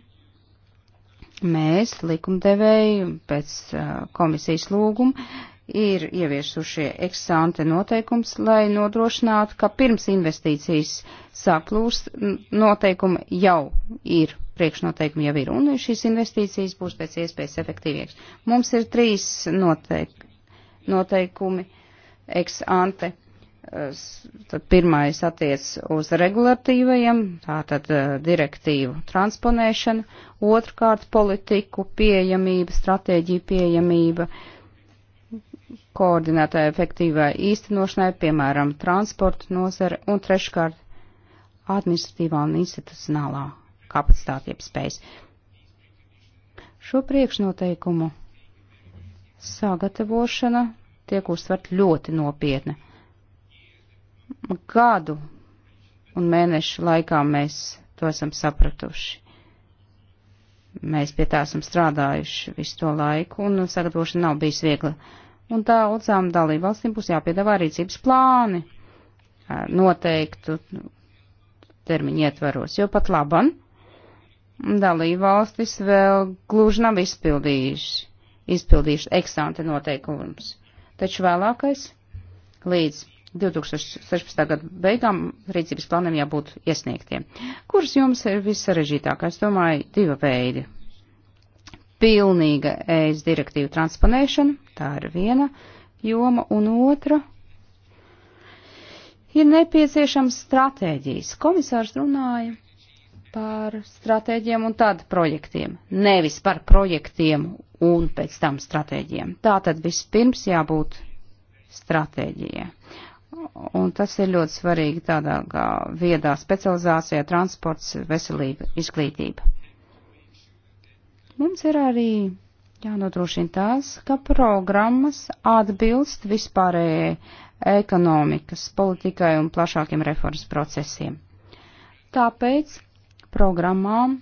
mēs likumdevēji pēc eh, komisijas lūguma ir ieviesušie eksante noteikums, lai nodrošinātu, ka pirms investīcijas sāk plūst, noteikumi jau ir, priekšnoteikumi jau ir, un šīs investīcijas būs pēc iespējas efektīvākas. Mums ir trīs noteik noteikumi eksante. Tad pirmais attiec uz regulatīvajiem, tātad eh, direktīvu transponēšanu, otrkārt politiku pieejamība, stratēģiju pieejamība, uh, koordinētai efektīvai īstenošanai, piemēram, transporta nozare un treškārt administratīvā un institucionālā kapacitāte jeb spējas. Šo priekšnoteikumu sagatavošana tiek uztvert ļoti nopietni. Gadu un mēnešu laikā mēs to esam sapratuši. Mēs pie tā esam strādājuši visu to laiku, un sagatavošana nav bijis viegla. Uh, un daudzām dalībvalstīm būs jāpiedāvā rīcības plāni noteiktu termiņu ietvaros, jo pat laban dalībvalstis vēl gluži nav izpildījuši, izpildījuši eksante noteikumus. Taču vēlākais līdz 2016. gada beigām rīcības plāniem jābūt iesniegtiem. Kurus jums ir vissarežģītākais? Domāju, divi veidi pilnīga ES direktīvu transponēšana, tā ir viena joma, un otra ir nepieciešams stratēģijas. Komisārs runāja par stratēģiem un tad projektiem, nevis par projektiem un pēc tam stratēģiem. Tā tad vispirms jābūt stratēģijai. Un tas ir ļoti svarīgi tādā kā viedā specializācijā, transports, veselība, izglītība. Mums ir arī jānodrošina tās, ka programmas atbilst vispārējai ekonomikas politikai un plašākiem reformas procesiem. Tāpēc programmām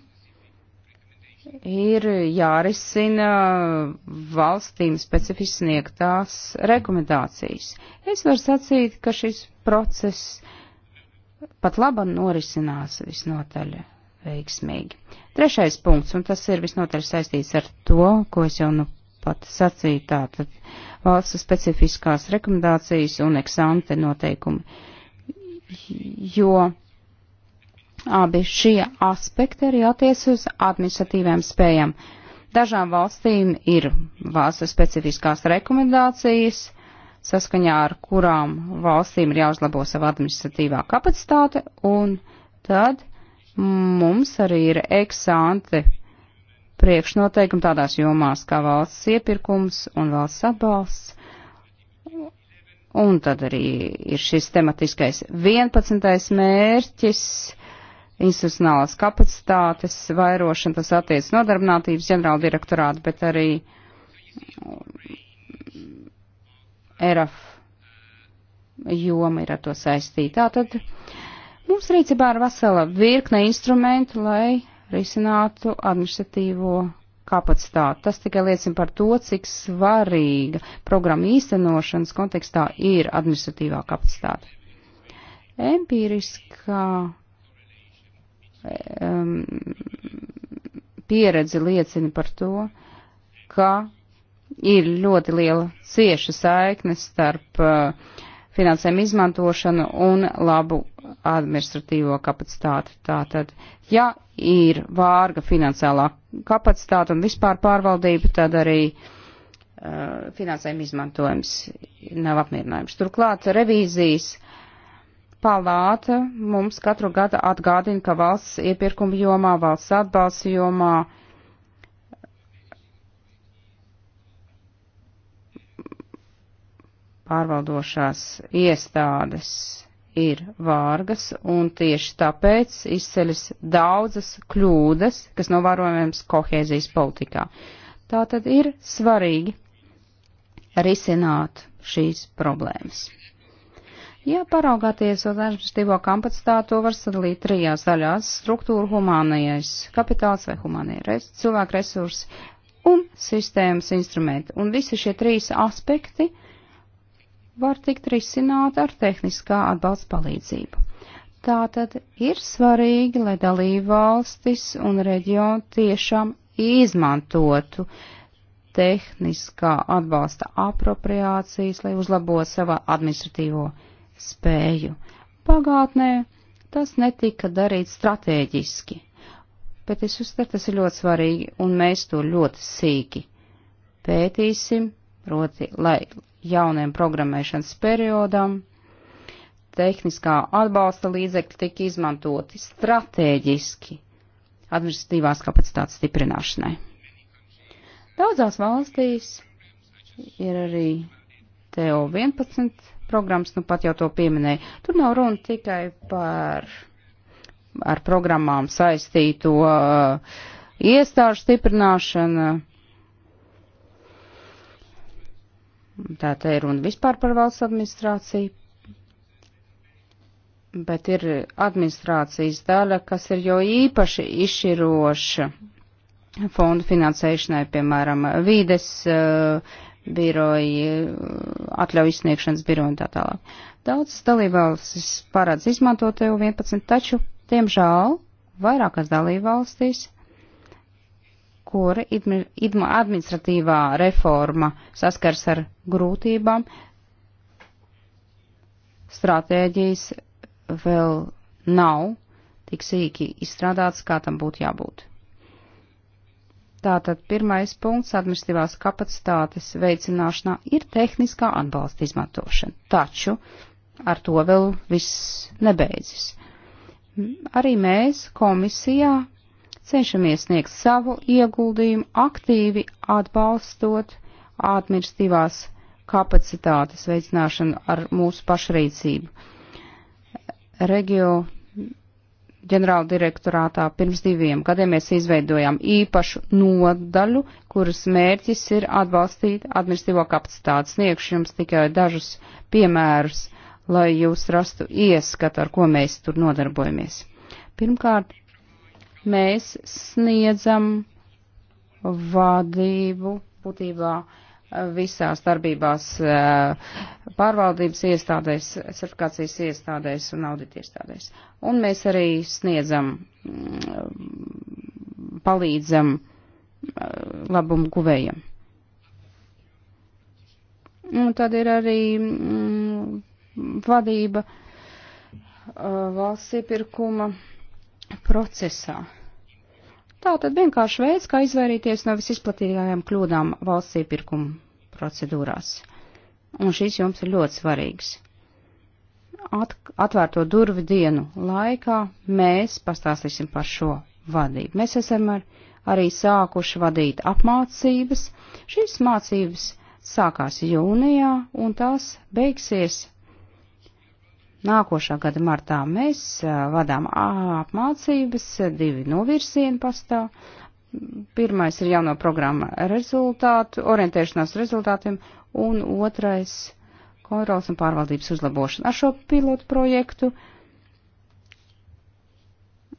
ir jārisina valstīm specifiski sniegtās rekomendācijas. Es varu sacīt, ka šis process pat laba norisinās visnotaļ veiksmīgi. Trešais punkts, un tas ir visnotaļ saistīts ar to, ko es jau nu pat sacīju, tātad valsts specifiskās rekomendācijas un eksante noteikumi. Jo abi šie aspekti arī attiec uz administratīvām spējām. Dažām valstīm ir valsts specifiskās rekomendācijas, saskaņā ar kurām valstīm ir jāuzlabo sava administratīvā kapacitāte, un tad mums arī ir eksante priekšnoteikumi tādās jomās kā valsts iepirkums un valsts atbalsts. Un tad arī ir šis tematiskais 11. mērķis institucionālās kapacitātes vairošana, tas attiec nodarbinātības ģenerāla direktorāta, bet arī ERAF joma ir ar to saistītā. Tad Mums rīcībā ir vesela virkne instrumentu, lai risinātu administratīvo kapacitāti. Tas tikai liecina par to, cik svarīga programma īstenošanas kontekstā ir administratīvā kapacitāte. Empīriskā um, pieredze liecina par to, ka ir ļoti liela cieša saikne starp uh, finansēm izmantošanu un labu administratīvo kapacitāti. Tātad, ja ir vārga finansiālā kapacitāte un vispār pārvaldība, tad arī uh, finansējuma izmantojums nav apmierinājums. Turklāt revīzijas palāta mums katru gadu atgādina, ka valsts iepirkuma jomā, valsts atbalsta jomā uh, pārvaldošās iestādes ir vārgas, un tieši tāpēc izceļas daudzas kļūdas, kas novērojams kohēzijas politikā. Tā tad ir svarīgi risināt šīs problēmas. Ja paraugāties uz administratīvo kapacitāti, to var sadalīt trijās daļās - struktūra, humānais kapitāls vai humānie res cilvēku resursi un sistēmas instrumenti. Un visi šie trīs aspekti var tikt risināta ar tehniskā atbalsta palīdzību. Tātad ir svarīgi, lai dalībvalstis un reģioni tiešām izmantotu tehniskā atbalsta apropriācijas, lai uzlabotu savu administratīvo spēju. Pagātnē tas netika darīts strateģiski, bet es uzskatu, tas ir ļoti svarīgi, un mēs to ļoti sīki pētīsim, proti, lai jauniem programmēšanas periodam. Tehniskā atbalsta līdzekļi tika izmantoti strateģiski administratīvās kapacitātes stiprināšanai. Daudzās valstīs ir arī TO11 programmas, nu pat jau to pieminēju. Tur nav runa tikai par ar programmām saistīto uh, iestāžu stiprināšanu. Uh, Tā te ir runa vispār par valsts administrāciju, bet ir administrācijas daļa, kas ir jau īpaši izšķiroša fondu finansēšanai, piemēram, vīdes uh, biroji, eh, atļauju izsniegšanas biroji un tā tālāk. Daudzas dalībvalstis paredz izmantot EU11, taču, diemžēl, vairākas dalībvalstīs kur idma administratīvā reforma saskars ar grūtībām, stratēģijas vēl nav tik sīki izstrādāts, kā tam būtu jābūt. Tātad pirmais punkts administratīvās kapacitātes veicināšanā ir tehniskā atbalsta izmantošana, taču ar to vēl viss nebeidzis. Arī mēs komisijā cenšamies sniegt savu ieguldījumu, aktīvi atbalstot atmirstīvās kapacitātes veicināšanu ar mūsu pašrīcību. Regio ģenerāla direktorātā pirms diviem gadiem mēs izveidojām īpašu nodaļu, kuras mērķis ir atbalstīt administratīvo kapacitāti. Sniegšu jums tikai dažus piemērus, lai jūs rastu ieskatu, ar ko mēs tur nodarbojamies. Pirmkārt, mēs sniedzam vadību būtībā eh, visās darbībās eh, pārvaldības iestādēs, certifikācijas iestādēs un audit iestādēs. Un mēs arī sniedzam, mm, palīdzam eh, labumu guvējam. Un tad ir arī mm, vadība valsts iepirkuma procesā. Tā tad vienkārši veids, kā izvairīties no visizplatītākajām kļūdām valsts iepirkuma procedūrās. Un šis jums ir ļoti svarīgs. At, atvērto durvi dienu laikā mēs pastāstīsim par šo vadību. Mēs esam ar, arī sākuši vadīt apmācības. Šīs mācības sākās jūnijā un tās beigsies Nākošā gada martā mēs vadām apmācības, divi novirsieni pastāv. Pirmais ir jauno programmu rezultātu, orientēšanās rezultātiem, un otrais - kontrols un pārvaldības uzlabošana. Ar šo pilotu projektu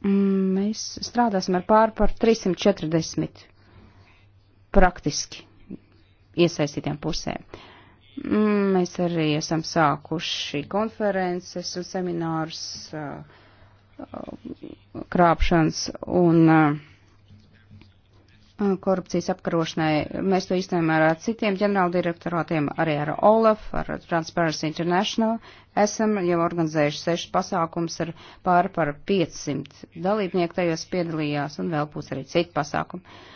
mm, mēs strādāsim ar pār par 340 praktiski iesaistītiem pusēm. Uh, Mēs arī esam sākuši konferences un seminārus uh, uh, krāpšanas un uh, korupcijas apkarošanai. Mēs to īstenojam ar citiem ģenerāldirektorātiem, arī ar OLAF, ar Transparency International. Esam jau organizējuši sešas pasākums ar pāri par 500 dalībnieku tajos piedalījās un vēl būs arī citi pasākumi. Uh,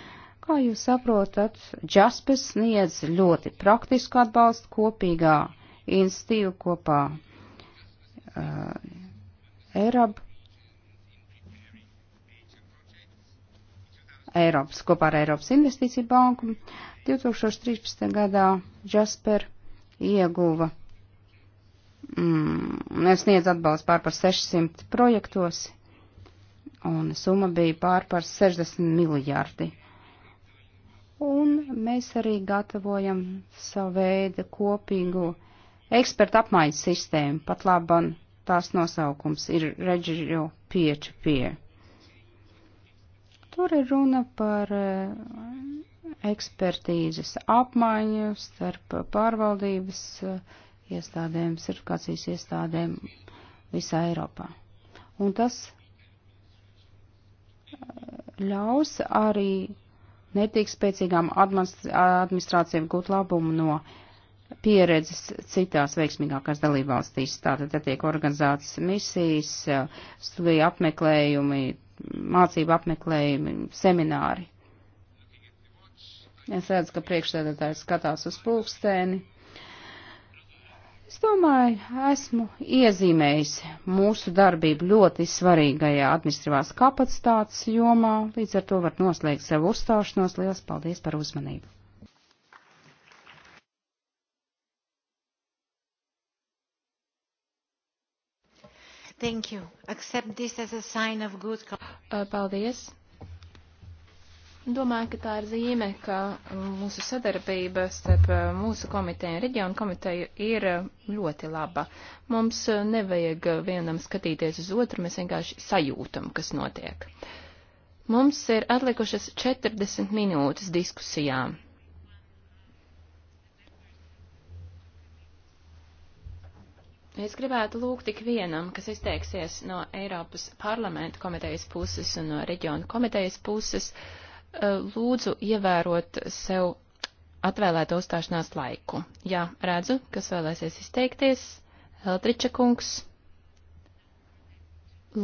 Kā jūs saprotat, Jaspers sniedz ļoti praktisku atbalstu kopīgā institīva kopā uh, Eirab, Eiropas, kopā ar Eiropas investīciju banku. 2013. gadā Jasper ieguva mm, sniedz atbalstu pār par 600 projektos, un summa bija pār par 60 miljārdi eiro Un mēs arī gatavojam savu veidu kopīgu ekspertu apmaiņas sistēmu, pat laban tās nosaukums ir Regio 5 pie. Tur ir runa par eh, ekspertīzes apmaiņu starp pārvaldības eh, iestādēm, sertifikācijas iestādēm visā Eiropā. Un tas eh, ļaus arī netiek spēcīgām administrācijām gūt labumu no pieredzes citās veiksmīgākās dalībvalstīs. Tātad tiek organizētas misijas, studiju apmeklējumi, mācību apmeklējumi, semināri. Es redzu, ka priekšsēdētājs skatās uz pulkstēni. Es domāju, esmu iezīmējis mūsu darbību ļoti svarīgajā administratīvās kapacitātes jomā, līdz ar to var noslēgt savu uzstāšanos. Lielas paldies par uzmanību! Thank you. Accept this as a sign of good. Paldies. Domāju, ka tā ir zīme, ka um, mūsu sadarbība starp uh, mūsu komiteju un reģionu komiteju ir uh, ļoti laba. Mums uh, nevajag vienam skatīties uz otru, mēs vienkārši sajūtam, kas notiek. Mums ir atlikušas 40 minūtes diskusijām. Es gribētu lūgt tik vienam, kas izteiksies no Eiropas parlamenta komitejas puses un no reģionu komitejas puses, uh, Eh, lūdzu ievērot sev atvēlēto uzstāšanās laiku. Jā, redzu, kas vēlēsies izteikties. Eltriča kungs.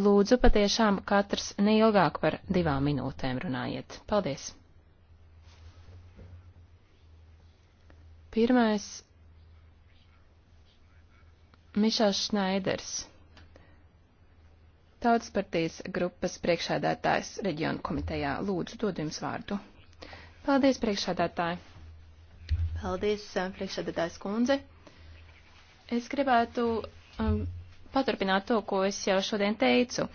Lūdzu, patiešām katrs neilgāk par divām minūtēm runājiet. Paldies! Pirmais - Mišels Šnaiders. Tautas partijas grupas priekšādātājs reģionu komitejā. Lūdzu, dod jums vārdu. Paldies, priekšādātāji. Paldies, eh, priekšādātājs kundze. Es gribētu um, paturpināt to, ko es jau šodien teicu.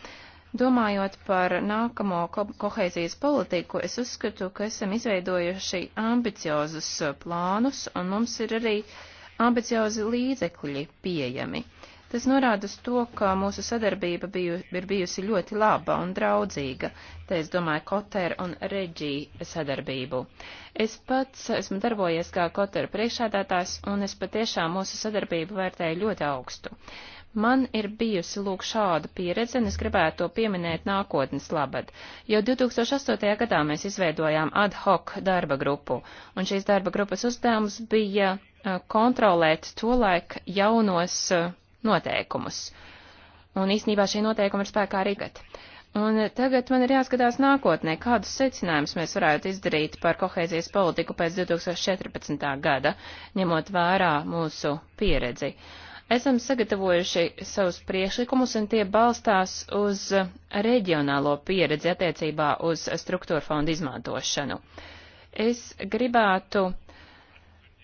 Domājot par nākamo ko kohēzijas politiku, es uzskatu, ka esam izveidojuši ambiciozus eh, plānus un mums ir arī ambiciozi līdzekļi pieejami. Uh, Tas norāda uz to, ka mūsu sadarbība biju, ir bijusi ļoti laba un draudzīga. Te es domāju Kotēra un Reģī sadarbību. Es pats esmu darbojies kā Kotēra priekšādātājs un es patiešām mūsu sadarbību vērtēju ļoti augstu. Man ir bijusi lūk šāda pieredze, un es gribētu to pieminēt nākotnes labad. Jo 2008. gadā mēs izveidojām ad hoc darba grupu, un šīs darba grupas uzdevums bija eh, kontrolēt tolaik jaunos eh, noteikumus. Un īsnībā šie noteikumi ir spēkā arī tagad. Un tagad man ir jāskatās nākotnē, kādus secinājumus mēs varētu izdarīt par kohēzijas politiku pēc 2014. gada, ņemot vērā mūsu pieredzi. Esam sagatavojuši savus priekšlikumus, un tie balstās uz reģionālo pieredzi attiecībā uz struktūra fondu izmantošanu. Es gribētu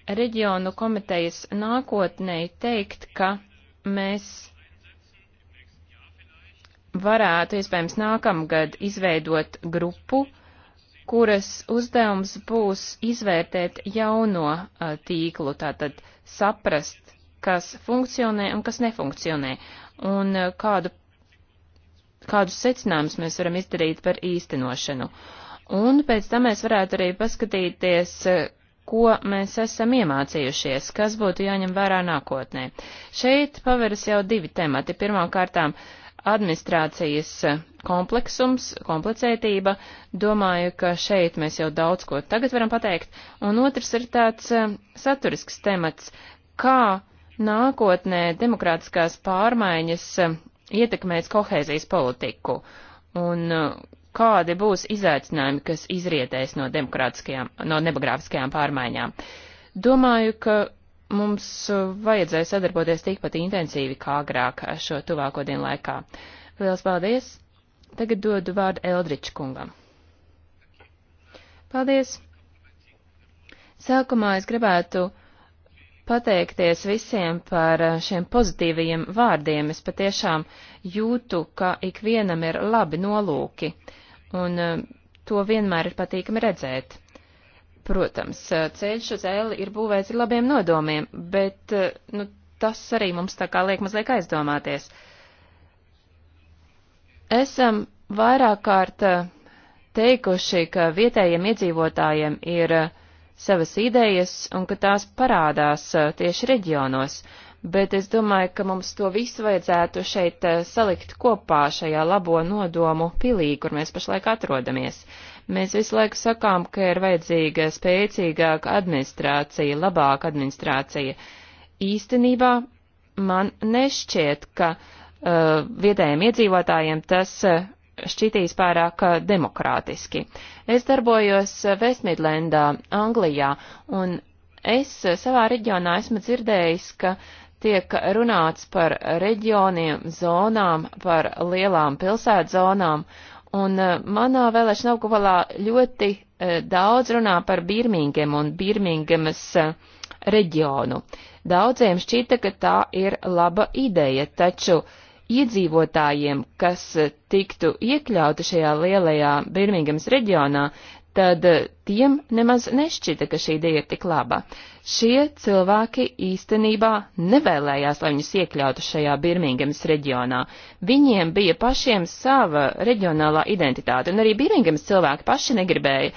reģionu komitejas nākotnēji teikt, ka mēs varētu iespējams nākamgad izveidot grupu, kuras uzdevums būs izvērtēt jauno a, uh, tīklu, tātad saprast, kas funkcionē un kas nefunkcionē, un a, uh, kādu, kādus secinājumus mēs varam izdarīt par īstenošanu. Un pēc tam mēs varētu arī paskatīties, a, uh, ko mēs esam iemācījušies, kas būtu jāņem vērā nākotnē. Šeit paveras jau divi temati. Pirmkārtām administrācijas kompleksums, komplicētība. Domāju, ka šeit mēs jau daudz ko tagad varam pateikt. Un otrs ir tāds eh, saturisks temats, kā nākotnē demokrātiskās pārmaiņas eh, ietekmēs kohēzijas politiku un eh, kādi būs izaicinājumi, kas izrietēs no, no demogrāfiskajām pārmaiņām. Domāju, ka mums uh, vajadzēja sadarboties tikpat intensīvi kā agrāk šo tuvāko dienu laikā. Lielas paldies! Tagad dodu vārdu Eldriča kungam. Paldies! Sākumā es gribētu pateikties visiem par uh, šiem pozitīvajiem vārdiem. Es patiešām jūtu, ka ikvienam ir labi nolūki. Uh, un eh, to vienmēr ir patīkami redzēt. Protams, eh, ceļš uz eli ir būvēts ar labiem nodomiem, bet eh, nu, tas arī mums tā kā liek mazliet aizdomāties. Esam vairāk kārt teikuši, ka vietējiem iedzīvotājiem ir savas idejas un ka tās parādās tieši reģionos bet es domāju, ka mums to visu vajadzētu šeit eh, salikt kopā šajā labo nodomu pilī, kur mēs pašlaik atrodamies. Mēs visu laiku sakām, ka ir vajadzīga spēcīgāka administrācija, labāka administrācija. Īstenībā man nešķiet, ka uh, vietējiem iedzīvotājiem tas uh, šķitīs pārāk demokrātiski. Es darbojos Vestmidlendā, Anglijā, un es savā reģionā esmu dzirdējis, ka tiek runāts par reģioniem, zonām, par lielām pilsētzonām, un e, manā vēlēšana apgabalā ļoti e, daudz runā par Birmingem un Birmingemas e, reģionu. Daudziem šķita, ka tā ir laba ideja, taču iedzīvotājiem, kas tiktu iekļauti šajā lielajā Birmingemas reģionā, tad eh, tiem nemaz nešķita, ka šī ideja ir tik laba. Šie cilvēki īstenībā nevēlējās, lai viņus iekļautu šajā Birmingemas reģionā. Viņiem bija pašiem sava reģionālā identitāte, un arī Birmingemas cilvēki paši negribēja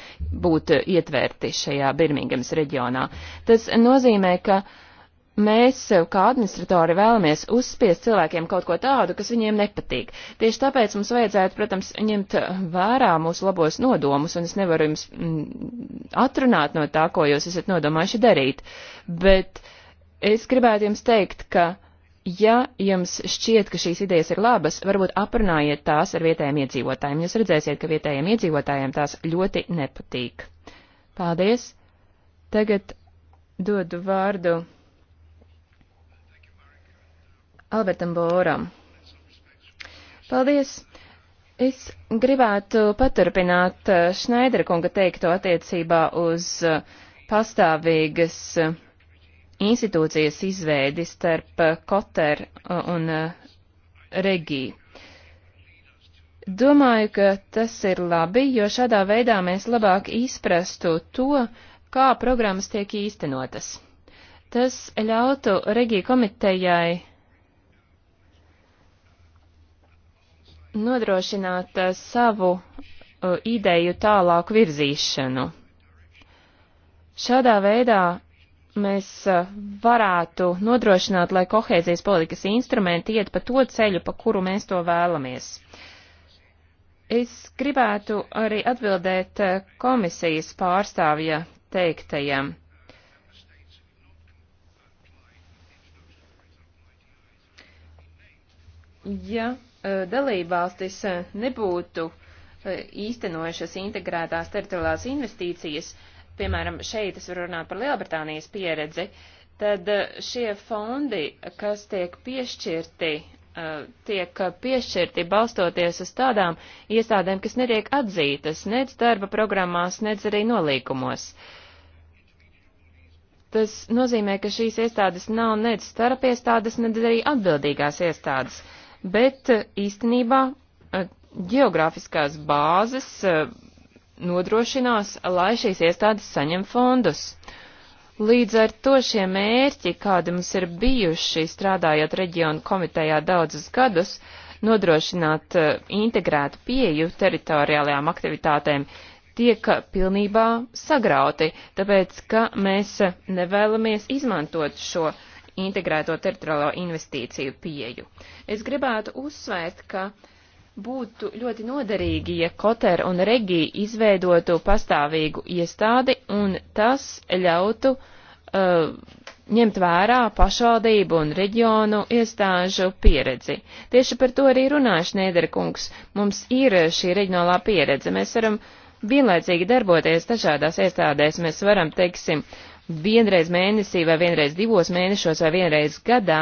būt eh, ietverti šajā Birmingemas reģionā. Tas nozīmē, ka uh, Mēs, eh, kā administratori, vēlamies uzspiest cilvēkiem kaut ko tādu, kas viņiem nepatīk. Tieši tāpēc mums vajadzētu, protams, ņemt vērā mūsu labos nodomus, un es nevaru jums mm, atrunāt no tā, ko jūs esat nodomājuši darīt. Bet es gribētu jums teikt, ka, ja jums šķiet, ka šīs idejas ir labas, varbūt aprunājiet tās ar vietējiem iedzīvotājiem. Jūs redzēsiet, ka vietējiem iedzīvotājiem tās ļoti nepatīk. Paldies! Tagad dodu vārdu Albertam Boram. Paldies! Es gribētu paturpināt Šneidera eh, kunga teikto attiecībā uz eh, pastāvīgas eh, institūcijas izveidi starp Koter un Regiju. Domāju, ka tas ir labi, jo šādā veidā mēs labāk izprastu to, kā programmas tiek īstenotas. Tas ļautu Regija komitejai nodrošināt eh, savu eh, ideju tālāku virzīšanu. Šādā veidā mēs eh, varētu nodrošināt, lai kohēzijas politikas instrumenti iet pa to ceļu, pa kuru mēs to vēlamies. Es gribētu arī atbildēt komisijas pārstāvja teiktajam. Ja E, dalībvalstis e, nebūtu e, īstenojušas integrētās teritoriālās investīcijas, piemēram, šeit es varu runāt par Lielbritānijas pieredzi, tad šie fondi, kas tiek piešķirti, tiek piešķirti balstoties uz tādām iestādēm, kas netiek atzītas nec darba programmās, nec arī nolīkumos. Tas nozīmē, ka šīs iestādes nav nec starp iestādes, nec arī atbildīgās iestādes. Uh, bet eh, īstenībā eh, geogrāfiskās bāzes eh, nodrošinās, lai šīs iestādes saņem fondus. Līdz ar to šie mērķi, kādi mums ir bijuši strādājot reģionu komitejā daudzus gadus, nodrošināt integrētu pieju teritoriālajām aktivitātēm, tiek pilnībā sagrauti, tāpēc, ka mēs nevēlamies izmantot šo uh, integrēto teritoriālo investīciju pieju. Es gribētu uzsvērt, ka būtu ļoti noderīgi, ja Koter un Regī izveidotu pastāvīgu iestādi un tas ļautu uh, ņemt vērā pašvaldību un reģionu iestāžu pieredzi. Tieši par to arī runāšu, Nēderkungs. Mums ir šī reģionālā pieredze. Mēs varam vienlaicīgi darboties dažādās iestādēs. Mēs varam, teiksim, uh, vienreiz mēnesī vai vienreiz divos mēnešos vai vienreiz gadā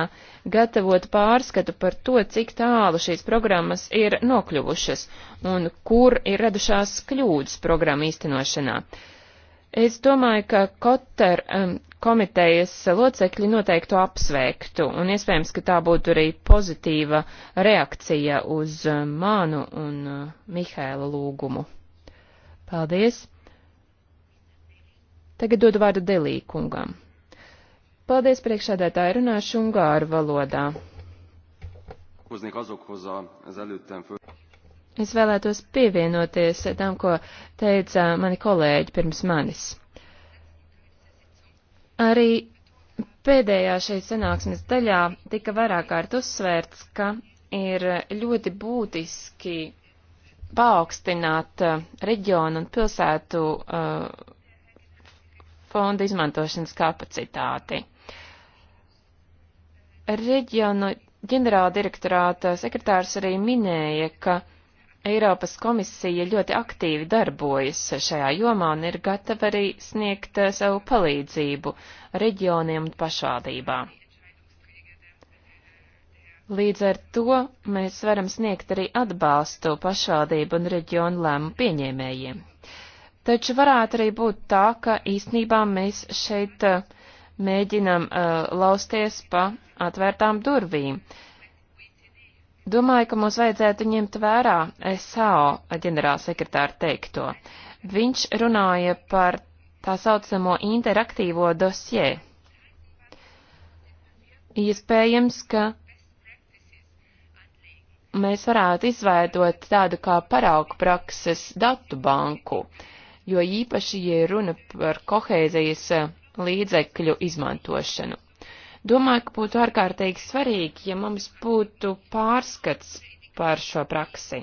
gatavot pārskatu par to, cik tālu šīs programmas ir nokļuvušas un kur ir radušās kļūdas programmu īstenošanā. Es domāju, ka Kotter um, komitejas locekļi noteikti to apsveiktu, un iespējams, ka tā būtu arī pozitīva reakcija uz uh, manu un uh, Mihēla lūgumu. Paldies! Tagad dodu vārdu Delī kungam. Paldies priekšādētāji, runāšu ungāru valodā. Es vēlētos pievienoties tam, ko teica mani kolēģi pirms manis. Arī pēdējā šeit sanāksmes daļā tika vairāk kārt uzsvērts, ka ir ļoti būtiski paaugstināt eh, reģionu un pilsētu uh, fonda izmantošanas kapacitāti. Reģionu ģenerāla direktorāta sekretārs arī minēja, ka Eiropas komisija ļoti aktīvi darbojas šajā jomā un ir gatava arī sniegt savu palīdzību reģioniem un pašvaldībām. Līdz ar to mēs varam sniegt arī atbalstu pašvaldību un reģionu lēmu pieņēmējiem. Taču varētu arī būt tā, ka īsnībā mēs šeit eh, mēģinam uh, lausties pa atvērtām durvīm. Domāju, ka mums vajadzētu ņemt vērā SAO ģenerālsekretāra teikto. Viņš runāja par tā saucamo interaktīvo dosjē. Iespējams, ka mēs varētu izveidot tādu kā paraugu prakses datu banku. Uh, jo īpaši, ja runa par kohēzijas eh, līdzekļu izmantošanu. Domāju, ka būtu ārkārtīgi svarīgi, ja mums būtu pārskats par šo praksi.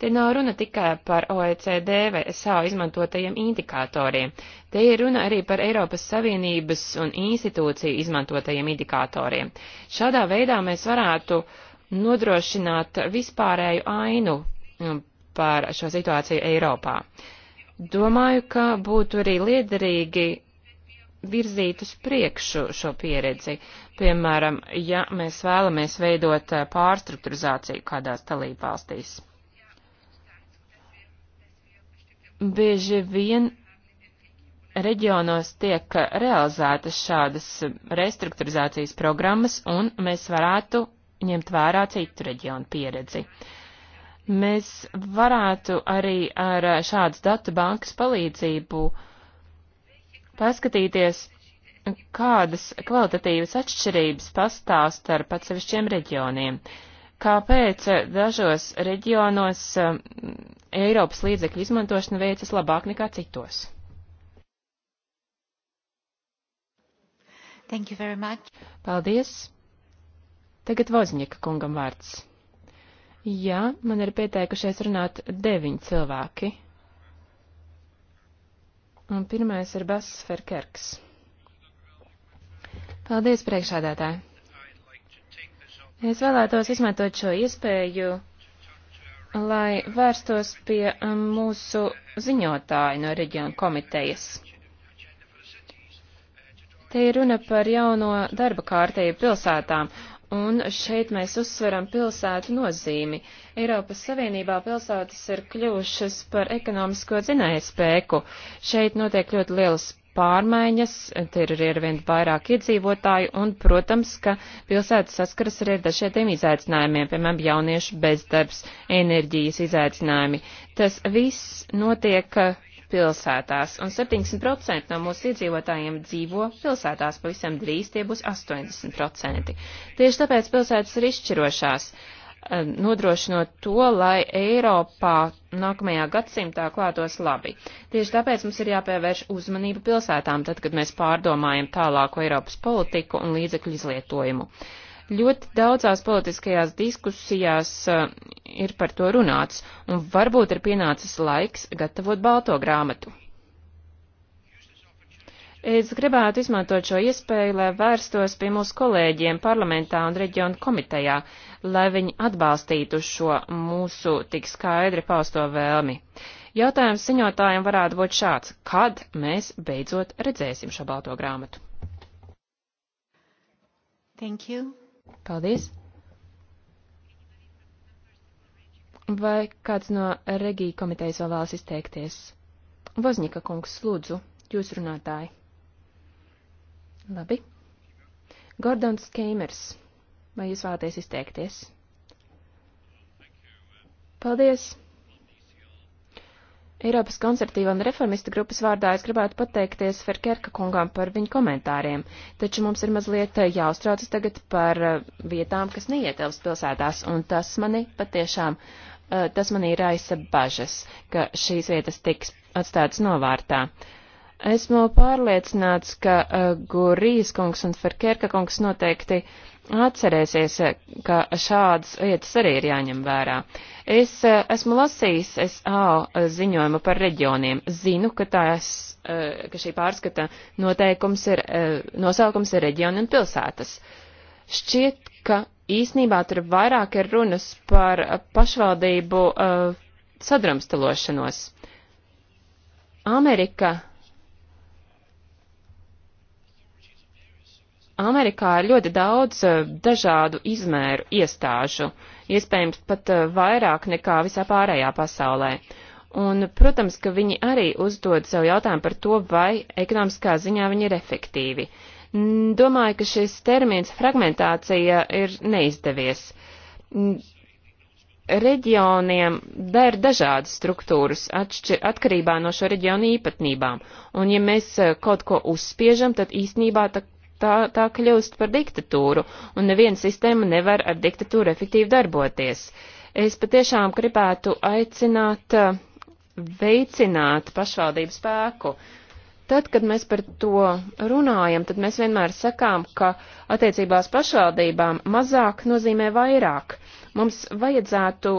Te nav runa tikai par OECD vai SAO izmantotajiem indikatoriem, te ir runa arī par Eiropas Savienības un institūciju izmantotajiem indikatoriem. Šādā veidā mēs varētu nodrošināt vispārēju ainu mm, par šo situāciju Eiropā. Domāju, ka būtu arī liederīgi virzīt uz priekšu šo pieredzi. Piemēram, ja mēs vēlamies veidot eh, pārstrukturizāciju kādās dalībvalstīs. Bieži vien reģionos tiek realizētas šādas restruktūrizācijas programmas, un mēs varētu ņemt vērā citu reģionu pieredzi. Uh, mēs varētu arī ar šādas datu bankas palīdzību paskatīties, kādas kvalitatīvas atšķirības pastāv starp atsevišķiem reģioniem. Kāpēc dažos reģionos um, Eiropas līdzekļu izmantošana veicas labāk nekā citos? Thank you very much. Paldies. Tagad Vozņika kungam vārds. Jā, man ir pieteikušies runāt deviņi cilvēki. Un pirmais ir Bass Ferkerks. Paldies, priekšādātāji! Es vēlētos izmantot šo iespēju, lai vērstos pie um, mūsu ziņotāju no reģiona komitejas. Te ir runa par jauno darba kārtību pilsētām, Un šeit mēs uzsveram pilsētu nozīmi. Eiropas Savienībā pilsētas ir kļuvušas par ekonomisko dzinējspēku. Šeit notiek ļoti lielas pārmaiņas, te ir arī arvien vairāk iedzīvotāju, un, protams, ka pilsētas saskaras arī ar dažādiem izaicinājumiem, piemēram, jauniešu bezdarbs, enerģijas izaicinājumi. Tas viss notiek pilsētās, un 70% no mūsu iedzīvotājiem dzīvo pilsētās, pavisam drīz tie būs 80%. Tieši tāpēc pilsētas ir izšķirošās, eh, nodrošinot to, lai Eiropā nākamajā gadsimtā klātos labi. Tieši tāpēc mums ir jāpievērš uzmanība pilsētām, tad, kad mēs pārdomājam tālāko Eiropas politiku un līdzekļu izlietojumu. Ļoti daudzās politiskajās diskusijās eh, ir par to runāts, un varbūt ir pienācis laiks gatavot balto grāmatu. Es gribētu izmantot šo iespēju, lai vērstos pie mūsu kolēģiem parlamentā un reģionu komitejā, lai viņi atbalstītu šo mūsu tik skaidri pausto vēlmi. Jautājums ziņotājiem varētu būt šāds - kad mēs beidzot redzēsim šo balto grāmatu? Thank you. Paldies. Vai kāds no Regija komitejas vēl vēlas izteikties? Vozņika kungs, lūdzu, jūs runātāji. Labi. Gordons Keimers, vai jūs vēlaties izteikties? Paldies! Eiropas konservatīva un reformista grupas vārdā es gribētu pateikties Ferkerka kungam par viņu komentāriem, taču mums ir mazliet eh, jāuztraucas tagad par eh, vietām, kas neietilps pilsētās, un tas mani patiešām uh, Eh, tas manī raisa bažas, ka šīs vietas tiks atstātas novārtā. Esmu pārliecināts, ka eh, Gurijas kungs un Ferkerka kungs noteikti atcerēsies, eh, ka šādas vietas arī ir jāņem vērā. Es esmu lasījis SAO ziņojumu par reģioniem. Zinu, ka, tās, ka šī pārskata noteikums ir, nosaukums ir reģioni un pilsētas. Šķiet, ka īsnībā tur vairāk ir runas par uh, pašvaldību uh, sadrumstalošanos. Amerika. Amerikā ir ļoti daudz uh, dažādu izmēru iestāžu, iespējams pat uh, vairāk nekā visā pārējā pasaulē. Un, protams, ka viņi arī uzdod sev jautājumu par to, vai ekonomiskā ziņā viņi ir efektīvi. Uh, Domāju, ka šis termins fragmentācija ir neizdevies. Reģioniem der dažādas struktūras atšķir, atkarībā no šo reģionu īpatnībām, un ja mēs e, kaut ko uzspiežam, tad īstenībā tā, tā, tā kļūst par diktatūru, un neviena sistēma nevar ar diktatūru efektīvi darboties. Es patiešām gribētu aicināt e, veicināt pašvaldību spēku, uh, Tad, kad mēs par to runājam, tad mēs vienmēr sakām, ka attiecībās pašvaldībām mazāk nozīmē vairāk. Mums vajadzētu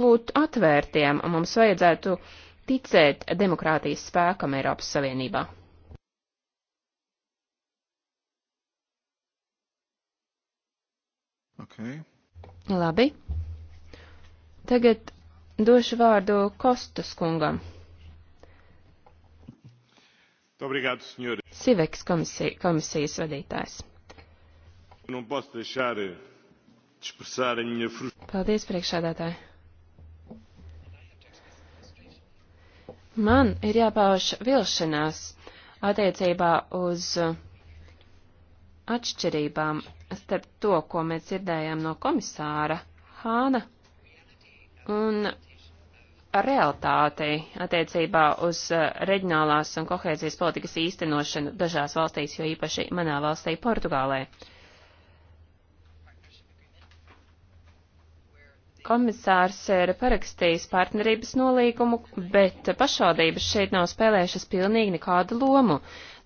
būt atvērtiem, un mums vajadzētu ticēt demokrātijas spēkam Eiropas Savienībā. Okay. Labi. Tagad došu vārdu Kostas kungam. Obrigado, senhor. Siveks komisija, komisijas vadītājs. Paldies, priekšādātāji. Man ir jāpauž vilšanās attiecībā uz atšķirībām starp to, ko mēs dzirdējām no komisāra Hāna un realitāti attiecībā uz uh, reģionālās un kohēzijas politikas īstenošanu dažās valstīs, jo īpaši manā valstī Portugālē. Komisārs ir parakstījis partnerības nolīgumu, bet pašvaldības šeit nav spēlējušas pilnīgi nekādu lomu.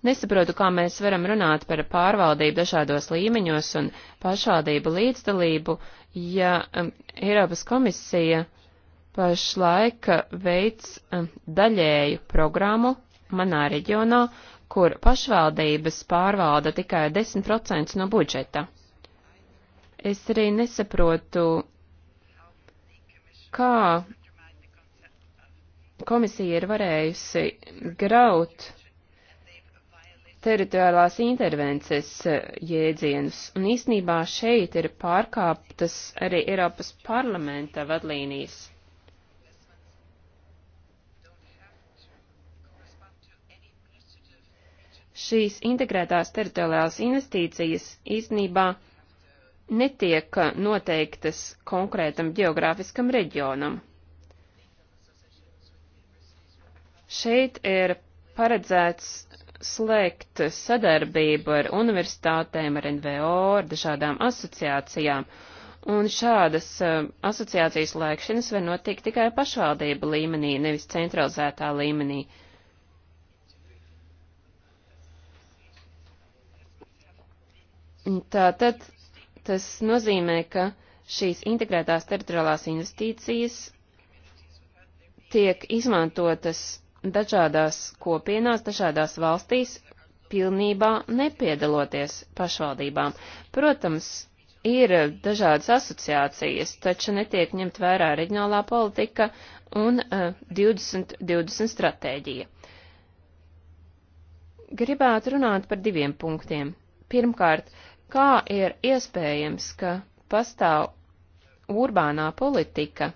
Nesaprotu, kā mēs varam runāt par pārvaldību dažādos līmeņos un pašvaldību līdzdalību, ja um, Eiropas komisija pašlaik veids um, daļēju programmu manā reģionā, kur pašvaldības pārvalda tikai 10% no budžeta. Es arī nesaprotu, kā komisija ir varējusi graut teritoriālās intervences uh, jēdzienus, un īsnībā šeit ir pārkāptas arī Eiropas parlamenta vadlīnijas. šīs integrētās teritoriālās investīcijas īstenībā netiek noteiktas konkrētam geogrāfiskam reģionam. Šeit ir paredzēts slēgt sadarbību ar universitātēm, ar NVO, ar dažādām asociācijām, un šādas uh, asociācijas slēgšanas var notikt tikai pašvaldību līmenī, nevis centralizētā līmenī. Uh, Tātad tas nozīmē, ka šīs integrētās teritoriālās investīcijas tiek izmantotas dažādās kopienās, dažādās valstīs, pilnībā nepiedaloties pašvaldībām. Protams, ir dažādas asociācijas, taču netiek ņemt vērā reģionālā politika un uh, 2020 /20 stratēģija. Gribētu runāt par diviem punktiem. Pirmkārt, Kā ir iespējams, ka pastāv urbānā politika,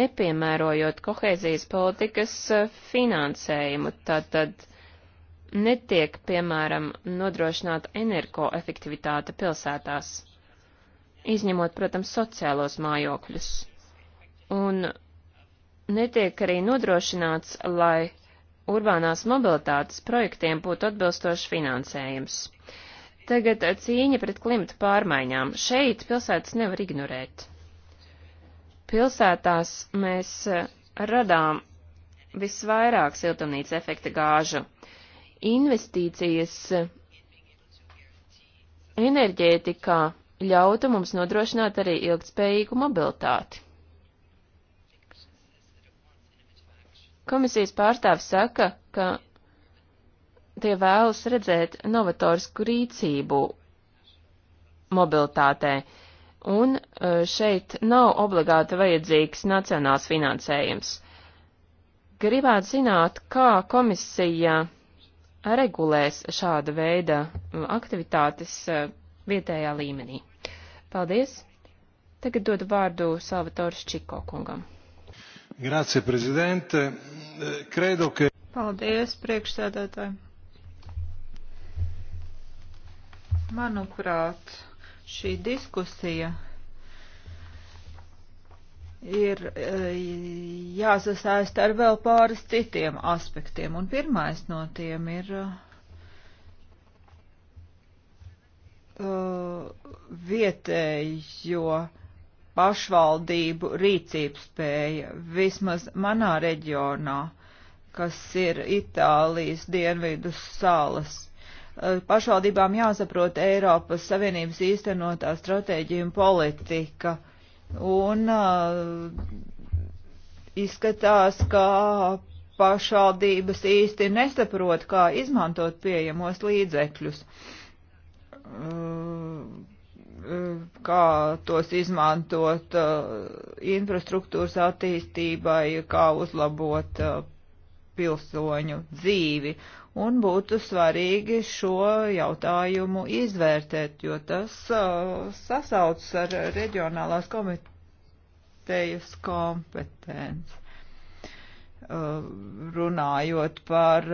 nepiemērojot kohēzijas politikas eh, finansējumu, tātad netiek, piemēram, nodrošināta energoefektivitāte pilsētās, izņemot, protams, sociālos mājokļus. Un netiek arī nodrošināts, lai urbānās mobilitātes projektiem būtu atbilstošs finansējums. Tagad cīņa pret klimata pārmaiņām. Šeit pilsētas nevar ignorēt. Pilsētās mēs eh, radām visvairāk siltumnīca efekta gāžu. Investīcijas eh, enerģētikā ļautu mums nodrošināt arī ilgtspējīgu mobilitāti. Komisijas pārstāvis saka, ka tie vēlas redzēt novatorisku rīcību mobilitātē, un e, šeit nav obligāti vajadzīgs nacionāls finansējums. Gribētu zināt, kā komisija regulēs šāda veida aktivitātes e, vietējā līmenī. Paldies! Tagad dodu vārdu Salvatore Čiko kungam. Grazie, prezidente. Eh, credo, ka. Paldies, priekšsēdētāji. Manuprāt, šī diskusija ir eh, jāsasaist ar vēl pāris citiem aspektiem, un pirmais no tiem ir uh, vietējo pašvaldību rīcības spēja, vismaz manā reģionā, kas ir Itālijas dienvidu salas. Eh, pašvaldībām jāsaprot Eiropas Savienības īstenotā stratēģija un politika, un uh, izskatās, ka pašvaldības īsti nesaprot, kā izmantot pieejamos līdzekļus. Uh, Eh, kā tos izmantot eh, infrastruktūras attīstībai, kā uzlabot eh, pilsoņu dzīvi. Un būtu svarīgi šo jautājumu izvērtēt, jo tas sasauc ar reģionālās komitejas kompetenci. Runājot par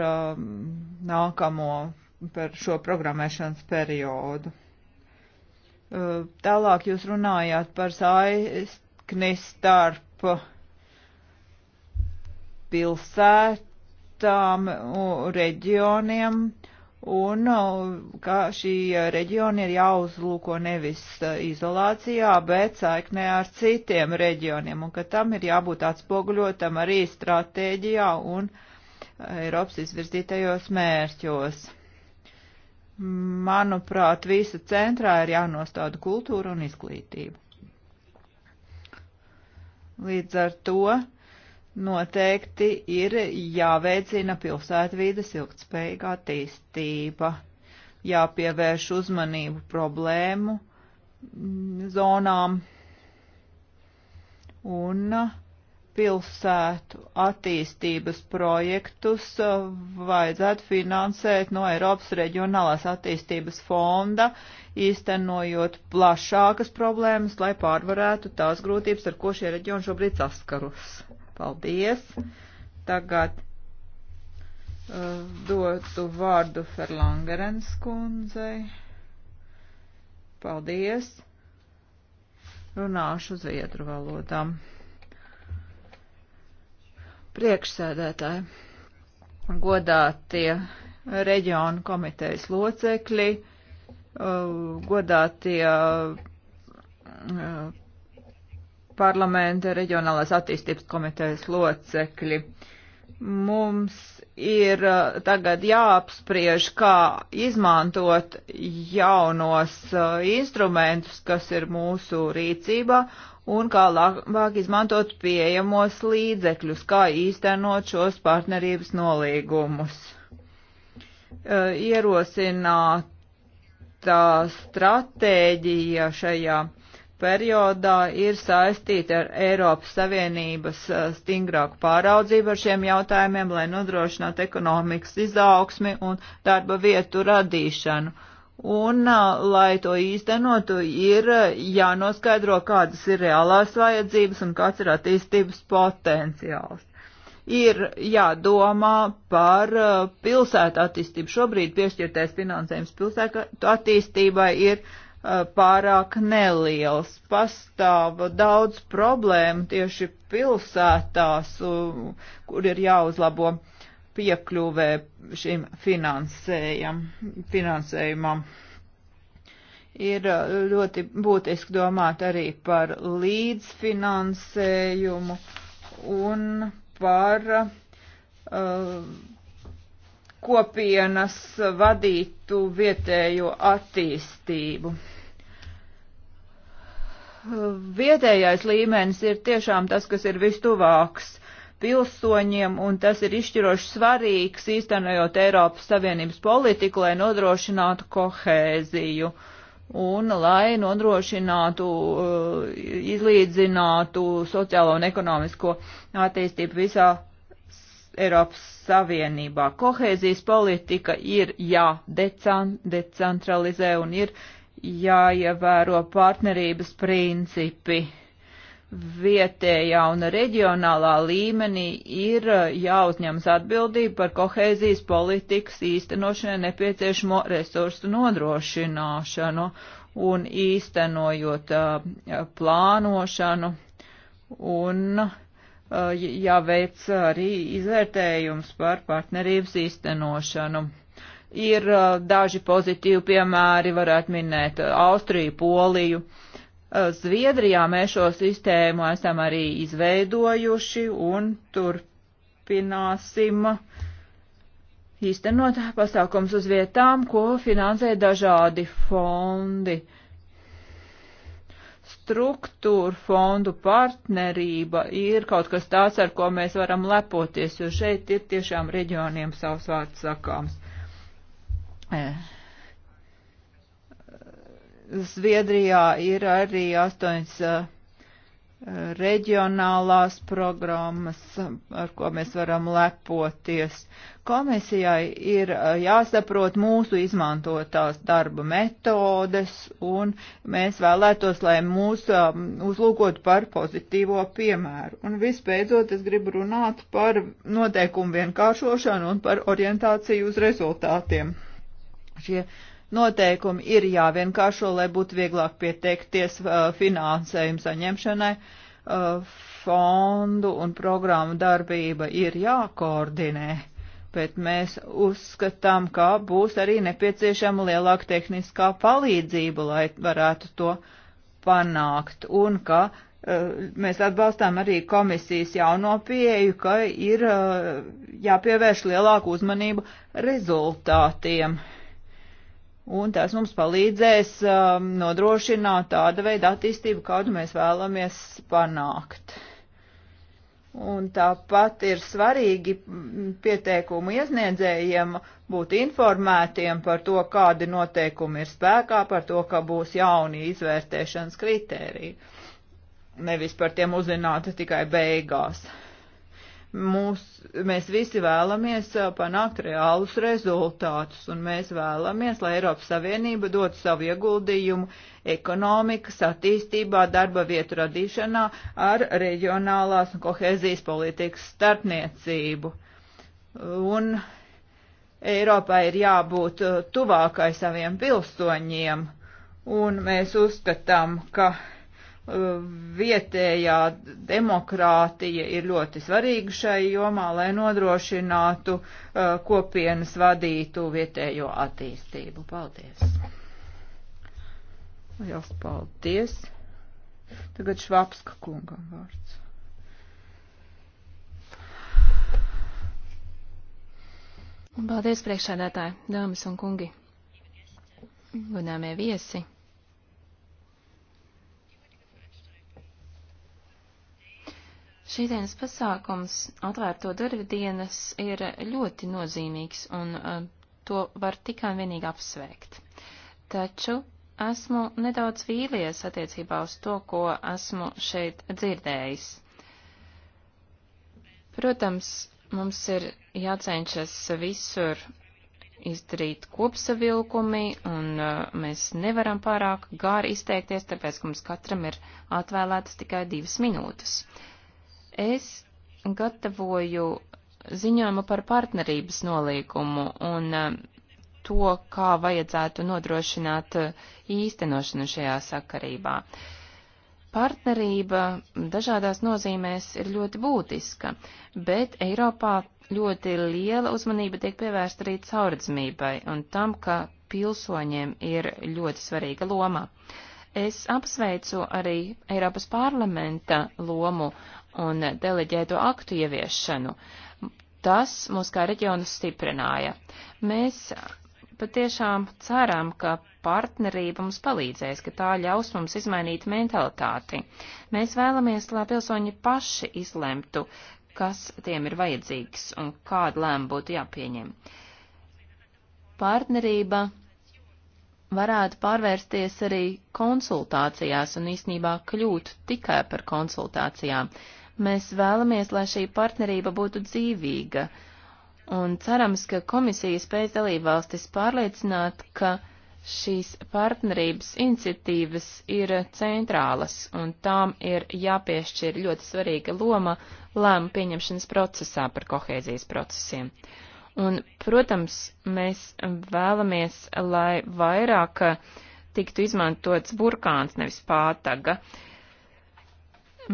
nākamo, par šo programmēšanas periodu. Eh, tālāk jūs runājāt par saikni starp pilsētām, reģioniem un eh, ka šī reģiona ir jāuzlūko nevis eh, izolācijā, bet saiknē ar citiem reģioniem un ka tam ir jābūt atspoguļotam arī stratēģijā un Eiropas izvirzītajos mērķos manuprāt, visa centrā ir jānostāda kultūra un izglītība. Līdz ar to noteikti ir jāveicina pilsētvīdas ilgtspējīga attīstība, jāpievērš uzmanību problēmu mm, zonām un uh, pilsētu attīstības projektus vajadzētu finansēt no Eiropas reģionālās attīstības fonda, īstenojot plašākas problēmas, lai pārvarētu tās grūtības, ar ko šie reģioni šobrīd saskarus. Paldies! Tagad uh, dotu vārdu Ferlangerens kundzei. Paldies! Runāšu zviedru valodām priekšsēdētāji, godātie reģionu komitejas locekļi, uh, godātie uh, parlamenta reģionālās attīstības komitejas locekļi. Mums ir uh, tagad jāapspriež, kā izmantot jaunos instrumentus, kas ir mūsu rīcībā, un kā labāk izmantot pieejamos līdzekļus, kā īstenot šos partnerības nolīgumus. E, ierosinātā stratēģija šajā periodā ir saistīta ar Eiropas Savienības e, stingrāku pāraudzību ar šiem jautājumiem, lai nodrošinātu ekonomikas izaugsmi un darba vietu radīšanu Un, lai to īstenotu, ir jānoskaidro, kādas ir reālās vajadzības un kāds ir attīstības potenciāls. Ir jādomā par pilsētu attīstību. Šobrīd piešķirtais finansējums pilsētu attīstībai ir pārāk neliels. Pastāv daudz problēmu tieši pilsētās, kur ir jāuzlabo uh, piekļuvē šim finansējumam. Ir uh, ļoti būtiski domāt arī par līdzfinansējumu un par uh, kopienas vadītu vietējo attīstību. Vietējais līmenis ir tiešām tas, kas ir vistuvāks pilsoņiem, un tas ir izšķiroši svarīgs īstenojot Eiropas Savienības politiku, lai nodrošinātu kohēziju un lai nodrošinātu, uh, izlīdzinātu sociālo un ekonomisko attīstību visā Eiropas Savienībā. Kohēzijas politika ir jādecentralizē un ir jāievēro partnerības principi vietējā un reģionālā līmenī ir uh, jāuzņemas atbildība par kohēzijas politikas īstenošanai nepieciešamo resursu nodrošināšanu un īstenojot uh, plānošanu un uh, jāveic arī izvērtējums par partnerības īstenošanu. Ir daži pozitīvi piemēri, varētu minēt Austriju, Poliju Eh, Zviedrijā mēs šo sistēmu esam arī izveidojuši un turpināsim īstenot pasākums uz vietām, ko finansē dažādi fondi. Struktūra fondu partnerība ir kaut kas tāds, ar ko mēs varam lepoties, jo šeit ir tiešām reģioniem savs vārds sakāms. Eh Zviedrijā ir arī astoņas reģionālās programmas, ar ko mēs varam lepoties. Komisijai ir jāsaprot mūsu izmantotās darba metodes, un mēs vēlētos, lai mūs uzlūkot par pozitīvo piemēru. Un visbeidzot, es gribu runāt par noteikumu vienkāršošanu un par orientāciju uz rezultātiem. Šie Noteikumi ir jāvienkāršo, lai būtu vieglāk pieteikties uh, finansējumu saņemšanai. Uh, fondu un programmu darbība ir jākoordinē, bet mēs uzskatām, ka būs arī nepieciešama lielāka tehniskā palīdzība, lai varētu to panākt, un ka uh, mēs atbalstām arī komisijas jauno pieeju, ka ir jāpievērš lielāku uzmanību rezultātiem un tas mums palīdzēs um, nodrošināt tāda veida attīstību, kādu mēs vēlamies panākt. Un tāpat ir svarīgi mm, pieteikumu iesniedzējiem būt informētiem par to, kādi noteikumi ir spēkā, par to, ka būs jauni izvērtēšanas kritēriji. Nevis par tiem uzzināt tikai beigās. Mūs, mēs visi vēlamies uh, panākt reālus rezultātus, un mēs vēlamies, lai Eiropas Savienība dod savu ieguldījumu ekonomikas attīstībā, darba vietu radīšanā ar reģionālās un kohēzijas politikas starpniecību. Un Eiropai ir jābūt uh, tuvākai saviem pilsoņiem, un mēs uzskatām, ka vietējā demokrātija ir ļoti svarīga šai jomā, lai nodrošinātu uh, kopienas vadītu vietējo attīstību. Paldies! Liels paldies! Tagad Švapska kungam vārds. Paldies, priekšsēdētāji, dāmas un kungi, godāmie viesi! Šīdienas pasākums, atvērto durvju dienas, ir ļoti nozīmīgs un uh, to var tikai un vienīgi apsvēgt. Taču esmu nedaudz vīlies attiecībā uz to, ko esmu šeit dzirdējis. Protams, mums ir jācenšas visur izdarīt kopsavilkumi, un uh, mēs nevaram pārāk gāri izteikties, tāpēc, ka mums katram ir atvēlētas tikai divas minūtes. Uh, Es gatavoju ziņojumu par partnerības nolīgumu un eh, to, kā vajadzētu nodrošināt eh, īstenošanu šajā sakarībā. Partnerība dažādās nozīmēs ir ļoti būtiska, bet Eiropā ļoti liela uzmanība tiek pievērsta arī caurdzmībai un tam, ka pilsoņiem ir ļoti svarīga loma. Es apsveicu arī Eiropas parlamenta lomu un deleģēto aktu ieviešanu. Tas mūs kā reģionus stiprināja. Mēs patiešām ceram, ka partnerība mums palīdzēs, ka tā ļaus mums izmainīt mentalitāti. Mēs vēlamies, lai pilsoņi paši izlemtu, kas tiem ir vajadzīgs un kādu lēmu būtu jāpieņem. Partnerība varētu pārvērsties arī konsultācijās un īsnībā kļūt tikai par konsultācijām. Mēs vēlamies, lai šī partnerība būtu dzīvīga, un cerams, ka komisija spēs dalībvalstis pārliecināt, ka šīs partnerības iniciatīvas ir centrālas, un tām ir jāpiešķir ļoti svarīga loma lēmu pieņemšanas procesā par kohēzijas procesiem. Un, protams, mēs vēlamies, lai vairāk tiktu izmantots burkāns, nevis pātaga. Uh,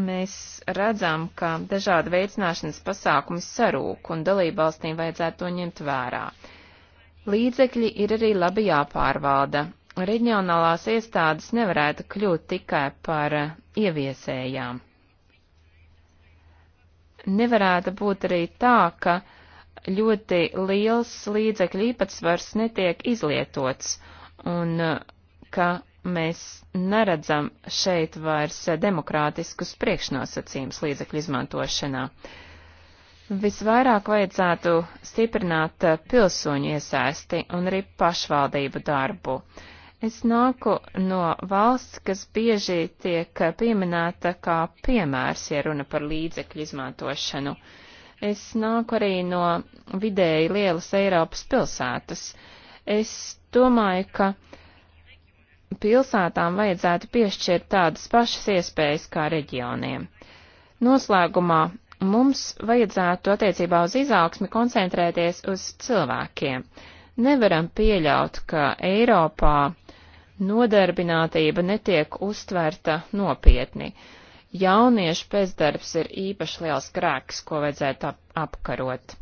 mēs redzam, ka dažādi veicināšanas pasākumi sarūk un dalībvalstīm vajadzētu to ņemt vērā. Līdzekļi ir arī labi jāpārvalda. Reģionālās iestādes nevarētu kļūt tikai par ieviesējām. Nevarētu būt arī tā, ka ļoti liels līdzekļu īpatsvars netiek izlietots un ka mēs neredzam šeit vairs demokrātiskus priekšnosacījumus līdzekļu izmantošanā. Visvairāk vajadzētu stiprināt pilsoņu iesaisti un arī pašvaldību darbu. Es nāku no valsts, kas bieži tiek pieminēta kā piemērs, ja runa par līdzekļu izmantošanu. Es nāku arī no vidēji lielas Eiropas pilsētas. Es domāju, ka uh, pilsētām vajadzētu piešķirt tādas pašas iespējas kā reģioniem. Noslēgumā mums vajadzētu attiecībā uz izaugsmi koncentrēties uz cilvēkiem. Nevaram pieļaut, ka Eiropā nodarbinātība netiek uztverta nopietni. Jauniešu bezdarbs ir īpaši liels grēks, ko vajadzētu ap apkarot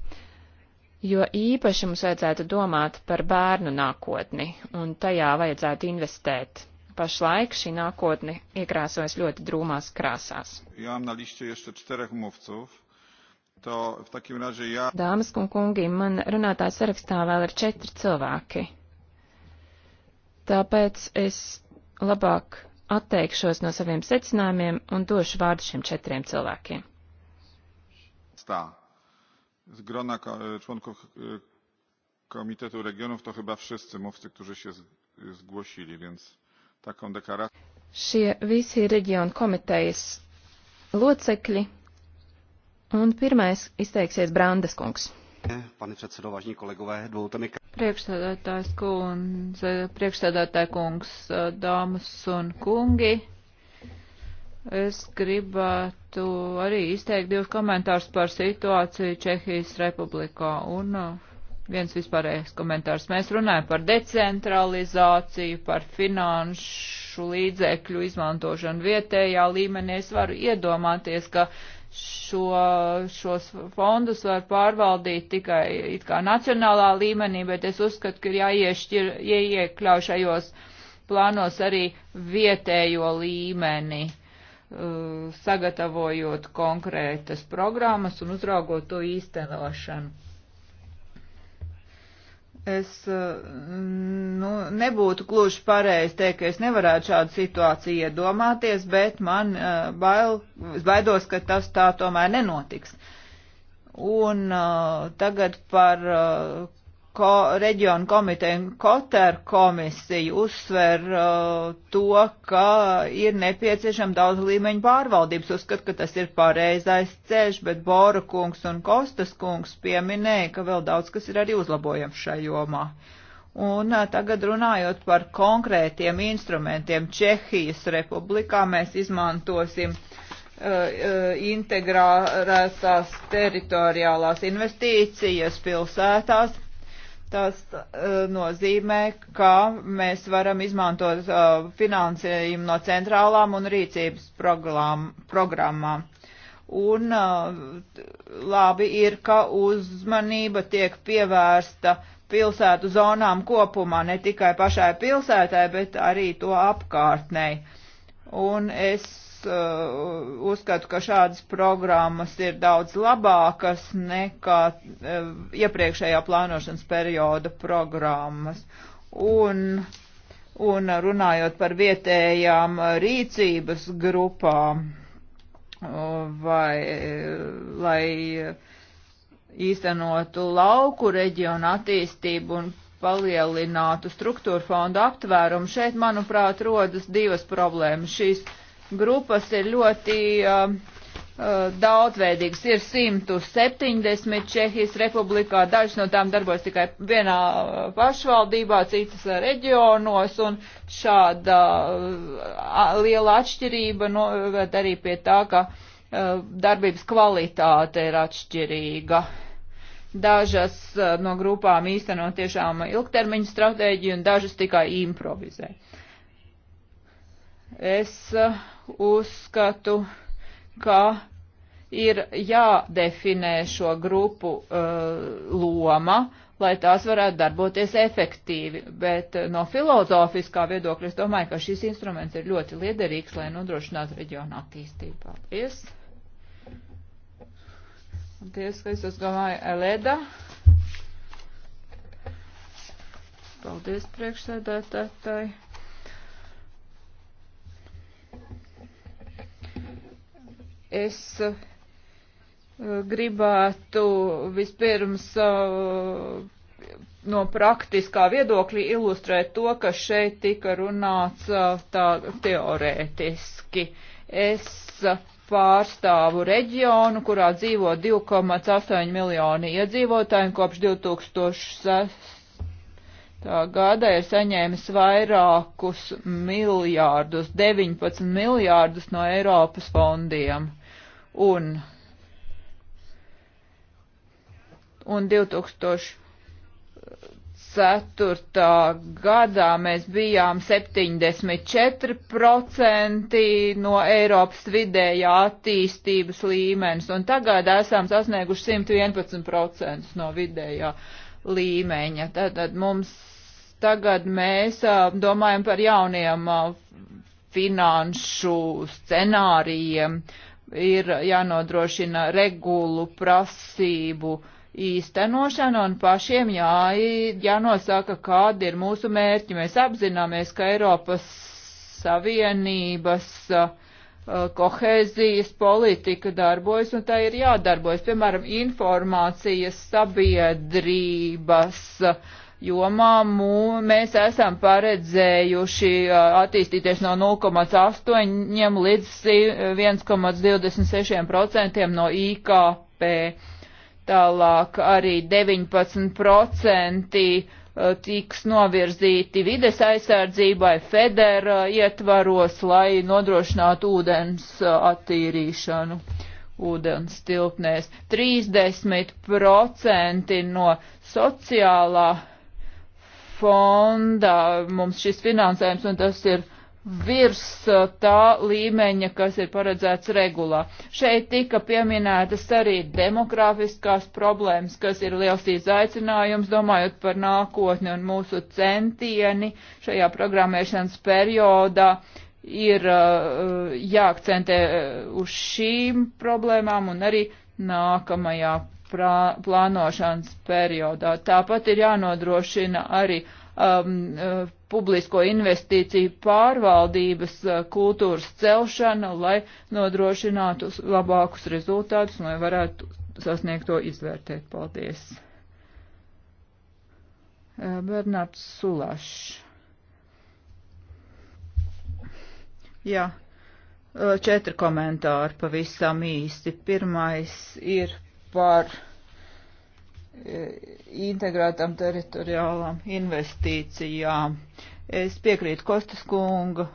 jo īpaši mums vajadzētu domāt par bērnu nākotni, un tajā vajadzētu investēt. Pašlaik šī nākotne iekrāsojas ļoti drūmās krāsās. Jā... Dāmas un kungi, man runātā sarakstā vēl ir četri cilvēki. Tāpēc es labāk atteikšos no saviem secinājumiem un došu vārdu šiem četriem cilvēkiem. Stāv z grona e, członków e, Komitetu Regionów to chyba wszyscy mówcy, którzy się zgłosili, więc taką deklarację. Šie visi reģionu komitejas locekļi un pirmais izteiksies Brandes kungs. Pane předsedo, vážní kolegové, dovolte mi... Priekšstādātājs kundze, priekšstādātāja kungs, dāmas un kungi. Es gribētu arī izteikt divus komentārus par situāciju Čehijas republikā un uh, viens vispārējais komentārs. Mēs runājam par decentralizāciju, par finanšu līdzekļu izmantošanu vietējā līmenī. Es varu iedomāties, ka šo, šos fondus var pārvaldīt tikai it kā nacionālā līmenī, bet es uzskatu, ka ir jāiešķir, jāiekļauj šajos plānos arī vietējo līmeni Uh, sagatavojot konkrētas programmas un uzraugot to īstenošanu. Es uh, nu, nebūtu gluži pareizi teikt, ka es nevarētu šādu situāciju iedomāties, bet man uh, bail, baidos, ka tas tā tomēr nenotiks. Un tagad par ko, reģionu komiteju un Koter komisiju uzsver uh, to, ka ir nepieciešama daudz līmeņu pārvaldības. Uzskat, ka tas ir pareizais ceļš, bet Bora kungs un Kostas kungs pieminēja, ka vēl daudz kas ir arī uzlabojams šajā jomā. Un uh, tagad runājot par konkrētiem instrumentiem Čehijas republikā, mēs izmantosim uh, uh, integrētās teritoriālās investīcijas pilsētās, Tas uh, nozīmē, ka mēs varam izmantot uh, finansējumu no centrālām un rīcības program, programmām. Un uh, labi ir, ka uzmanība tiek pievērsta pilsētu zonām kopumā, ne tikai pašai pilsētai, bet arī to apkārtnei. Un es uh, uzskatu, ka šādas programmas ir daudz labākas nekā uh, iepriekšējā plānošanas perioda programmas. Un, un runājot par vietējām rīcības grupām, uh, vai, uh, lai īstenotu lauku reģionu attīstību un palielinātu struktūra fonda aptvērumu, šeit, manuprāt, rodas divas problēmas. Šīs grupas ir ļoti uh, daudzveidīgas. Ir 170 Čehijas republikā, dažas no tām darbojas tikai vienā pašvaldībā, citas reģionos, un šāda liela atšķirība noved arī pie tā, ka darbības kvalitāte ir atšķirīga. Dažas no grupām īsteno tiešām ilgtermiņu stratēģiju un dažas tikai improvizē. Es uzskatu, ka ir jādefinē šo grupu uh, loma, lai tās varētu darboties efektīvi. Bet uh, no filozofiskā viedokļa es domāju, ka šis instruments ir ļoti liederīgs, lai nodrošinātu reģionu attīstību. Paldies! Paldies, ka es uzgāju Elēda. Paldies priekšsēdētāji. Es eh, gribētu vispirms eh, no praktiskā viedokļa ilustrēt to, ka šeit tika runāts eh, tā teorētiski. Es pārstāvu reģionu, kurā dzīvo 2,8 miljoni iedzīvotāji, un kopš 2006. gada ir saņēmis vairākus miljārdus, 19 miljārdus no Eiropas fondiem un, un 2000. 4. gadā mēs bijām 74% no Eiropas vidējā attīstības līmenis, un tagad esam sasnieguši 111% no vidējā līmeņa. Tātad mums tagad mēs domājam par jauniem finanšu scenārijiem. Uh, ir jānodrošina regulu prasību īstenošana un pašiem jā, jānosaka, kādi ir mūsu mērķi. Mēs apzināmies, ka Eiropas Savienības uh, kohēzijas politika darbojas un tā ir jādarbojas. Piemēram, informācijas sabiedrības uh, jomā mū, mēs esam paredzējuši uh, attīstīties no 0,8 līdz 1,26% no IKP. Tālāk arī 19% uh, tiks novirzīti vides aizsardzībai federa uh, ietvaros, lai nodrošinātu ūdens attīrīšanu ūdens tilpnēs. 30% no sociālā fonda mums šis finansējums, un tas ir virs uh, tā līmeņa, kas ir paredzēts regulā. Šeit tika pieminētas arī demografiskās problēmas, kas ir liels izaicinājums, domājot par nākotni un mūsu centieni šajā programmēšanas periodā ir uh, uh, jāakcentē uz šīm problēmām un arī nākamajā prā, plānošanas periodā. Tāpat ir jānodrošina arī um, uh, publisko investīciju pārvaldības uh, kultūras celšana, lai nodrošinātu labākus rezultātus un lai varētu sasniegt to izvērtēt. Paldies! Uh, Bernards Sulašs. Jā, četri komentāri pavisam īsti. Pirmais ir par e, integrētām teritoriālām investīcijām. Es piekrītu Kostas kunga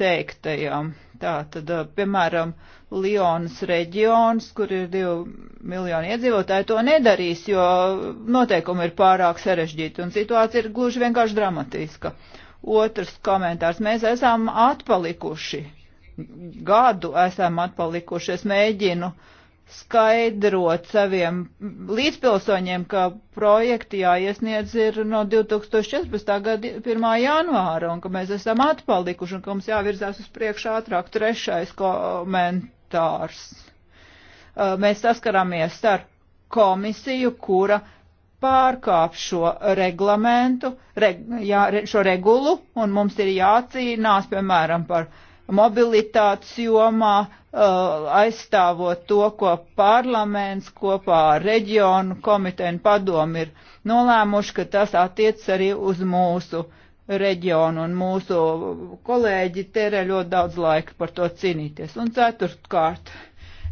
teiktajam. Tā tad, e, piemēram, Lionas reģions, kur ir divi miljoni iedzīvotāji, to nedarīs, jo noteikumi ir pārāk sarežģīti un situācija ir gluži vienkārši dramatiska. Otrs komentārs. Mēs esam atpalikuši. Gadu esam atpalikuši. Es mēģinu uh, skaidrot saviem līdzpilsoņiem, ka projekti jāiesniedz ir no 2014. gada 1. janvāra un ka mēs esam atpalikuši un ka mums jāvirzās uz priekšu ātrāk trešais komentārs. Mēs saskaramies ar komisiju, kura pārkāp šo reglamentu, reg, jā, šo regulu, un mums ir jācīnās, piemēram, par uh, mobilitātes jomā, uh, aizstāvot to, ko parlaments kopā ar reģionu komiteju un padomu ir nolēmuši, ka tas attiec arī uz mūsu reģionu un mūsu kolēģi tērē ļoti daudz laika par to cīnīties. Un ceturtkārt,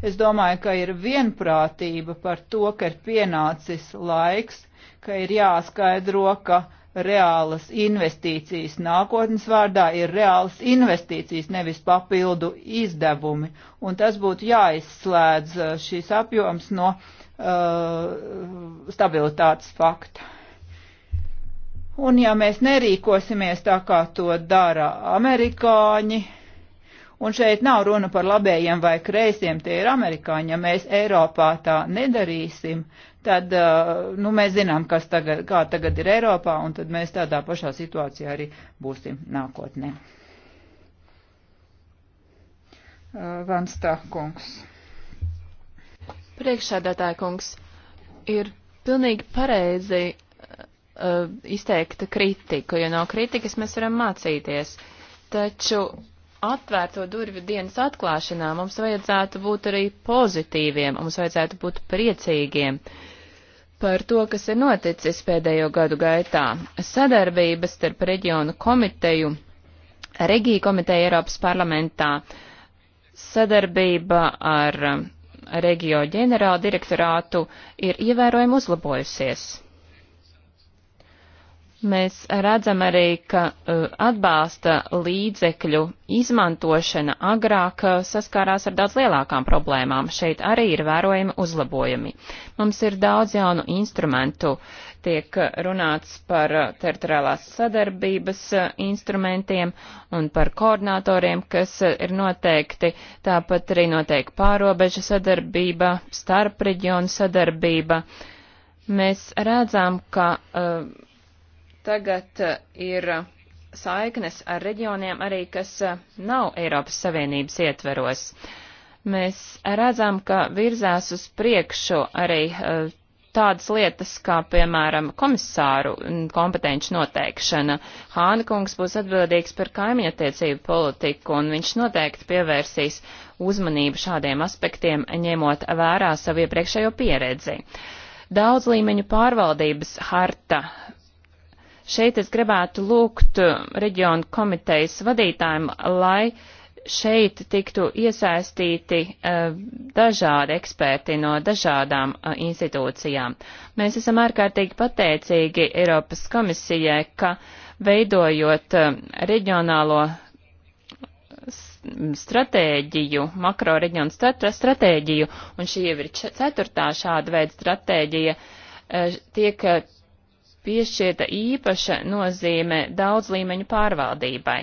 es domāju, ka ir vienprātība par to, ka ir pienācis laiks, ka ir jāskaidro, ka uh, reālas investīcijas nākotnes vārdā ir reālas investīcijas, nevis papildu izdevumi. Un tas būtu jāizslēdz uh, šīs apjoms no uh, stabilitātes fakta. Un ja mēs nerīkosimies tā, kā to dara amerikāņi, un šeit nav runa par labējiem vai kreisiem, tie ir amerikāņi, ja mēs Eiropā tā nedarīsim, uh, tad eh, nu, mēs zinām, kas tagad, kā tagad ir Eiropā, un tad mēs tādā pašā situācijā arī būsim nākotnē. Eh, Vanstā kungs. Priekšsēdētāja kungs ir pilnīgi pareizi uh, eh, izteikta kritika, jo no kritikas mēs varam mācīties. Taču atvērto durvju dienas atklāšanā mums vajadzētu būt arī pozitīviem, mums vajadzētu būt priecīgiem par to, kas ir noticis pēdējo gadu gaitā. Sadarbības starp reģionu komiteju, Regija komiteja Eiropas parlamentā, sadarbība ar um, reģio ģenerāldirektorātu ir ievērojami uzlabojusies. Mēs redzam arī, ka e, atbalsta līdzekļu izmantošana agrāk e, saskārās ar daudz lielākām problēmām. Šeit arī ir vērojami uzlabojumi. Mums ir daudz jaunu instrumentu. Tiek runāts par e, teritoriālās sadarbības instrumentiem un par koordinatoriem, kas ir noteikti. Tāpat arī noteikti pārobeža sadarbība, starpreģionu sadarbība. Mēs redzam, ka. Uh, tagad eh, ir eh, saiknes ar reģioniem arī, kas eh, nav Eiropas Savienības ietveros. Mēs redzam, ka virzās uz priekšu arī tādas lietas, kā, piemēram, komisāru mm, kompetenci noteikšana. Hāna kungs būs atbildīgs par kaimiņattiecību politiku, un viņš noteikti pievērsīs uzmanību šādiem aspektiem, ņemot vērā savu iepriekšējo pieredzi. Daudz līmeņu pārvaldības harta Šeit es gribētu lūgt uh, reģionu komitejas vadītājiem, lai šeit tiktu iesaistīti uh, dažādi eksperti no dažādām uh, institūcijām. Mēs esam ārkārtīgi pateicīgi Eiropas komisijai, ka veidojot uh, reģionālo stratēģiju, makro reģionu stratēģiju, un šī jau ir ceturtā šāda veida stratēģija, uh, tiek uh, piešķirta īpaša nozīme daudz līmeņu pārvaldībai.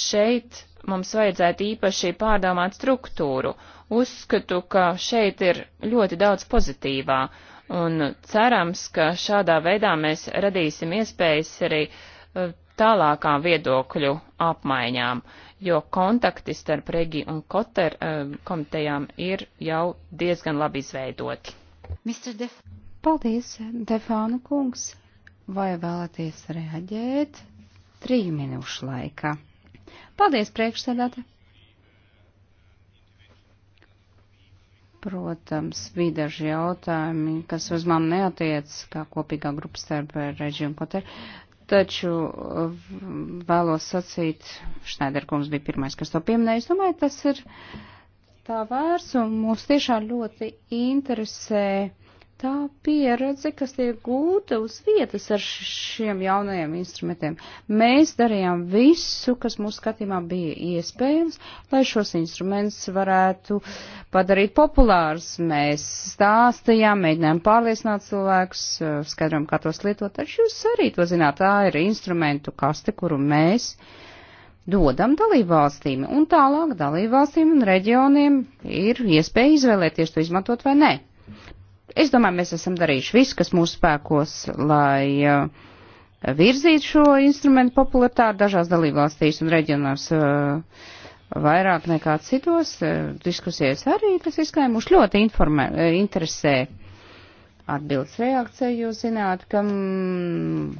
Šeit mums vajadzētu īpaši pārdomāt struktūru. Uzskatu, ka šeit ir ļoti daudz pozitīvā, un cerams, ka šādā veidā mēs radīsim iespējas arī eh, tālākām viedokļu apmaiņām, jo kontakti starp Regi un Koter eh, komitejām ir jau diezgan labi izveidoti. Paldies, Defānu kungs! vai vēlaties reaģēt triju minūšu laikā. Paldies, priekšsēdētāji! Protams, bija daži jautājumi, kas uz mani neatiec, kā kopīgā grupa starp Reģi un Koteru. Taču vēlos sacīt, Šneiderkungs bija pirmais, kas to pieminēja. Es domāju, tas ir tā vērts un mūs tiešām ļoti interesē tā pieredze, kas tiek gūta uz vietas ar šiem jaunajiem instrumentiem. Mēs darījām visu, kas mūsu skatījumā bija iespējams, lai šos instrumentus varētu padarīt populārus. Mēs stāstījām, mēģinājām pārliecināt cilvēkus, skaidrojām, kā tos lietot, taču jūs arī to zināt, tā ir instrumentu kaste, kuru mēs dodam dalībvalstīm, un tālāk dalībvalstīm un reģioniem ir iespēja izvēlēties to izmantot vai nē. Es domāju, mēs esam darījuši visu, kas mūsu spēkos, lai uh, virzītu šo instrumentu popularitāti dažās dalībvalstīs un reģionos uh, vairāk nekā citos. Uh, diskusijas arī tas izskanēja. Mums ļoti informē, interesē atbildes reakcija, jo zināt, ka mm,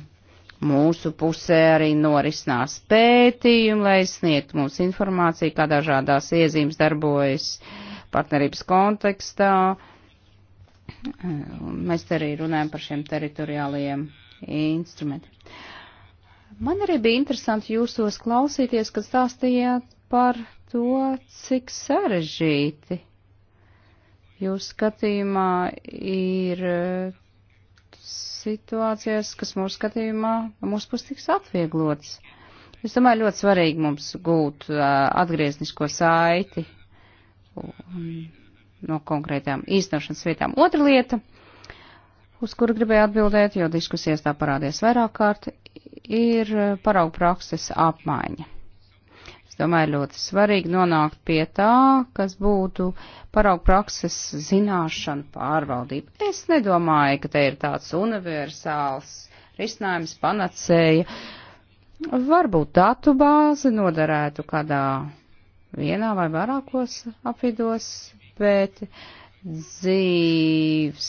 mūsu pusē arī norisinās pētījumi, lai sniegtu mums informāciju, kā dažādās iezīmes darbojas partnerības kontekstā. Uh, Mēs te arī runājam par šiem teritoriālajiem instrumentiem. Man arī bija interesanti jūsos klausīties, kad stāstījāt par to, cik sarežģīti jūs skatījumā ir uh, situācijas, kas mūsu skatījumā mūsu pus tiks atvieglotas. Es domāju, ļoti svarīgi mums gūt uh, atgrieznisko saiti. Un no konkrētām īstenošanas vietām. Otra lieta, uz kuru gribēju atbildēt, jo diskusijas tā parādies vairāk kārt, ir paraugu prakses apmaiņa. Es domāju, ļoti svarīgi nonākt pie tā, kas būtu paraugu prakses zināšana pārvaldība. Es nedomāju, ka te ir tāds universāls risinājums panacēja. Varbūt datu bāzi noderētu kādā vienā vai vairākos apvidos, bet dzīves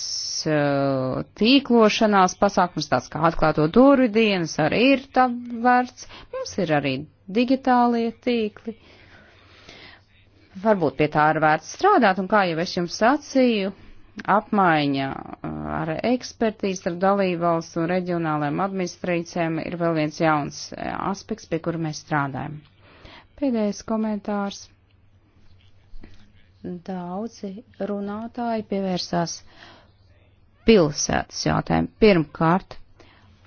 uh, tīklošanās pasākums, tāds kā atklāto durvju dienas, arī ir tā vērts. Mums ir arī digitālie tīkli. Varbūt pie tā ir vērts strādāt, un kā jau es jums sacīju, apmaiņa uh, ar ekspertīzi ar dalībvalstu un reģionālajām administrācijām ir vēl viens jauns uh, aspekts, pie kura mēs strādājam. Pēdējais komentārs. Daudzi runātāji pievērsās pilsētas jautājumu. Pirmkārt,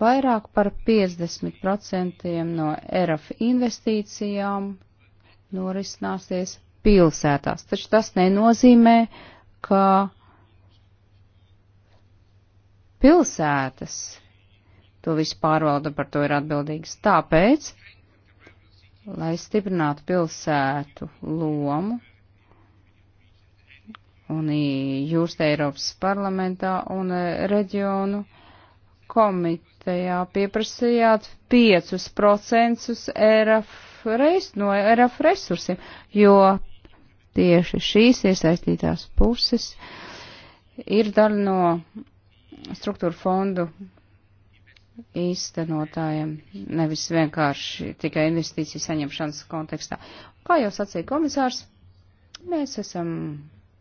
vairāk par 50% no ERAF investīcijām norisināsies pilsētās, taču tas nenozīmē, ka pilsētas to visu pārvalda, par to ir atbildīgas. Tāpēc, lai stiprinātu pilsētu lomu, un Jūrsta Eiropas parlamentā un e, reģionu komitejā pieprasījāt 5% ERF reis, no ERF resursiem, jo tieši šīs iesaistītās puses ir daļa no struktūra fondu īstenotājiem, nevis vienkārši tikai investīciju saņemšanas kontekstā. Kā jau sacīja komisārs, mēs esam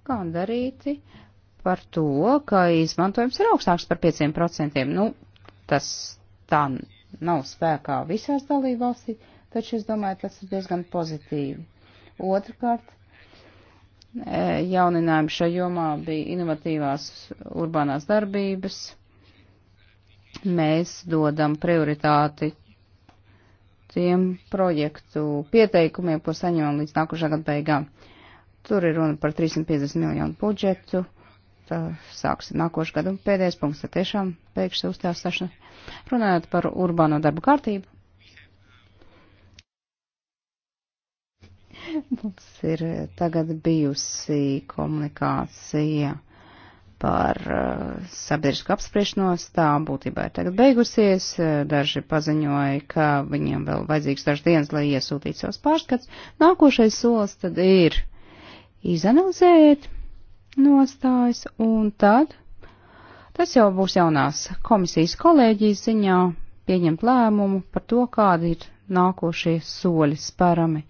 gandarīti par to, ka izmantojums ir augstāks par 5%. Nu, tas tā nav spēkā visās dalībvalstī, taču es domāju, tas ir diezgan pozitīvi. Otrakārt, e, jauninājumi šajā jomā bija inovatīvās urbānās darbības. Mēs dodam prioritāti tiem projektu pieteikumiem, ko saņemam līdz nākošā gada beigām. Uh, Tur ir runa par 350 miljonu budžetu. Tā sāks nākošu gadu. Pēdējais punkts, tad tiešām beigšu uzstāstāšanu. Runājot par urbāno darbu kārtību. Mums ir tagad bijusi komunikācija par uh, sabiedrisku apspriešanos. Tā būtībā ir tagad beigusies. Daži paziņoja, ka viņiem vēl vajadzīgs dažs dienas, lai iesūtītu savus pārskats. Nākošais solis tad ir izanalizēt nostājas, un tad tas jau būs jaunās komisijas kolēģijas ziņā pieņemt lēmumu par to, kādi ir nākošie soļi spērami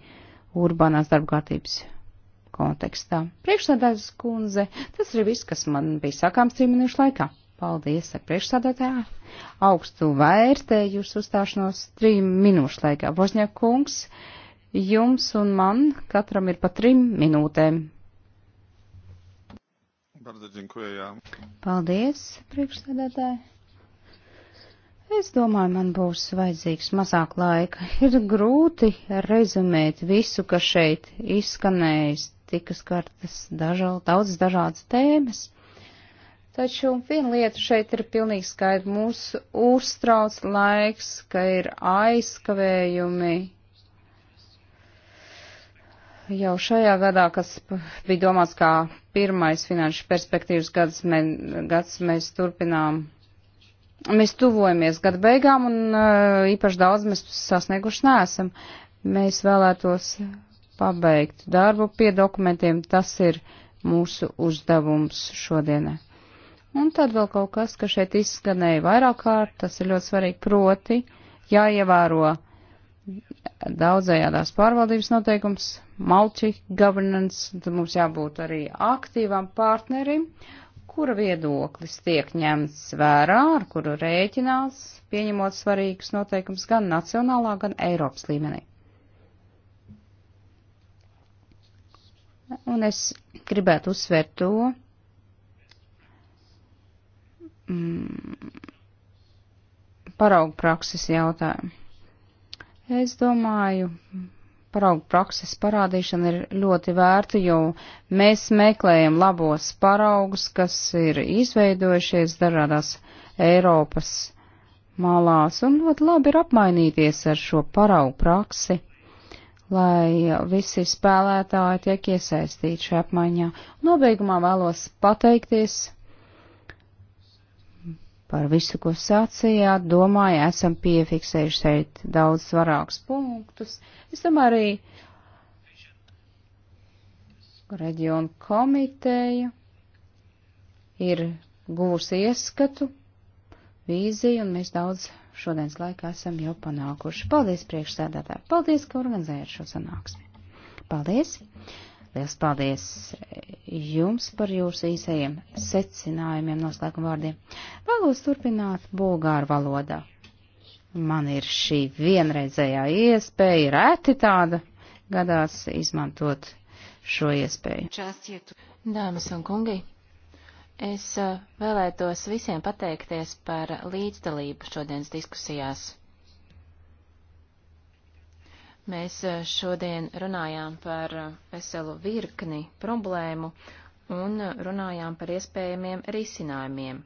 urbanās darbkārtības kontekstā. Priekšsādātājs kundze, tas ir viss, kas man bija sakāms trīs minūšu laikā. Paldies, ar priekšsādātāju. Augstu vērtēju jūsu uzstāšanos trīs minūšu laikā. Bosņā kungs. Uh, Jums un man katram ir pa trim minūtēm. Paldies, priekšsēdētāji. Es domāju, man būs vajadzīgs mazāk laika. Ir grūti rezumēt visu, kas šeit izskanējis, tikas kartas dažād, daudzas dažādas tēmas. Taču viena lieta šeit ir pilnīgi skaidra. Mūs uztrauc laiks, ka ir aizkavējumi jau šajā gadā, kas bija domāts kā pirmais finanšu perspektīvas gads, mē, gads mēs turpinām, mēs tuvojamies gada beigām un uh, īpaši daudz mēs sasnieguši nesam. Mēs vēlētos pabeigt darbu pie dokumentiem, tas ir mūsu uzdevums šodienai. Un tad vēl kaut kas, kas šeit izskanēja vairāk kārt, tas ir ļoti svarīgi, proti jāievēro daudzējādās pārvaldības noteikums, multi-governance, tad mums jābūt arī aktīvam partnerim, kura viedoklis tiek ņemts vērā, ar kuru rēķinās, pieņemot svarīgus noteikums gan nacionālā, gan Eiropas līmenī. Un es gribētu uzsvērt to, mm, paraugu prakses jautājumu. Es domāju, paraugu prakses parādīšana ir ļoti vērta, jo mēs meklējam labos paraugus, kas ir izveidojušies dažādās Eiropas malās, un ļoti labi ir apmainīties ar šo paraugu praksi, lai visi spēlētāji tiek iesaistīti šajā apmaiņā. Nobeigumā vēlos pateikties par visu, ko sacījāt. Domāju, esam piefiksējuši šeit daudz svarākus punktus. Es domāju, arī reģionu komiteja ir guvusi ieskatu, vīziju, un mēs daudz šodienas laikā esam jau panākuši. Paldies priekšsēdētāji, paldies, ka organizējat šo sanāksmi. Paldies! Liels paldies jums par jūsu īsajiem secinājumiem, noslēguma vārdiem. Vēlos turpināt bulgāru valodā. Man ir šī vienreizējā iespēja, reti tāda gadās izmantot šo iespēju. Dāmas un kungi, es eh, vēlētos visiem pateikties par līdzdalību šodienas diskusijās. Mēs eh, šodien runājām par eh, veselu virkni problēmu un eh, runājām par iespējamiem risinājumiem.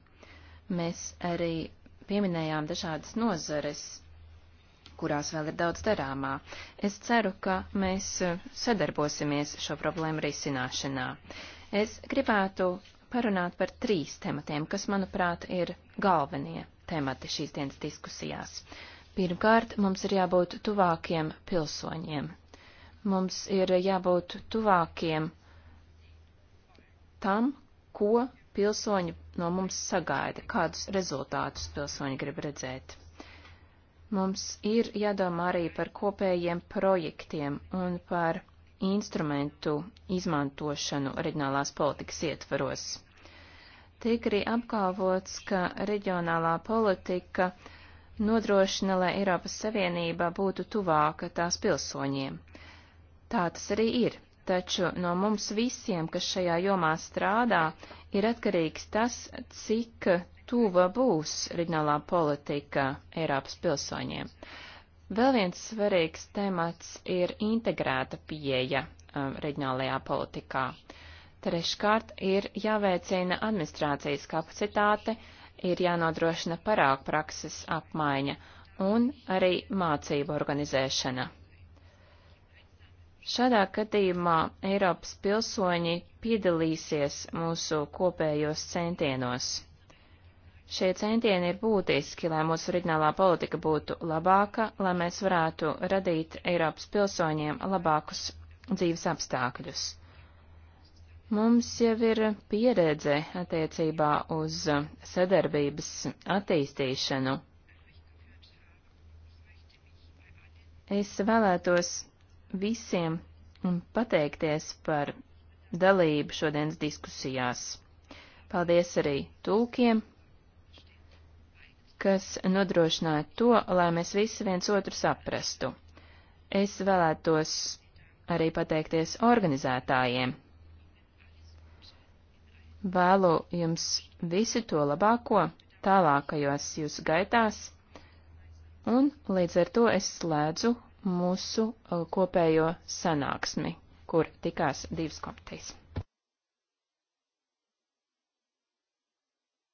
Mēs arī pieminējām dažādas nozares, kurās vēl ir daudz darāmā. Es ceru, ka mēs sadarbosimies šo problēmu risināšanā. Es gribētu parunāt par trīs tematiem, kas, manuprāt, ir galvenie temati šīs dienas diskusijās. Pirmkārt, mums ir jābūt tuvākiem pilsoņiem. Mums ir jābūt tuvākiem tam, ko pilsoņi no mums sagaida, kādus rezultātus pilsoņi grib redzēt. Mums ir jādomā arī par kopējiem projektiem un par instrumentu izmantošanu reģionālās politikas ietvaros. Tiek arī apgalvots, ka reģionālā politika uh, nodrošina, lai Eiropas Savienība būtu tuvāka tās pilsoņiem. Tā tas arī ir, taču no mums visiem, kas šajā jomā strādā, ir atkarīgs tas, cik tuva būs reģionālā politika Eiropas pilsoņiem. Vēl viens svarīgs temats ir integrēta pieeja um, reģionālajā politikā. Treškārt ir jāveicina administrācijas kapacitāte, uh, ir jānodrošina parāk prakses apmaiņa un arī mācību organizēšana. Šādā gadījumā Eiropas pilsoņi piedalīsies mūsu kopējos centienos. Šie centieni ir būtiski, lai mūsu reģionālā politika būtu labāka, lai mēs varētu radīt Eiropas pilsoņiem labākus dzīves apstākļus. Mums jau ir pieredze attiecībā uz sadarbības attīstīšanu. Es vēlētos visiem pateikties par dalību šodienas diskusijās. Paldies arī tūkiem, kas nodrošināja to, lai mēs visi viens otru saprastu. Es vēlētos arī pateikties organizētājiem, Vēlu jums visu to labāko tālākajos jūsu gaitās, un līdz ar to es slēdzu mūsu uh, kopējo sanāksmi, kur tikās divas komitejas.